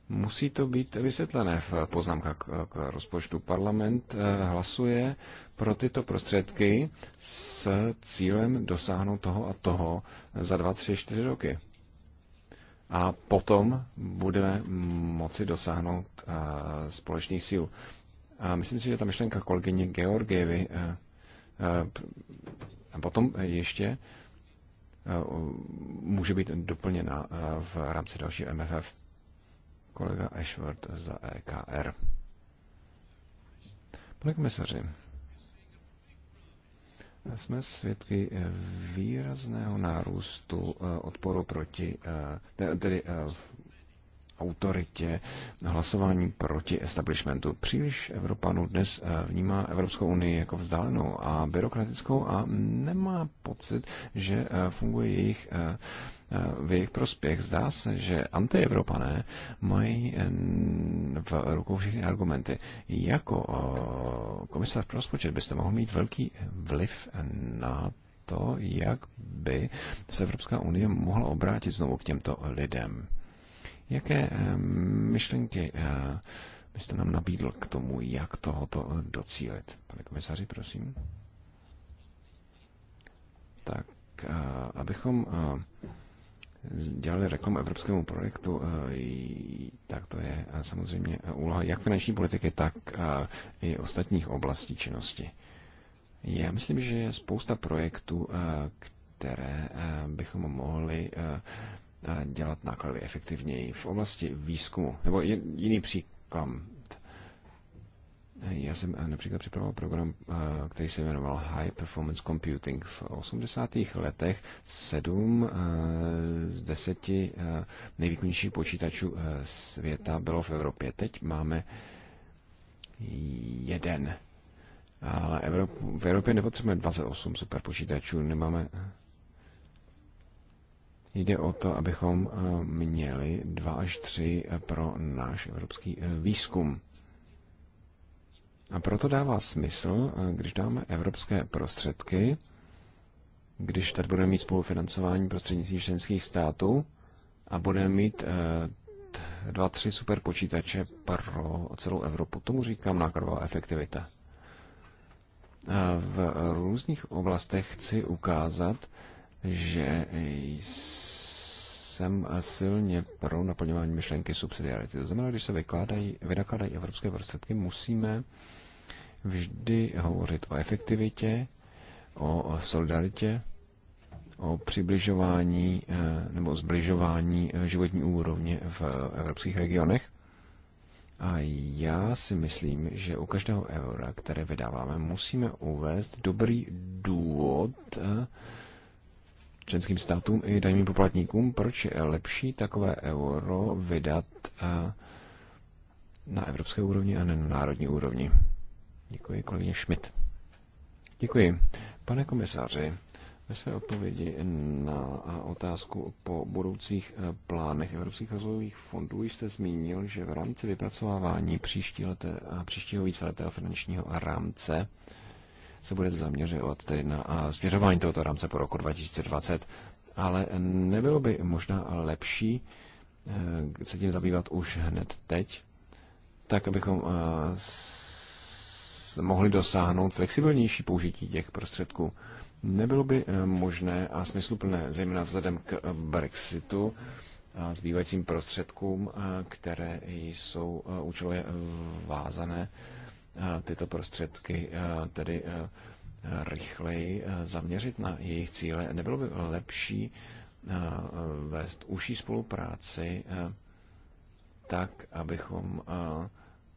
[SPEAKER 3] Musí to být vysvětlené v poznámkách k, k rozpočtu. Parlament eh, hlasuje pro tyto prostředky s cílem dosáhnout toho a toho za 2, 3, 4 roky. A potom budeme moci dosáhnout eh, společných sil. A myslím si, že ta myšlenka kolegyně Georgievy eh, a potom ještě může být doplněna v rámci dalšího MFF kolega Ashworth za EKR. Pane komisaři, jsme svědky výrazného nárůstu eh, odporu proti, eh, tedy eh, autoritě hlasování proti establishmentu. Příliš Evropanů dnes vnímá Evropskou unii jako vzdálenou a byrokratickou a nemá pocit, že funguje jejich v jejich prospěch. Zdá se, že antievropané mají eh, v rukou všechny argumenty. Jako eh, komisař pro rozpočet byste mohl mít velký vliv na to, jak by se Evropská unie mohla obrátit znovu k těmto lidem. Jaké eh, myšlenky byste nám nabídl k tomu, jak tohoto docílit? Pane komisaři, prosím. Tak, abychom dělali reklamu evropskému projektu, eh, tak to je eh, samozřejmě eh, úloha jak finanční politiky, tak i ostatních oblastí činnosti. Já myslím, že je spousta projektů, které bychom mohli dělat náklady efektivněji v oblasti výzkumu. Nebo jiný příklad, já jsem eh, například připravoval program, eh, který se jmenoval High Performance Computing. V 80. letech sedm eh, z deseti nejvýkonnějších počítačů světa bylo v Evropě. Teď máme jeden. Ale Evropu, v Evropě nepotřebujeme 28 superpočítačů, nemáme. Jde o to, abychom měli dva až tři pro náš evropský výzkum. A proto dává smysl, eh, když dáme evropské prostředky, když tady budeme mít spolufinancování prostřednictvím členských států a budeme mít eh, dva, tři super počítače pro celou Evropu. Tomu říkám nákladová efektivita. V různých oblastech chci ukázat, že jsem silně pro naplňování myšlenky subsidiarity. To znamená, když se vykládají, vynakládají evropské prostředky, musíme vždy hovořit o efektivitě, o solidaritě, o přibližování eh, nebo zbližování eh, životní úrovně v eh, evropských regionech. A já si myslím, že u každého eura, které vydáváme, musíme uvést dobrý důvod členským státům i daným poplatníkům, proč je lepší takové euro vydat na evropské úrovni a ne na národní úrovni. Děkuji, kolegyně Schmidt. Děkuji. Pane komisáři, ve své odpovědi na otázku po budoucích eh, plánech Evropských rozvojových fondů jste zmínil, že v rámci vypracovávání příští leté, eh, příštího víceletého finančního rámce se bude zaměřovat tedy na eh, směřování tohoto rámce po roku 2020, ale nebylo by možná lepší se tím zabývat už hned teď, tak abychom mohli dosáhnout flexibilnější použití těch prostředků. Nebylo by eh, možné a smysluplné, zejména vzhledem k Brexitu a zbývajícím prostředkům, eh, které jsou eh, účelově vázané, tyto prostředky tedy rychleji zaměřit na jejich cíle. Nebylo by lepší vést užší spolupráci tak, abychom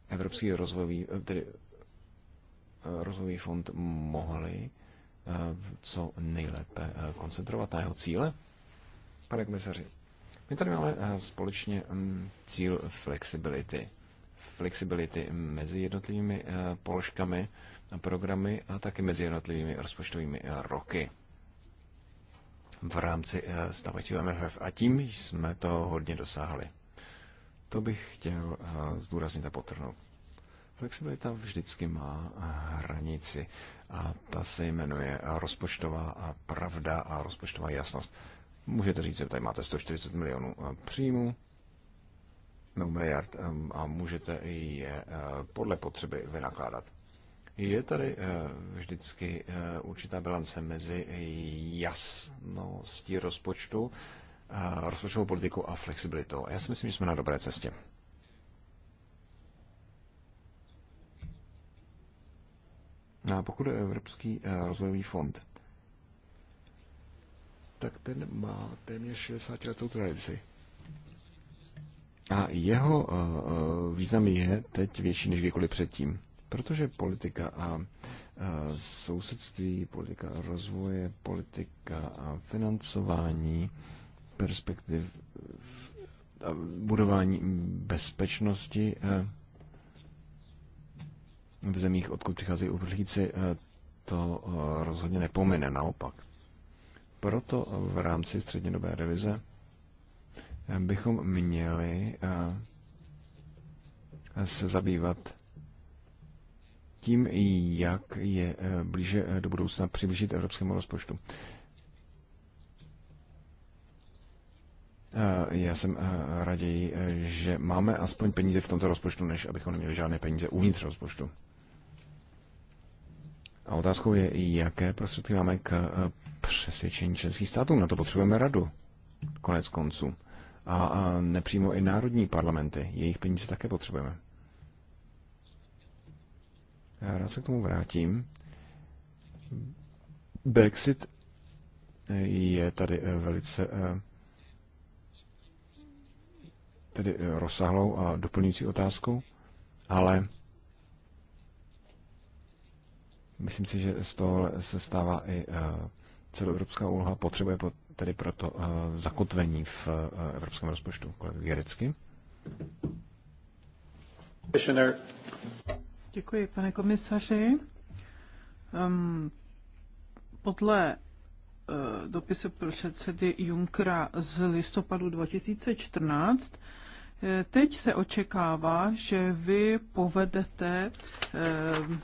[SPEAKER 3] Evropský rozvojový, tedy rozvojový fond mohli eh, co nejlépe eh, koncentrovat na jeho cíle? Pane komisaři, my tady máme eh, společně mm, cíl flexibility. Flexibility mezi jednotlivými položkami a programy a taky mezi jednotlivými rozpočtovými roky v rámci stavajícího MFF. A tím jsme to hodně dosáhli. To bych chtěl zdůraznit a potrhnout. Flexibilita vždycky má hranici a ta se jmenuje rozpočtová pravda a rozpočtová jasnost. Můžete říct, že tady máte 140 milionů eh, příjmů nebo miliard eh, a můžete je eh, podle potřeby vynakládat. Je tady vždycky určitá bilance mezi jasností rozpočtu, rozpočtovou politikou a flexibilitou. Já si myslím, že jsme na dobré cestě. Pokud je Evropský eh, rozvojový fond, tak ten má téměř 60 letou tradici. A jeho eh, eh, význam je teď větší než kdykoliv předtím, protože politika a sousedství, politika rozvoje, politika a financování, perspektiv a budování bezpečnosti v zemích, odkud přicházejí uprchlíci, eh, to eh, rozhodně nepomine, naopak. Proto v rámci střednědobé revize eh, bychom měli se zabývat tím, jak je blíže do budoucna přiblížit evropskému rozpočtu. Já jsem raději, že máme aspoň peníze v tomto rozpočtu, než abychom neměli žádné peníze uvnitř rozpočtu. A otázkou je, jaké prostředky máme k eh, přesvědčení členských států. Na to potřebujeme radu, konec konců. A, a nepřímo i národní parlamenty. Jejich peníze také potřebujeme. Já rád se k tomu vrátím. Brexit eh, je tady eh, velice tedy rozsáhlou a doplňující otázkou, ale Myslím si, že z toho se stává i eh, celoevropská úloha, potřebuje tedy proto eh, zakotvení v eh, evropském rozpočtu. Kolega Gerecky.
[SPEAKER 2] Děkuji, pane komisaři. Um, podle uh, dopisu předsedy Junkra z listopadu 2014 Teď se očekává, že vy povedete uh,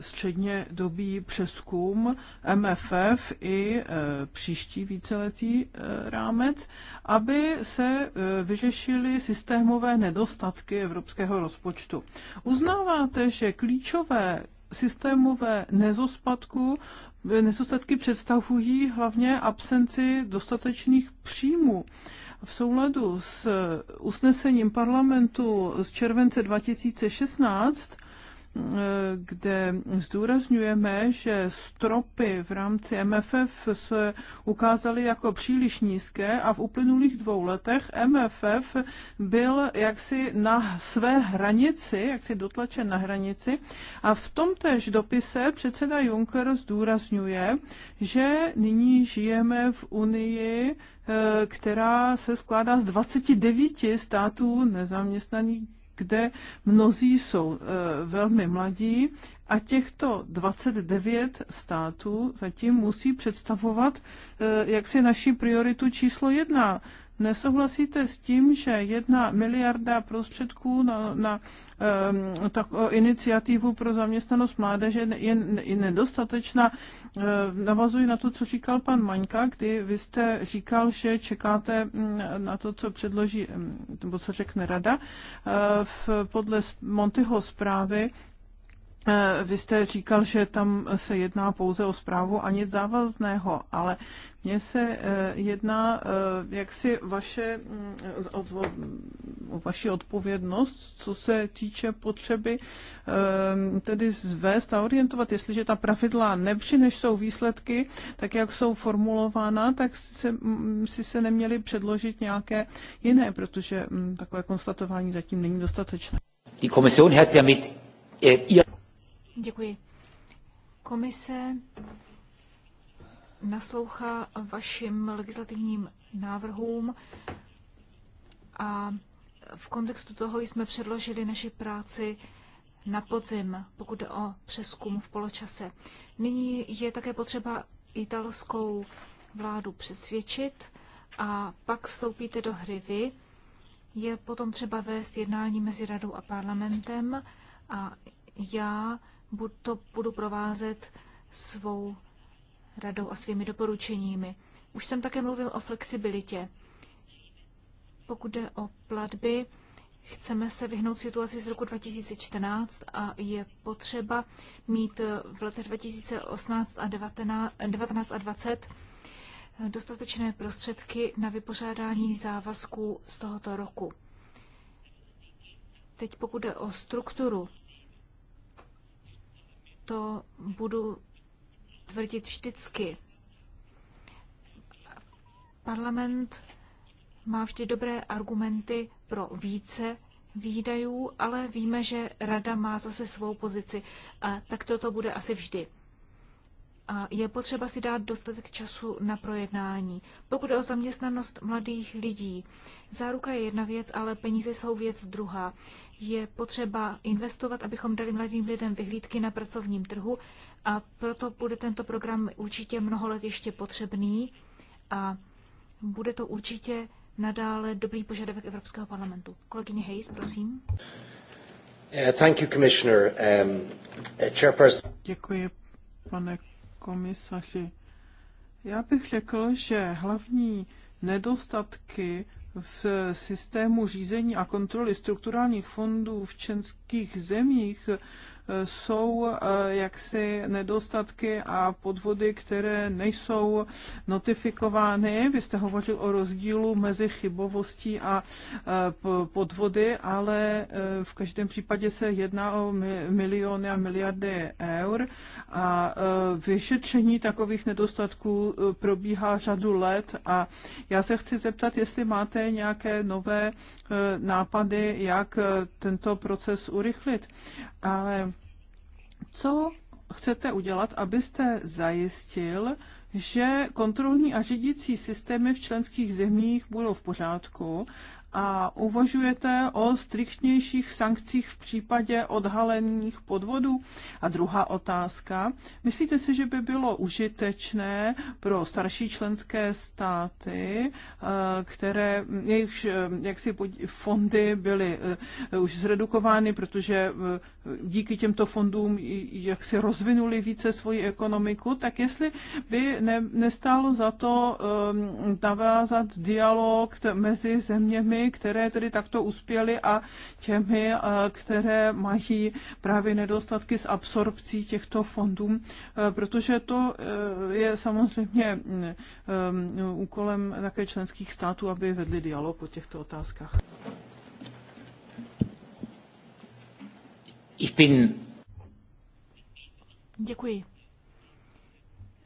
[SPEAKER 2] středně dobý přeskum MFF i e, příští víceletý e, rámec, aby se e, vyřešily systémové nedostatky evropského rozpočtu. Uznáváte, že klíčové systémové nezospadku nezostatky představují hlavně absenci dostatečných příjmů. V souladu s usnesením parlamentu z července 2016 kde zdůrazňujeme, že stropy v rámci MFF se ukázaly jako příliš nízké a v uplynulých dvou letech MFF byl jaksi na své hranici, jaksi dotlačen na hranici a v tom též dopise předseda Juncker zdůrazňuje, že nyní žijeme v Unii, eh, která se skládá z 29 států nezaměstnaných kde mnozí jsou eh, velmi mladí a těchto 29 států zatím musí představovat eh, jaksi naši prioritu číslo jedna. Nesouhlasíte s tím, že jedna miliarda prostředků na, na Ehm, tak, iniciativu pro zaměstnanost mládeže je, nedostatečná. Ehm, navazuji na to, co říkal pan Maňka, kdy vy jste říkal, že čekáte mm, na to, co předloží, mm, nebo co řekne rada. Ehm, v, podle Montyho zprávy Eh, vy jste říkal, že tam se jedná pouze o zprávu a nic závazného, ale mně se eh, jedná, eh, jak si vaše, mm, o vaši odpovědnost, co se týče potřeby tedy zvést a orientovat. Jestliže ta pravidla nepřinesou výsledky, tak jak jsou formulována, tak se, mm, si se neměli předložit nějaké jiné, protože mm, takové konstatování zatím není dostatečné.
[SPEAKER 1] Die Kommission hat ja mit ihr Děkuji. Komise naslouchá vašim legislativním návrhům a v kontextu toho jsme předložili naši práci na podzim, pokud jde o přeskum v poločase. Nyní je také potřeba italskou vládu přesvědčit a pak vstoupíte do hry vy. Je potom třeba vést jednání mezi radou a parlamentem a já to budu provázet svou radou a svými doporučeními. Už jsem také mluvil o flexibilitě. Pokud jde o platby, chceme se vyhnout situaci z roku 2014 a je potřeba mít v letech 2018 a 19, a 20 dostatečné prostředky na vypořádání závazků z tohoto roku. Teď pokud jde o strukturu to budu tvrdit vždycky. Parlament má vždy dobré argumenty pro více výdajů, ale víme, že rada má zase svou pozici a tak toto bude asi vždy. A je potřeba si dát dostatek času na projednání. Pokud o zaměstnanost mladých lidí, záruka je jedna věc, ale peníze jsou věc druhá. Je potřeba investovat, abychom dali mladým lidem vyhlídky na pracovním trhu a proto bude tento program určitě mnoho let ještě potřebný a bude to určitě nadále dobrý požadavek Evropského parlamentu. Kolegyně Hayes, prosím. Uh, thank you, Commissioner. Um, uh, chairperson. Děkuji, pane
[SPEAKER 2] komisaři. Já bych řekl, že hlavní nedostatky v systému řízení a kontroly strukturálních fondů v českých zemích jsou eh, jaksi nedostatky a podvody, které nejsou notifikovány. Vy jste hovořil o rozdílu mezi chybovostí a eh, podvody, ale eh, v každém případě se jedná o miliony a miliardy eur a vyšetření takových nedostatků probíhá řadu let a já se chci zeptat, jestli máte nějaké nové nápady, jak tento proces urychlit. Ale co chcete udělat, abyste zajistil, že kontrolní a řídící systémy v členských zemích budou v pořádku a uvažujete o striktnějších sankcích v případě odhalených podvodů? A druhá otázka. Myslíte si, že by bylo užitečné pro starší členské státy, eh, které jejich eh, jaksi fondy byly eh, už zredukovány, protože díky těmto fondům jak si rozvinuli více svoji ekonomiku, tak jestli by ne, nestálo za to um, navázat dialog mezi zeměmi, které tedy takto uspěly a těmi, uh, které mají právě nedostatky s absorpcí těchto fondů, uh, protože to uh, je samozřejmě um, úkolem také členských států, aby vedli dialog o těchto otázkách.
[SPEAKER 3] Ich bin...
[SPEAKER 1] Děkuji.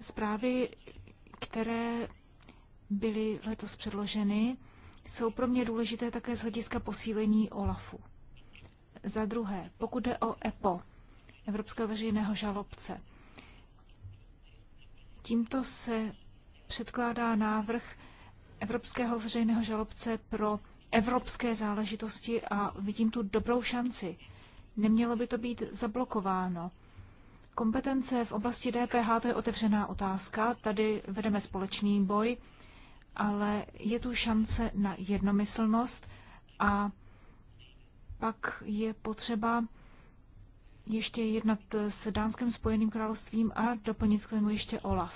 [SPEAKER 1] Zprávy, které byly letos předloženy, jsou pro mě důležité také z hlediska posílení OLAFu. Za druhé, pokud jde o EPO, Evropského veřejného žalobce, tímto se předkládá návrh Evropského veřejného žalobce pro evropské záležitosti a vidím tu dobrou šanci. Nemělo by to být zablokováno. Kompetence v oblasti DPH to je otevřená otázka. Tady vedeme společný boj, ale je tu šance na jednomyslnost a pak je potřeba ještě jednat s Dánským spojeným královstvím a doplnit k tomu ještě OLAF.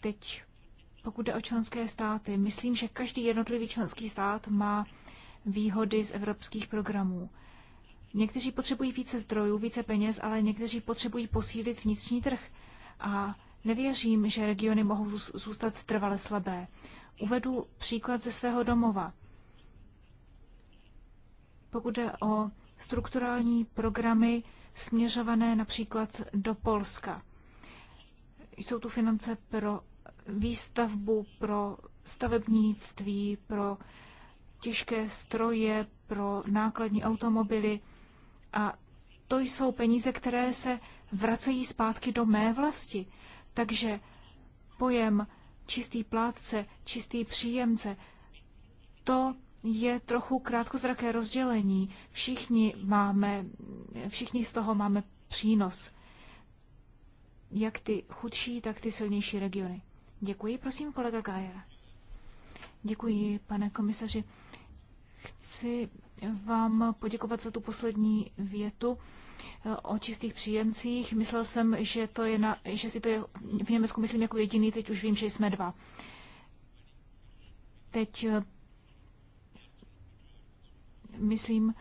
[SPEAKER 1] Teď, pokud jde o členské státy, myslím, že každý jednotlivý členský stát má výhody z evropských programů. Někteří potřebují více zdrojů, více peněz, ale někteří potřebují posílit vnitřní trh. A nevěřím, že regiony mohou zůstat trvale slabé. Uvedu příklad ze svého domova. Pokud jde o strukturální programy směřované například do Polska, jsou tu finance pro výstavbu, pro stavebnictví, pro těžké stroje, pro nákladní automobily. A to jsou peníze, které se vracejí zpátky do mé vlasti. Takže pojem čistý plátce, čistý příjemce, to je trochu krátkozraké rozdělení. Všichni, máme, všichni z toho máme přínos. Jak ty chudší, tak ty silnější regiony. Děkuji, prosím, kolega Gajera. Děkuji, pane komisaři. Chci vám poděkovat za tu poslední větu eh, o čistých příjemcích. Myslel jsem, že, to je na, že si to je v Německu myslím jako jediný, teď už vím, že jsme dva. Teď eh, myslím,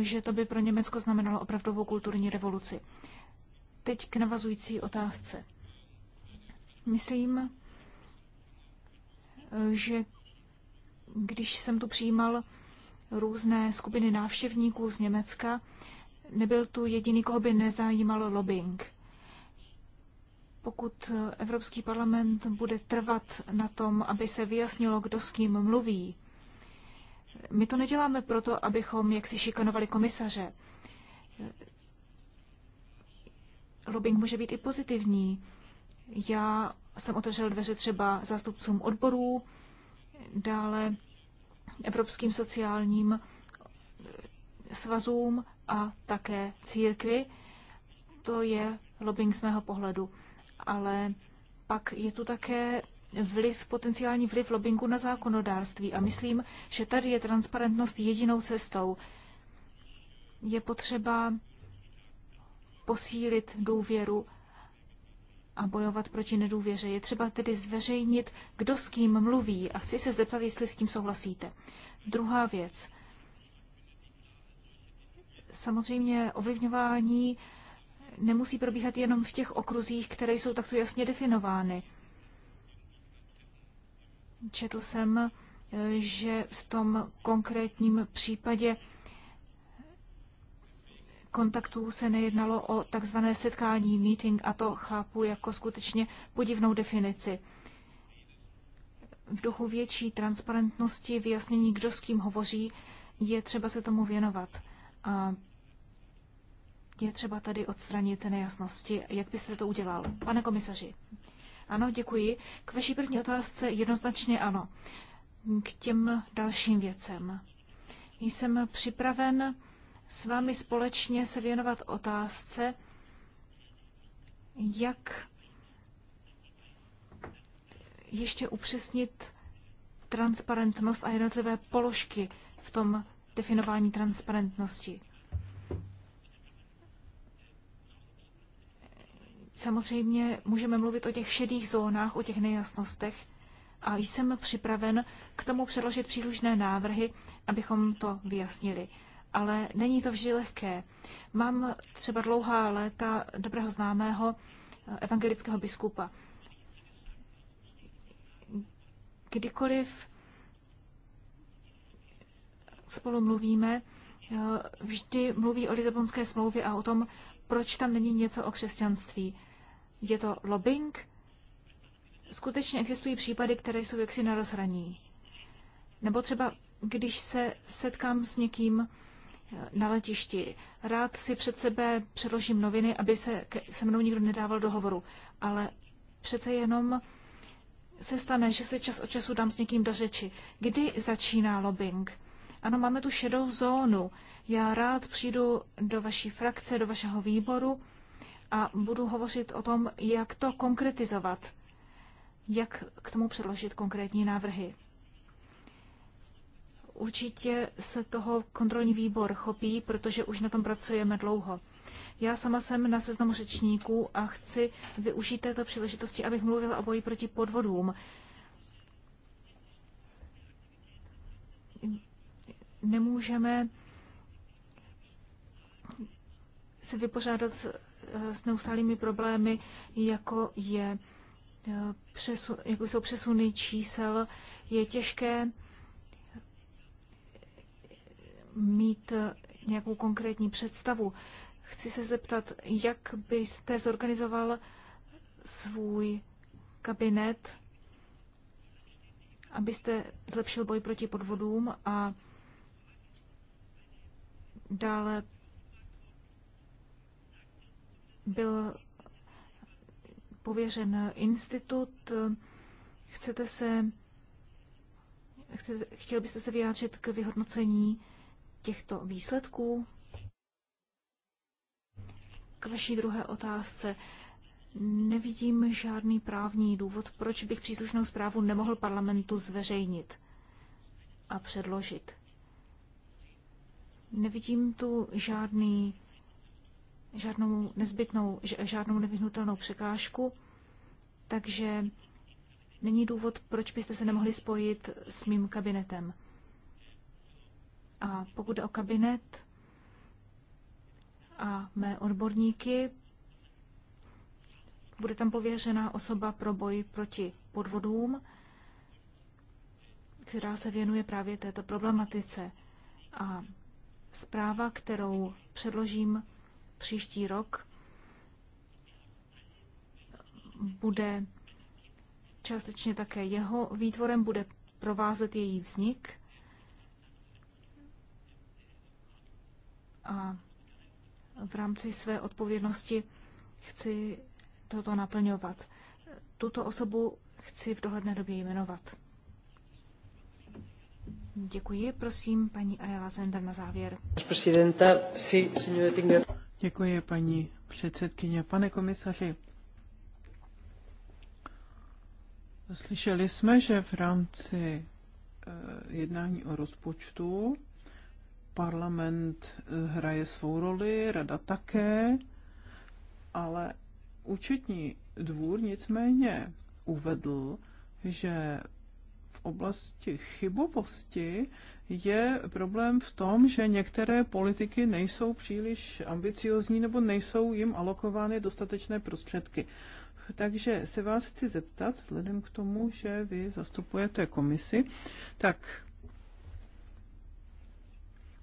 [SPEAKER 1] eh, že to by pro Německo znamenalo opravdovou kulturní revoluci. Teď k navazující otázce. Myslím, že když jsem tu přijímal různé skupiny návštěvníků z Německa. Nebyl tu jediný, koho by nezajímal lobbying. Pokud Evropský parlament bude trvat na tom, aby se vyjasnilo, kdo s kým mluví, my to neděláme proto, abychom jaksi šikanovali komisaře. Lobbying může být i pozitivní. Já jsem otevřel dveře třeba zástupcům odborů, dále evropským sociálním svazům a také církvi. To je lobbying z mého pohledu. Ale pak je tu také vliv, potenciální vliv lobbingu na zákonodárství a myslím, že tady je transparentnost jedinou cestou. Je potřeba posílit důvěru a bojovat proti nedůvěře. Je třeba tedy zveřejnit, kdo s kým mluví a chci se zeptat, jestli s tím souhlasíte. Druhá věc. Samozřejmě ovlivňování nemusí probíhat jenom v těch okruzích, které jsou takto jasně definovány. Četl jsem, eh, že v tom konkrétním případě kontaktů se nejednalo o takzvané setkání, meeting, a to chápu jako skutečně podivnou definici. V duchu větší transparentnosti, vyjasnění, kdo s kým hovoří, je třeba se tomu věnovat. A je třeba tady odstranit nejasnosti. Jak byste to udělal? Pane komisaři. Ano, děkuji. K vaší první otázce jednoznačně ano. K těm dalším věcem. Jsem připraven s vámi společně se věnovat otázce, jak ještě upřesnit transparentnost a jednotlivé položky v tom definování transparentnosti. Samozřejmě můžeme mluvit o těch šedých zónách, o těch nejasnostech a jsem připraven k tomu předložit příslušné návrhy, abychom to vyjasnili ale není to vždy lehké. Mám třeba dlouhá léta dobrého známého eh, evangelického biskupa. Kdykoliv spolu mluvíme, eh, vždy mluví o Lizabonské smlouvě a o tom, proč tam není něco o křesťanství. Je to lobbying? Skutečně existují případy, které jsou jaksi na rozhraní. Nebo třeba, když se setkám s někým, na letišti. Rád si před sebe přeložím noviny, aby se se mnou nikdo nedával do hovoru, ale přece jenom se stane, že se čas od času dám s někým do řeči. Kdy začíná lobbying? Ano, máme tu šedou zónu. Já rád přijdu do vaší frakce, do vašeho výboru a budu hovořit o tom, jak to konkretizovat, jak k tomu předložit konkrétní návrhy. Určitě se toho kontrolní výbor chopí, protože už na tom pracujeme dlouho. Já sama jsem na seznamu řečníků a chci využít této příležitosti, abych mluvila o boji proti podvodům. Nemůžeme se vypořádat s, s neustálými problémy, jako, je, eh, přesu, jako jsou přesuny čísel. Je těžké mít eh, nějakou konkrétní představu. Chci se zeptat, jak byste zorganizoval svůj kabinet, abyste zlepšil boj proti podvodům a dále byl pověřen institut. Chcete se, chcete, chtěl byste se vyjádřit k vyhodnocení těchto výsledků? K vaší druhé otázce. Nevidím žádný právní důvod, proč bych příslušnou zprávu nemohl parlamentu zveřejnit a předložit. Nevidím tu žádný, žádnou nezbytnou, žádnou nevyhnutelnou překážku, takže není důvod, proč byste se nemohli spojit s mým kabinetem. A pokud jde o kabinet a mé odborníky, bude tam pověřená osoba pro boj proti podvodům, která se věnuje právě této problematice. A zpráva, kterou předložím příští rok, bude částečně také jeho výtvorem, bude provázet její vznik a v rámci své odpovědnosti chci toto naplňovat. Tuto osobu chci v dohledné době jmenovat. Děkuji. Prosím, paní Ayala Zender na závěr.
[SPEAKER 2] Děkuji, paní předsedkyně. Pane komisaři, slyšeli jsme, že v rámci eh, jednání o rozpočtu Parlament eh, hraje svou roli, rada také, ale účetní dvůr nicméně uvedl, že v oblasti chybovosti je problém v tom, že některé politiky nejsou příliš ambiciozní nebo nejsou jim alokovány dostatečné prostředky. Takže se vás chci zeptat, vzhledem k tomu, že vy zastupujete komisi, tak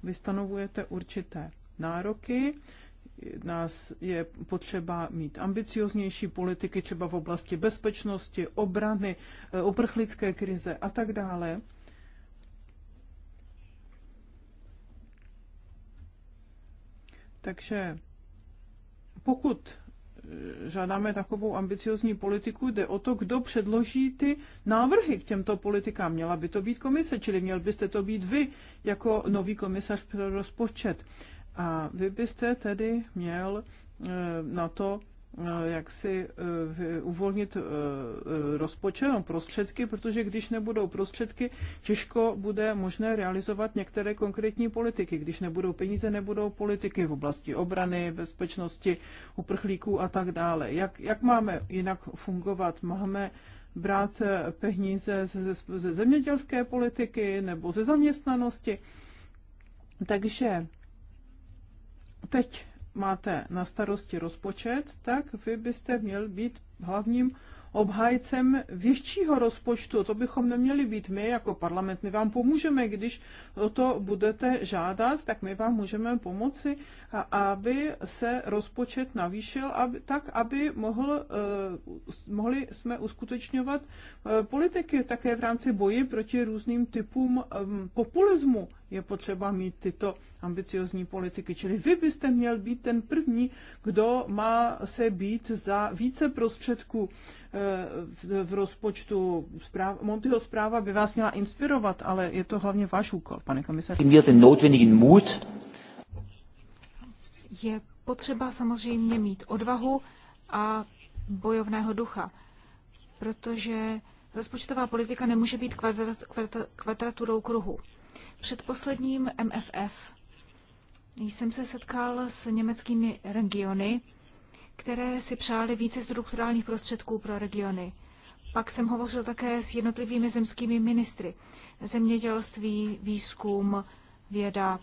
[SPEAKER 2] vy stanovujete určité nároky, nás je potřeba mít ambicioznější politiky třeba v oblasti bezpečnosti, obrany, eh, uprchlické krize a tak dále. Takže pokud žádáme takovou ambiciozní politiku, jde o to, kdo předloží ty návrhy k těmto politikám. Měla by to být komise, čili měl byste to být vy jako nový komisař pro rozpočet. A vy byste tedy měl eh, na to jak si e, uvolnit e, e, rozpočet, prostředky, protože když nebudou prostředky, těžko bude možné realizovat některé konkrétní politiky. Když nebudou peníze, nebudou politiky v oblasti obrany, bezpečnosti, uprchlíků a tak dále. Jak, jak máme jinak fungovat? Máme brát peníze ze, ze, ze zemědělské politiky nebo ze zaměstnanosti. Takže teď máte na starosti rozpočet, tak vy byste měl být hlavním obhájcem většího rozpočtu. To bychom neměli být my jako parlament. My vám pomůžeme, když o to budete žádat, tak my vám můžeme pomoci, aby se rozpočet navýšil aby, tak, aby mohl, eh, mohli jsme uskutečňovat eh, politiky také v rámci boji proti různým typům um, populismu je potřeba mít tyto ambiciozní politiky. Čili vy byste měl být ten první, kdo má se být za více prostředků eh, v rozpočtu. Zpráv, Montyho zpráva by vás měla inspirovat, ale je to hlavně váš úkol, pane komisař.
[SPEAKER 1] Je potřeba samozřejmě mít odvahu a bojovného ducha, protože rozpočtová politika nemůže být kvadraturou kruhu předposledním MFF jsem se setkal s německými regiony, které si přáli více strukturálních prostředků pro regiony. Pak jsem hovořil také s jednotlivými zemskými ministry. Zemědělství, výzkum, věda.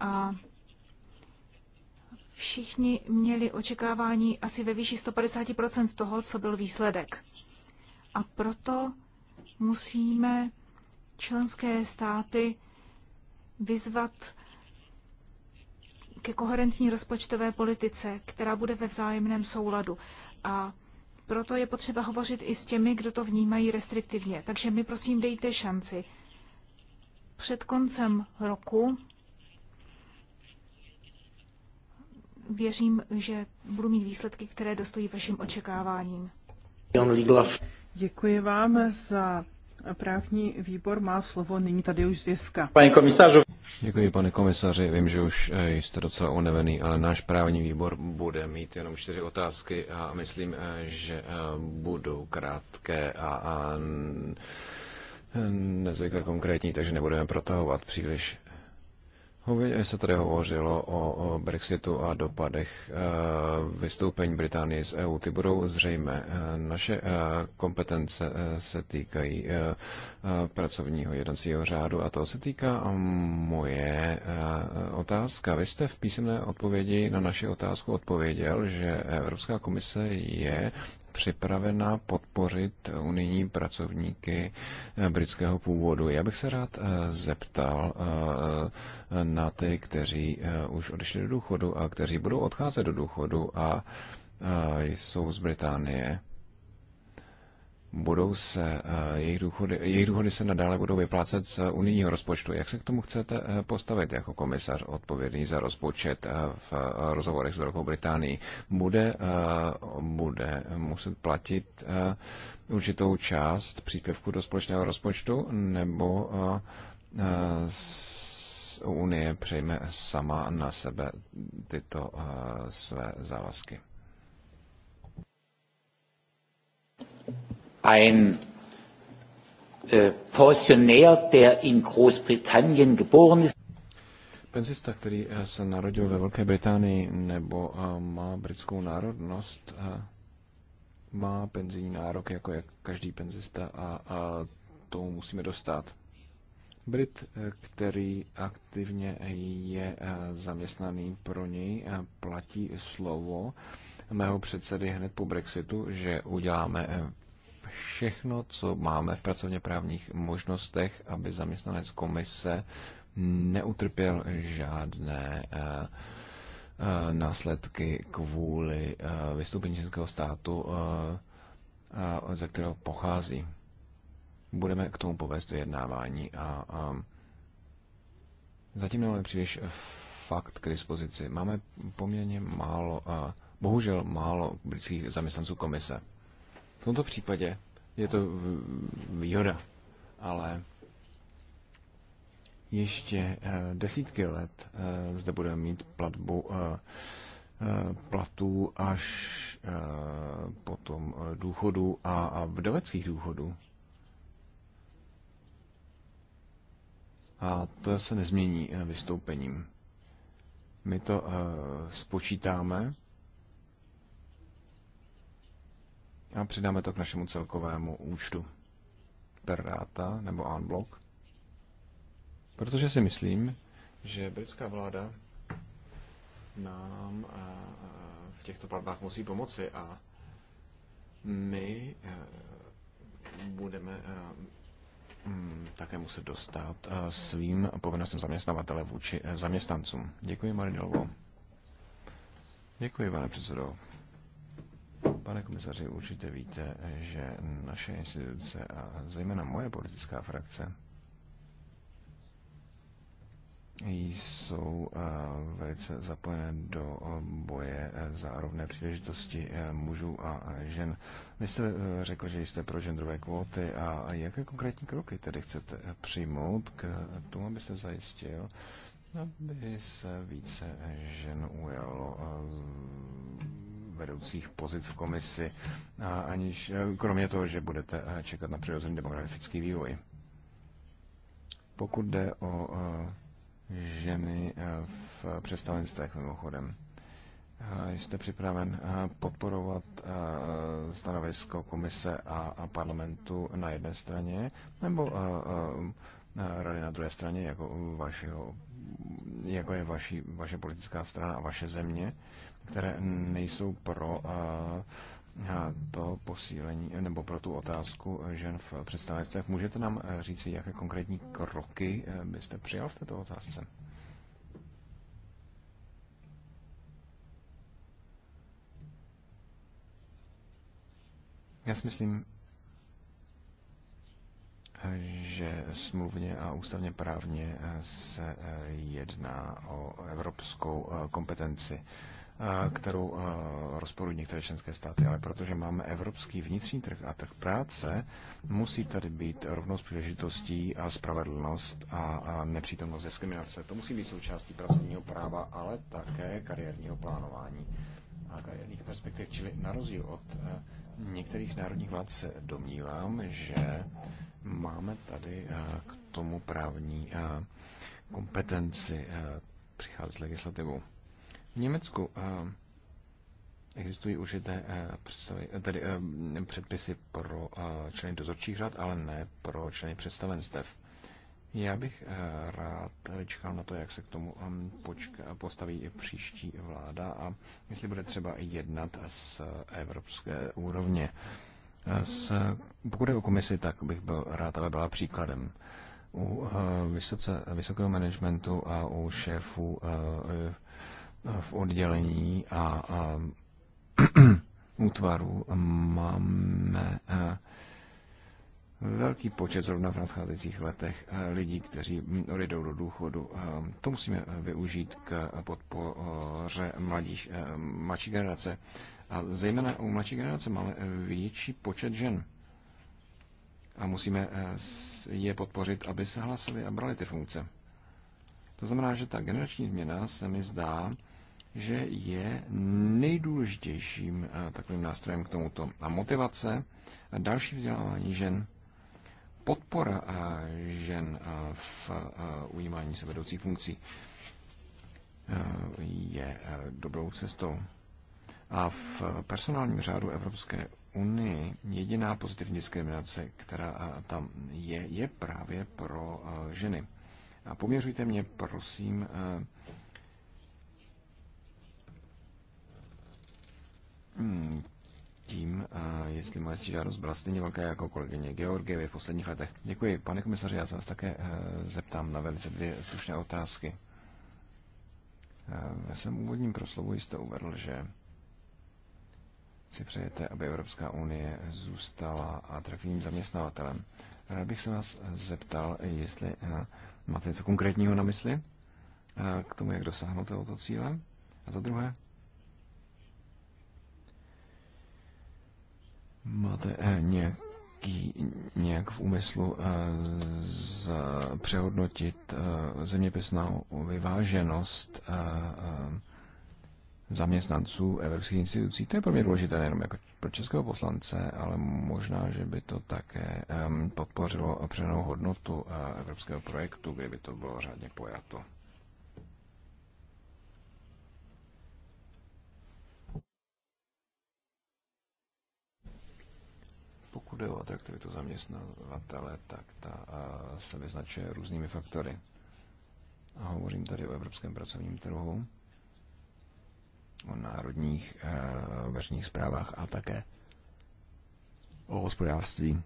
[SPEAKER 1] A všichni měli očekávání asi ve výši 150 toho, co byl výsledek. A proto musíme členské státy vyzvat ke koherentní rozpočtové politice, která bude ve vzájemném souladu. A proto je potřeba hovořit i s těmi, kdo to vnímají restriktivně. Takže mi prosím dejte šanci. Před koncem roku věřím, že budu mít výsledky, které dostojí vašim očekáváním. Děkuji vám za právní
[SPEAKER 2] výbor má slovo, nyní tady už zvěvka. Pane komisařu.
[SPEAKER 3] Děkuji, pane komisaři. Vím, že už eh, jste docela unavený, ale náš právní výbor bude mít jenom čtyři otázky a myslím, eh, že eh, budou krátké a, a nezvykle konkrétní, takže nebudeme protahovat příliš. Se tady hovořilo o Brexitu a dopadech eh, vystoupení Británie z EU. Ty budou zřejmé. Eh, naše eh, kompetence se týkají pracovního jednacího řádu a to se týká moje otázka. Vy jste v písemné odpovědi na naši otázku odpověděl, že Evropská komise je připravena podpořit unijní pracovníky eh, britského původu. Já bych se rád eh, zeptal eh, na ty, kteří už odešli do důchodu a kteří budou odcházet do důchodu a jsou z Británie budou se, eh, jejich důchody, jejich důchody se nadále budou vyplácet z unijního rozpočtu. Jak se k tomu chcete eh, postavit jako komisař odpovědný za rozpočet eh, v rozhovorech s Velkou Británií? Bude, bude muset platit určitou část příspěvku do společného rozpočtu nebo Unie přejme sama na sebe tyto své závazky? ein äh,
[SPEAKER 1] Pensionär, der in Großbritannien geboren ist.
[SPEAKER 4] Penzista,
[SPEAKER 3] který eh, se narodil ve Velké Británii nebo eh, má britskou národnost, eh, má penzijní nárok jako jak každý penzista a, a tomu musíme dostat. Brit, který aktivně je zaměstnaný pro něj, platí slovo mého předsedy hned po Brexitu, že uděláme všechno, co máme v pracovně právních možnostech, aby zaměstnanec komise neutrpěl žádné eh, eh, následky kvůli eh, vystoupení českého státu, ze kterého pochází. Budeme k tomu povést vyjednávání a, zatím nemáme příliš fakt k dispozici. Máme poměrně málo, bohužel málo britských zaměstnanců komise tomto případě je to výhoda, ale ještě eh, desítky let eh, zde budeme mít platbu eh, platů až potom důchodu a vdoveckých důchodů. A to se nezmění vystoupením. My to spočítáme a přidáme to k našemu celkovému účtu per data nebo unblock. Protože si myslím, že britská vláda nám eh, v těchto platbách musí pomoci a my eh, budeme eh, hm, také muset dostat svým povinnostem zaměstnavatele vůči zaměstnancům. Děkuji, Marinelvo. Děkuji, pane předsedo. Pane komisaři, určitě víte, že naše instituce a zejména moje politická frakce jsou eh, velice zapojené do eh, boje eh, za rovné příležitosti mužů a žen. Vy jste řekl, že jste pro genderové kvóty a jaké konkrétní kroky tedy chcete přijmout k tomu, aby se zajistil, aby no. se více žen ujalo eh, vedoucích pozic v komisi, aniž, eh, kromě toho, že budete eh, čekat na přirozený demografický vývoj. Pokud jde o ženy v představenstvech mimochodem, jste připraven podporovat stanovisko komise a parlamentu na jedné straně, nebo rady na druhé straně, jako vašeho jako je vaši, vaše politická strana a vaše země, které nejsou pro eh, eh, to posílení, nebo pro tu otázku žen v představenstvech. Můžete nám eh, říct, jaké konkrétní kroky byste přijal v této otázce? Já si myslím, že smluvně a ústavně právně eh, se eh, jedná o evropskou eh, kompetenci, kterou rozporují některé členské státy, ale protože máme evropský vnitřní trh a trh práce, musí tady být rovnost příležitostí a spravedlnost a nepřítomnost diskriminace. To musí být součástí pracovního práva, ale také kariérního plánování a kariérních perspektiv, čili na rozdíl od některých národních vlád se domnívám, že máme tady eh, k tomu právní eh, kompetenci eh, přicházet s legislativou. V Německu existují určité představy, tedy předpisy pro členy dozorčích řad, ale ne pro členy představenstev. Já bych eh, rád čekal na to, jak se k tomu eh, postaví i příští vláda a jestli bude třeba jednat z evropské úrovně. Eh, s, pokud je o komisi, tak bych byl rád, aby byla příkladem. U vysoce, vysokého managementu a u šéfů v oddělení a, a útvaru máme velký počet zrovna v nadcházejících letech eh, lidí, kteří hm, odejdou do důchodu. Eh, to musíme eh, využít k podpoře mladých, mladší generace. A zejména u mladší generace máme větší počet žen. A musíme je podpořit, aby se hlasili a brali ty funkce. To znamená, že ta generační změna se mi zdá, že je nejdůležitějším takovým nástrojem k tomuto. A motivace a další vzdělávání žen podpora eh, žen eh, v eh, ujímání se vedoucích funkcí je dobrou cestou. A v personálním řádu Evropské unii jediná pozitivní diskriminace, která tam je, je právě pro ženy. A poměřujte mě, prosím, hmm, tím, eh, jestli moje žádost byla stejně velká jako kolegyně Georgievy v posledních letech. Děkuji. Pane komisaři, já se vás také eh, zeptám na velice dvě slušné otázky. Eh, ve svém úvodním proslovu jste uvedl, že si přejete, aby Evropská unie zůstala atraktivním zaměstnavatelem. Rád bych se vás zeptal, jestli máte něco konkrétního na mysli k tomu, jak dosáhnout tohoto cíle. A za druhé, Máte eh, nějaký, nějak v úmyslu eh, z, přehodnotit eh, zeměpisnou vyváženost zaměstnanců evropských institucí. To je pro mě důležité nejenom jako pro českého poslance, ale možná, že by to také podpořilo přenou hodnotu evropského projektu, kdyby to bylo řádně pojato. Pokud je o atraktivitu zaměstnavatele, tak ta se vyznačuje různými faktory. A hovořím tady o evropském pracovním trhu, o národních e, veřejných zprávách a také o hospodářství.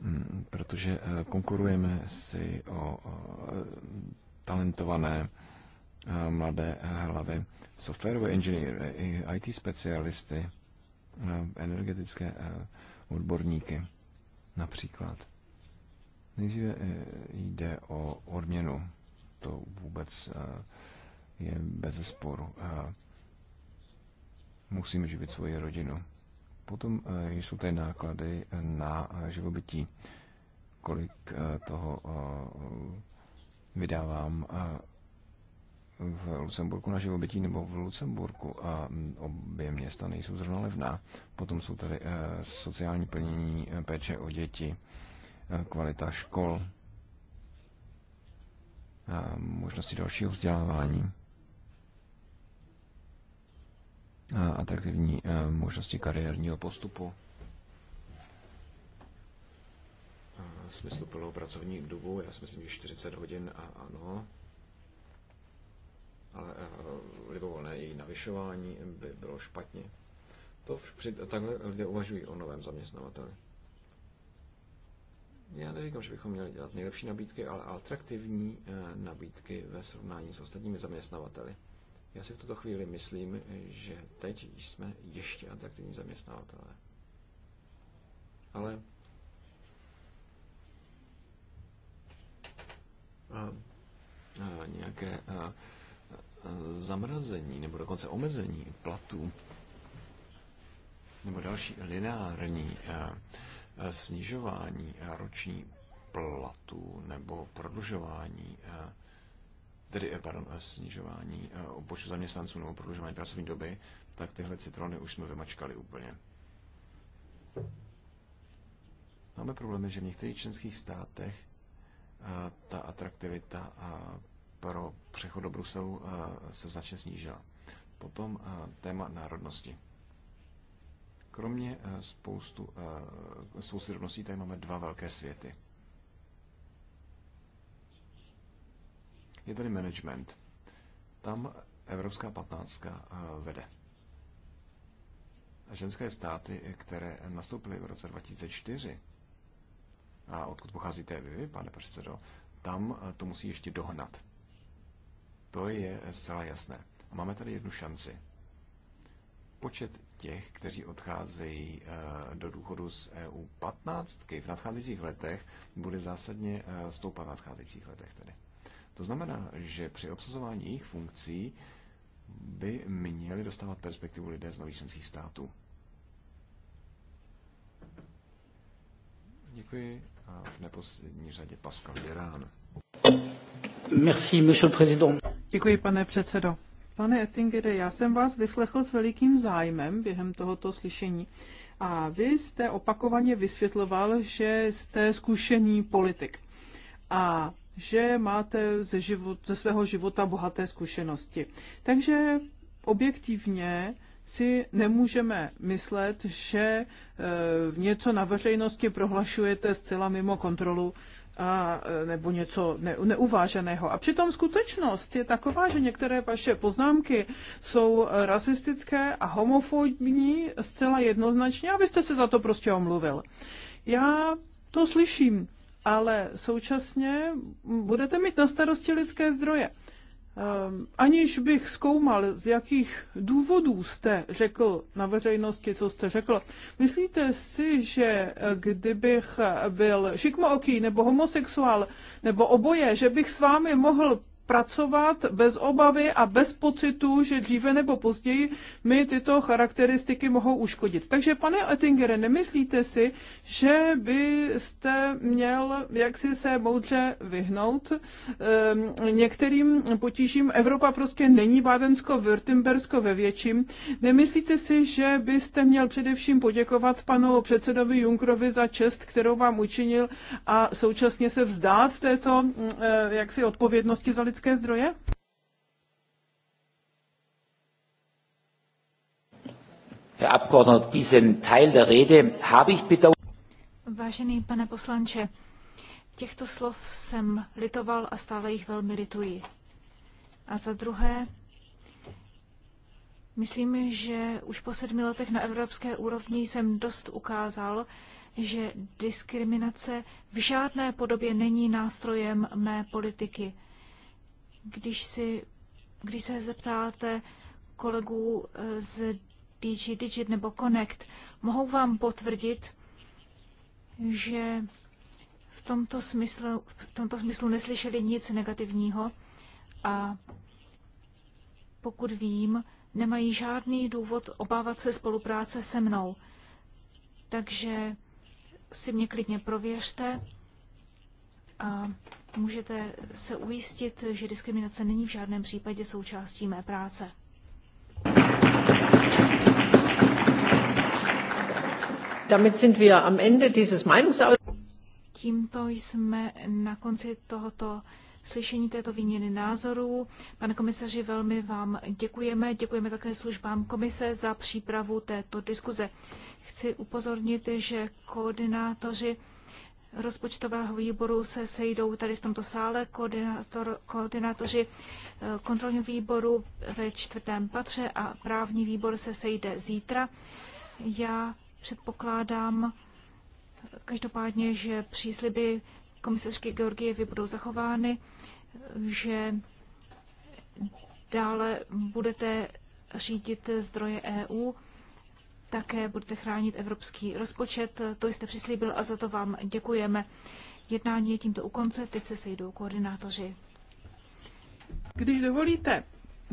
[SPEAKER 3] Mm, protože e, konkurujeme si o talentované e, mladé hlavy, softwarové inženýry, IT specialisty, energetické odborníky. Například. Nejdříve eh, jde o odměnu. To vůbec eh, je bez sporu. Musíme živit svoji rodinu. Potom eh, jsou tady náklady na živobytí. Kolik toho vydávám v Lucemburku na živobytí nebo v Lucemburku a obě města nejsou zrovna levná. Potom jsou tady eh, sociální plnění, eh, péče o děti, eh, kvalita škol, možnosti dalšího vzdělávání a atraktivní možnosti kariérního postupu. Smysluplnou pracovní dobu, já si myslím, že 40 hodin a ano, ale eh, libovolné její navyšování by bylo špatně. To při, takhle lidé uvažují o novém zaměstnavateli. Já neříkám, že bychom měli dělat nejlepší nabídky, ale atraktivní eh, nabídky ve srovnání s ostatními zaměstnavateli. Já si v tuto chvíli myslím, že teď jsme ještě atraktivní zaměstnavatelé. Ale a, a, nějaké a, zamrazení nebo dokonce omezení platů nebo další lineární eh, eh, snižování eh, roční platů nebo prodlužování tedy, pardon, snižování počtu zaměstnanců nebo prodlužování pracovní doby, tak tyhle citrony už jsme vymačkali úplně. Máme problémy, že v některých členských státech ta atraktivita a pro přechod do Bruselu eh, se značně snížila. Potom eh, téma národnosti. Kromě eh, spoustu, spoustu rovností tady máme dva velké světy. Je tady management. Tam Evropská patnáctka vede. A ženské státy, které nastoupily v roce 2004, a odkud pocházíte vy, pane předsedo, tam to musí ještě dohnat. To je zcela jasné. A máme tady jednu šanci. Počet těch, kteří odcházejí eh, do důchodu z EU 15 v nadcházejících letech, bude zásadně eh, stoupat v nadcházejících letech tedy. To znamená, že při obsazování jejich funkcí by měli dostávat perspektivu lidé z nových členských států. Děkuji a v neposlední řadě Pascal Děrán.
[SPEAKER 2] Merci, monsieur le président. Děkuji, pane předsedo. Pane Ettingere, já jsem vás vyslechl s velikým zájmem během tohoto slyšení a vy jste opakovaně vysvětloval, že jste zkušený politik a že máte ze, život, ze svého života bohaté zkušenosti. Takže objektivně si nemůžeme myslet, že e, něco na veřejnosti prohlašujete zcela mimo kontrolu a, nebo něco ne, neuváženého. A přitom skutečnost je taková, že některé vaše poznámky jsou rasistické a homofobní zcela jednoznačně a vy jste se za to prostě omluvil. Já to slyším, ale současně budete mít na starosti lidské zdroje. Ehm, aniž bych zkoumal, z jakých důvodů jste řekl na veřejnosti, co jste řekl, myslíte si, že eh, kdybych byl oký, nebo homosexuál nebo oboje, že bych s vámi mohl pracovat bez obavy a bez pocitu, že dříve nebo později mi tyto charakteristiky mohou uškodit. Takže, pane Oettingere, nemyslíte si, že byste měl jaksi se moudře vyhnout ehm, některým potížím? Evropa prostě není Bádensko-Württembersko ve větším. Nemyslíte si, že byste měl především poděkovat panu předsedovi Junkrovi za čest, kterou vám učinil a současně se vzdát této ehm, jaksi odpovědnosti za lidi? genetické zdroje?
[SPEAKER 1] Vážený pane poslanče, těchto slov jsem litoval a stále jich velmi lituji. A za druhé, myslím, že už po sedmi letech na evropské úrovni jsem dost ukázal, že diskriminace v žádné podobě není nástrojem mé politiky. Když, si, když se zeptáte kolegů eh, z DG Digit nebo Connect, mohou vám potvrdit, že v tomto smyslu, v tomto smyslu neslyšeli nic negativního a pokud vím, nemají žádný důvod obávat se spolupráce se mnou. Takže si mě klidně prověřte a můžete se ujistit, že diskriminace není v žádném případě součástí mé práce. Damit sind wir am Ende dieses Meinungsaus Tímto jsme na konci tohoto slyšení této výměny názorů. Pane komisaři, velmi vám děkujeme. Děkujeme také službám komise za přípravu této diskuze. Chci upozornit, že koordinátoři rozpočtového výboru se sejdou tady v tomto sále koordinátor, koordinátoři eh, kontrolního výboru ve čtvrtém patře a právní výbor se sejde zítra. Já předpokládám eh, každopádně, že přísliby komisařky Georgie budou zachovány, eh, že dále budete řídit zdroje EU také budete chránit evropský rozpočet. To jste přislíbil a za to vám děkujeme. Jednání je tímto u konce, teď se sejdou koordinátoři. Když dovolíte,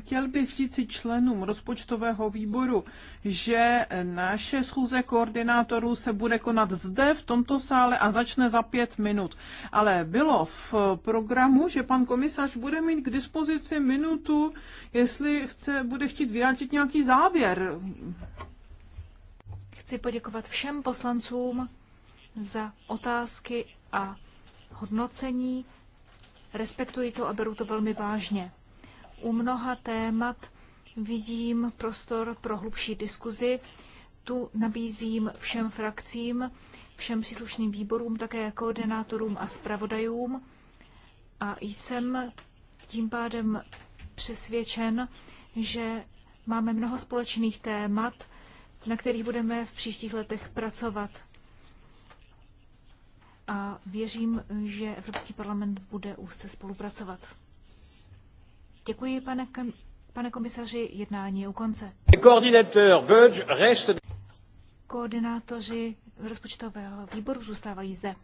[SPEAKER 1] chtěl bych
[SPEAKER 2] říci členům rozpočtového výboru, že naše schůze koordinátorů se bude konat zde v tomto sále a začne za pět minut. Ale bylo v programu, že pan komisař bude mít k dispozici minutu, jestli chce, bude chtít vyjádřit nějaký závěr.
[SPEAKER 1] Chci poděkovat všem poslancům za otázky a hodnocení. Respektuji to a beru to velmi vážně. U mnoha témat vidím prostor pro hlubší diskuzi. Tu nabízím všem frakcím, všem příslušným výborům, také koordinátorům a zpravodajům. A jsem tím pádem přesvědčen, že máme mnoho společných témat, na kterých budeme v příštích letech pracovat. A věřím, že Evropský parlament bude úzce spolupracovat. Děkuji, pane, pane komisaři, jednání je u konce. Koordinátoři rozpočtového výboru zůstávají zde.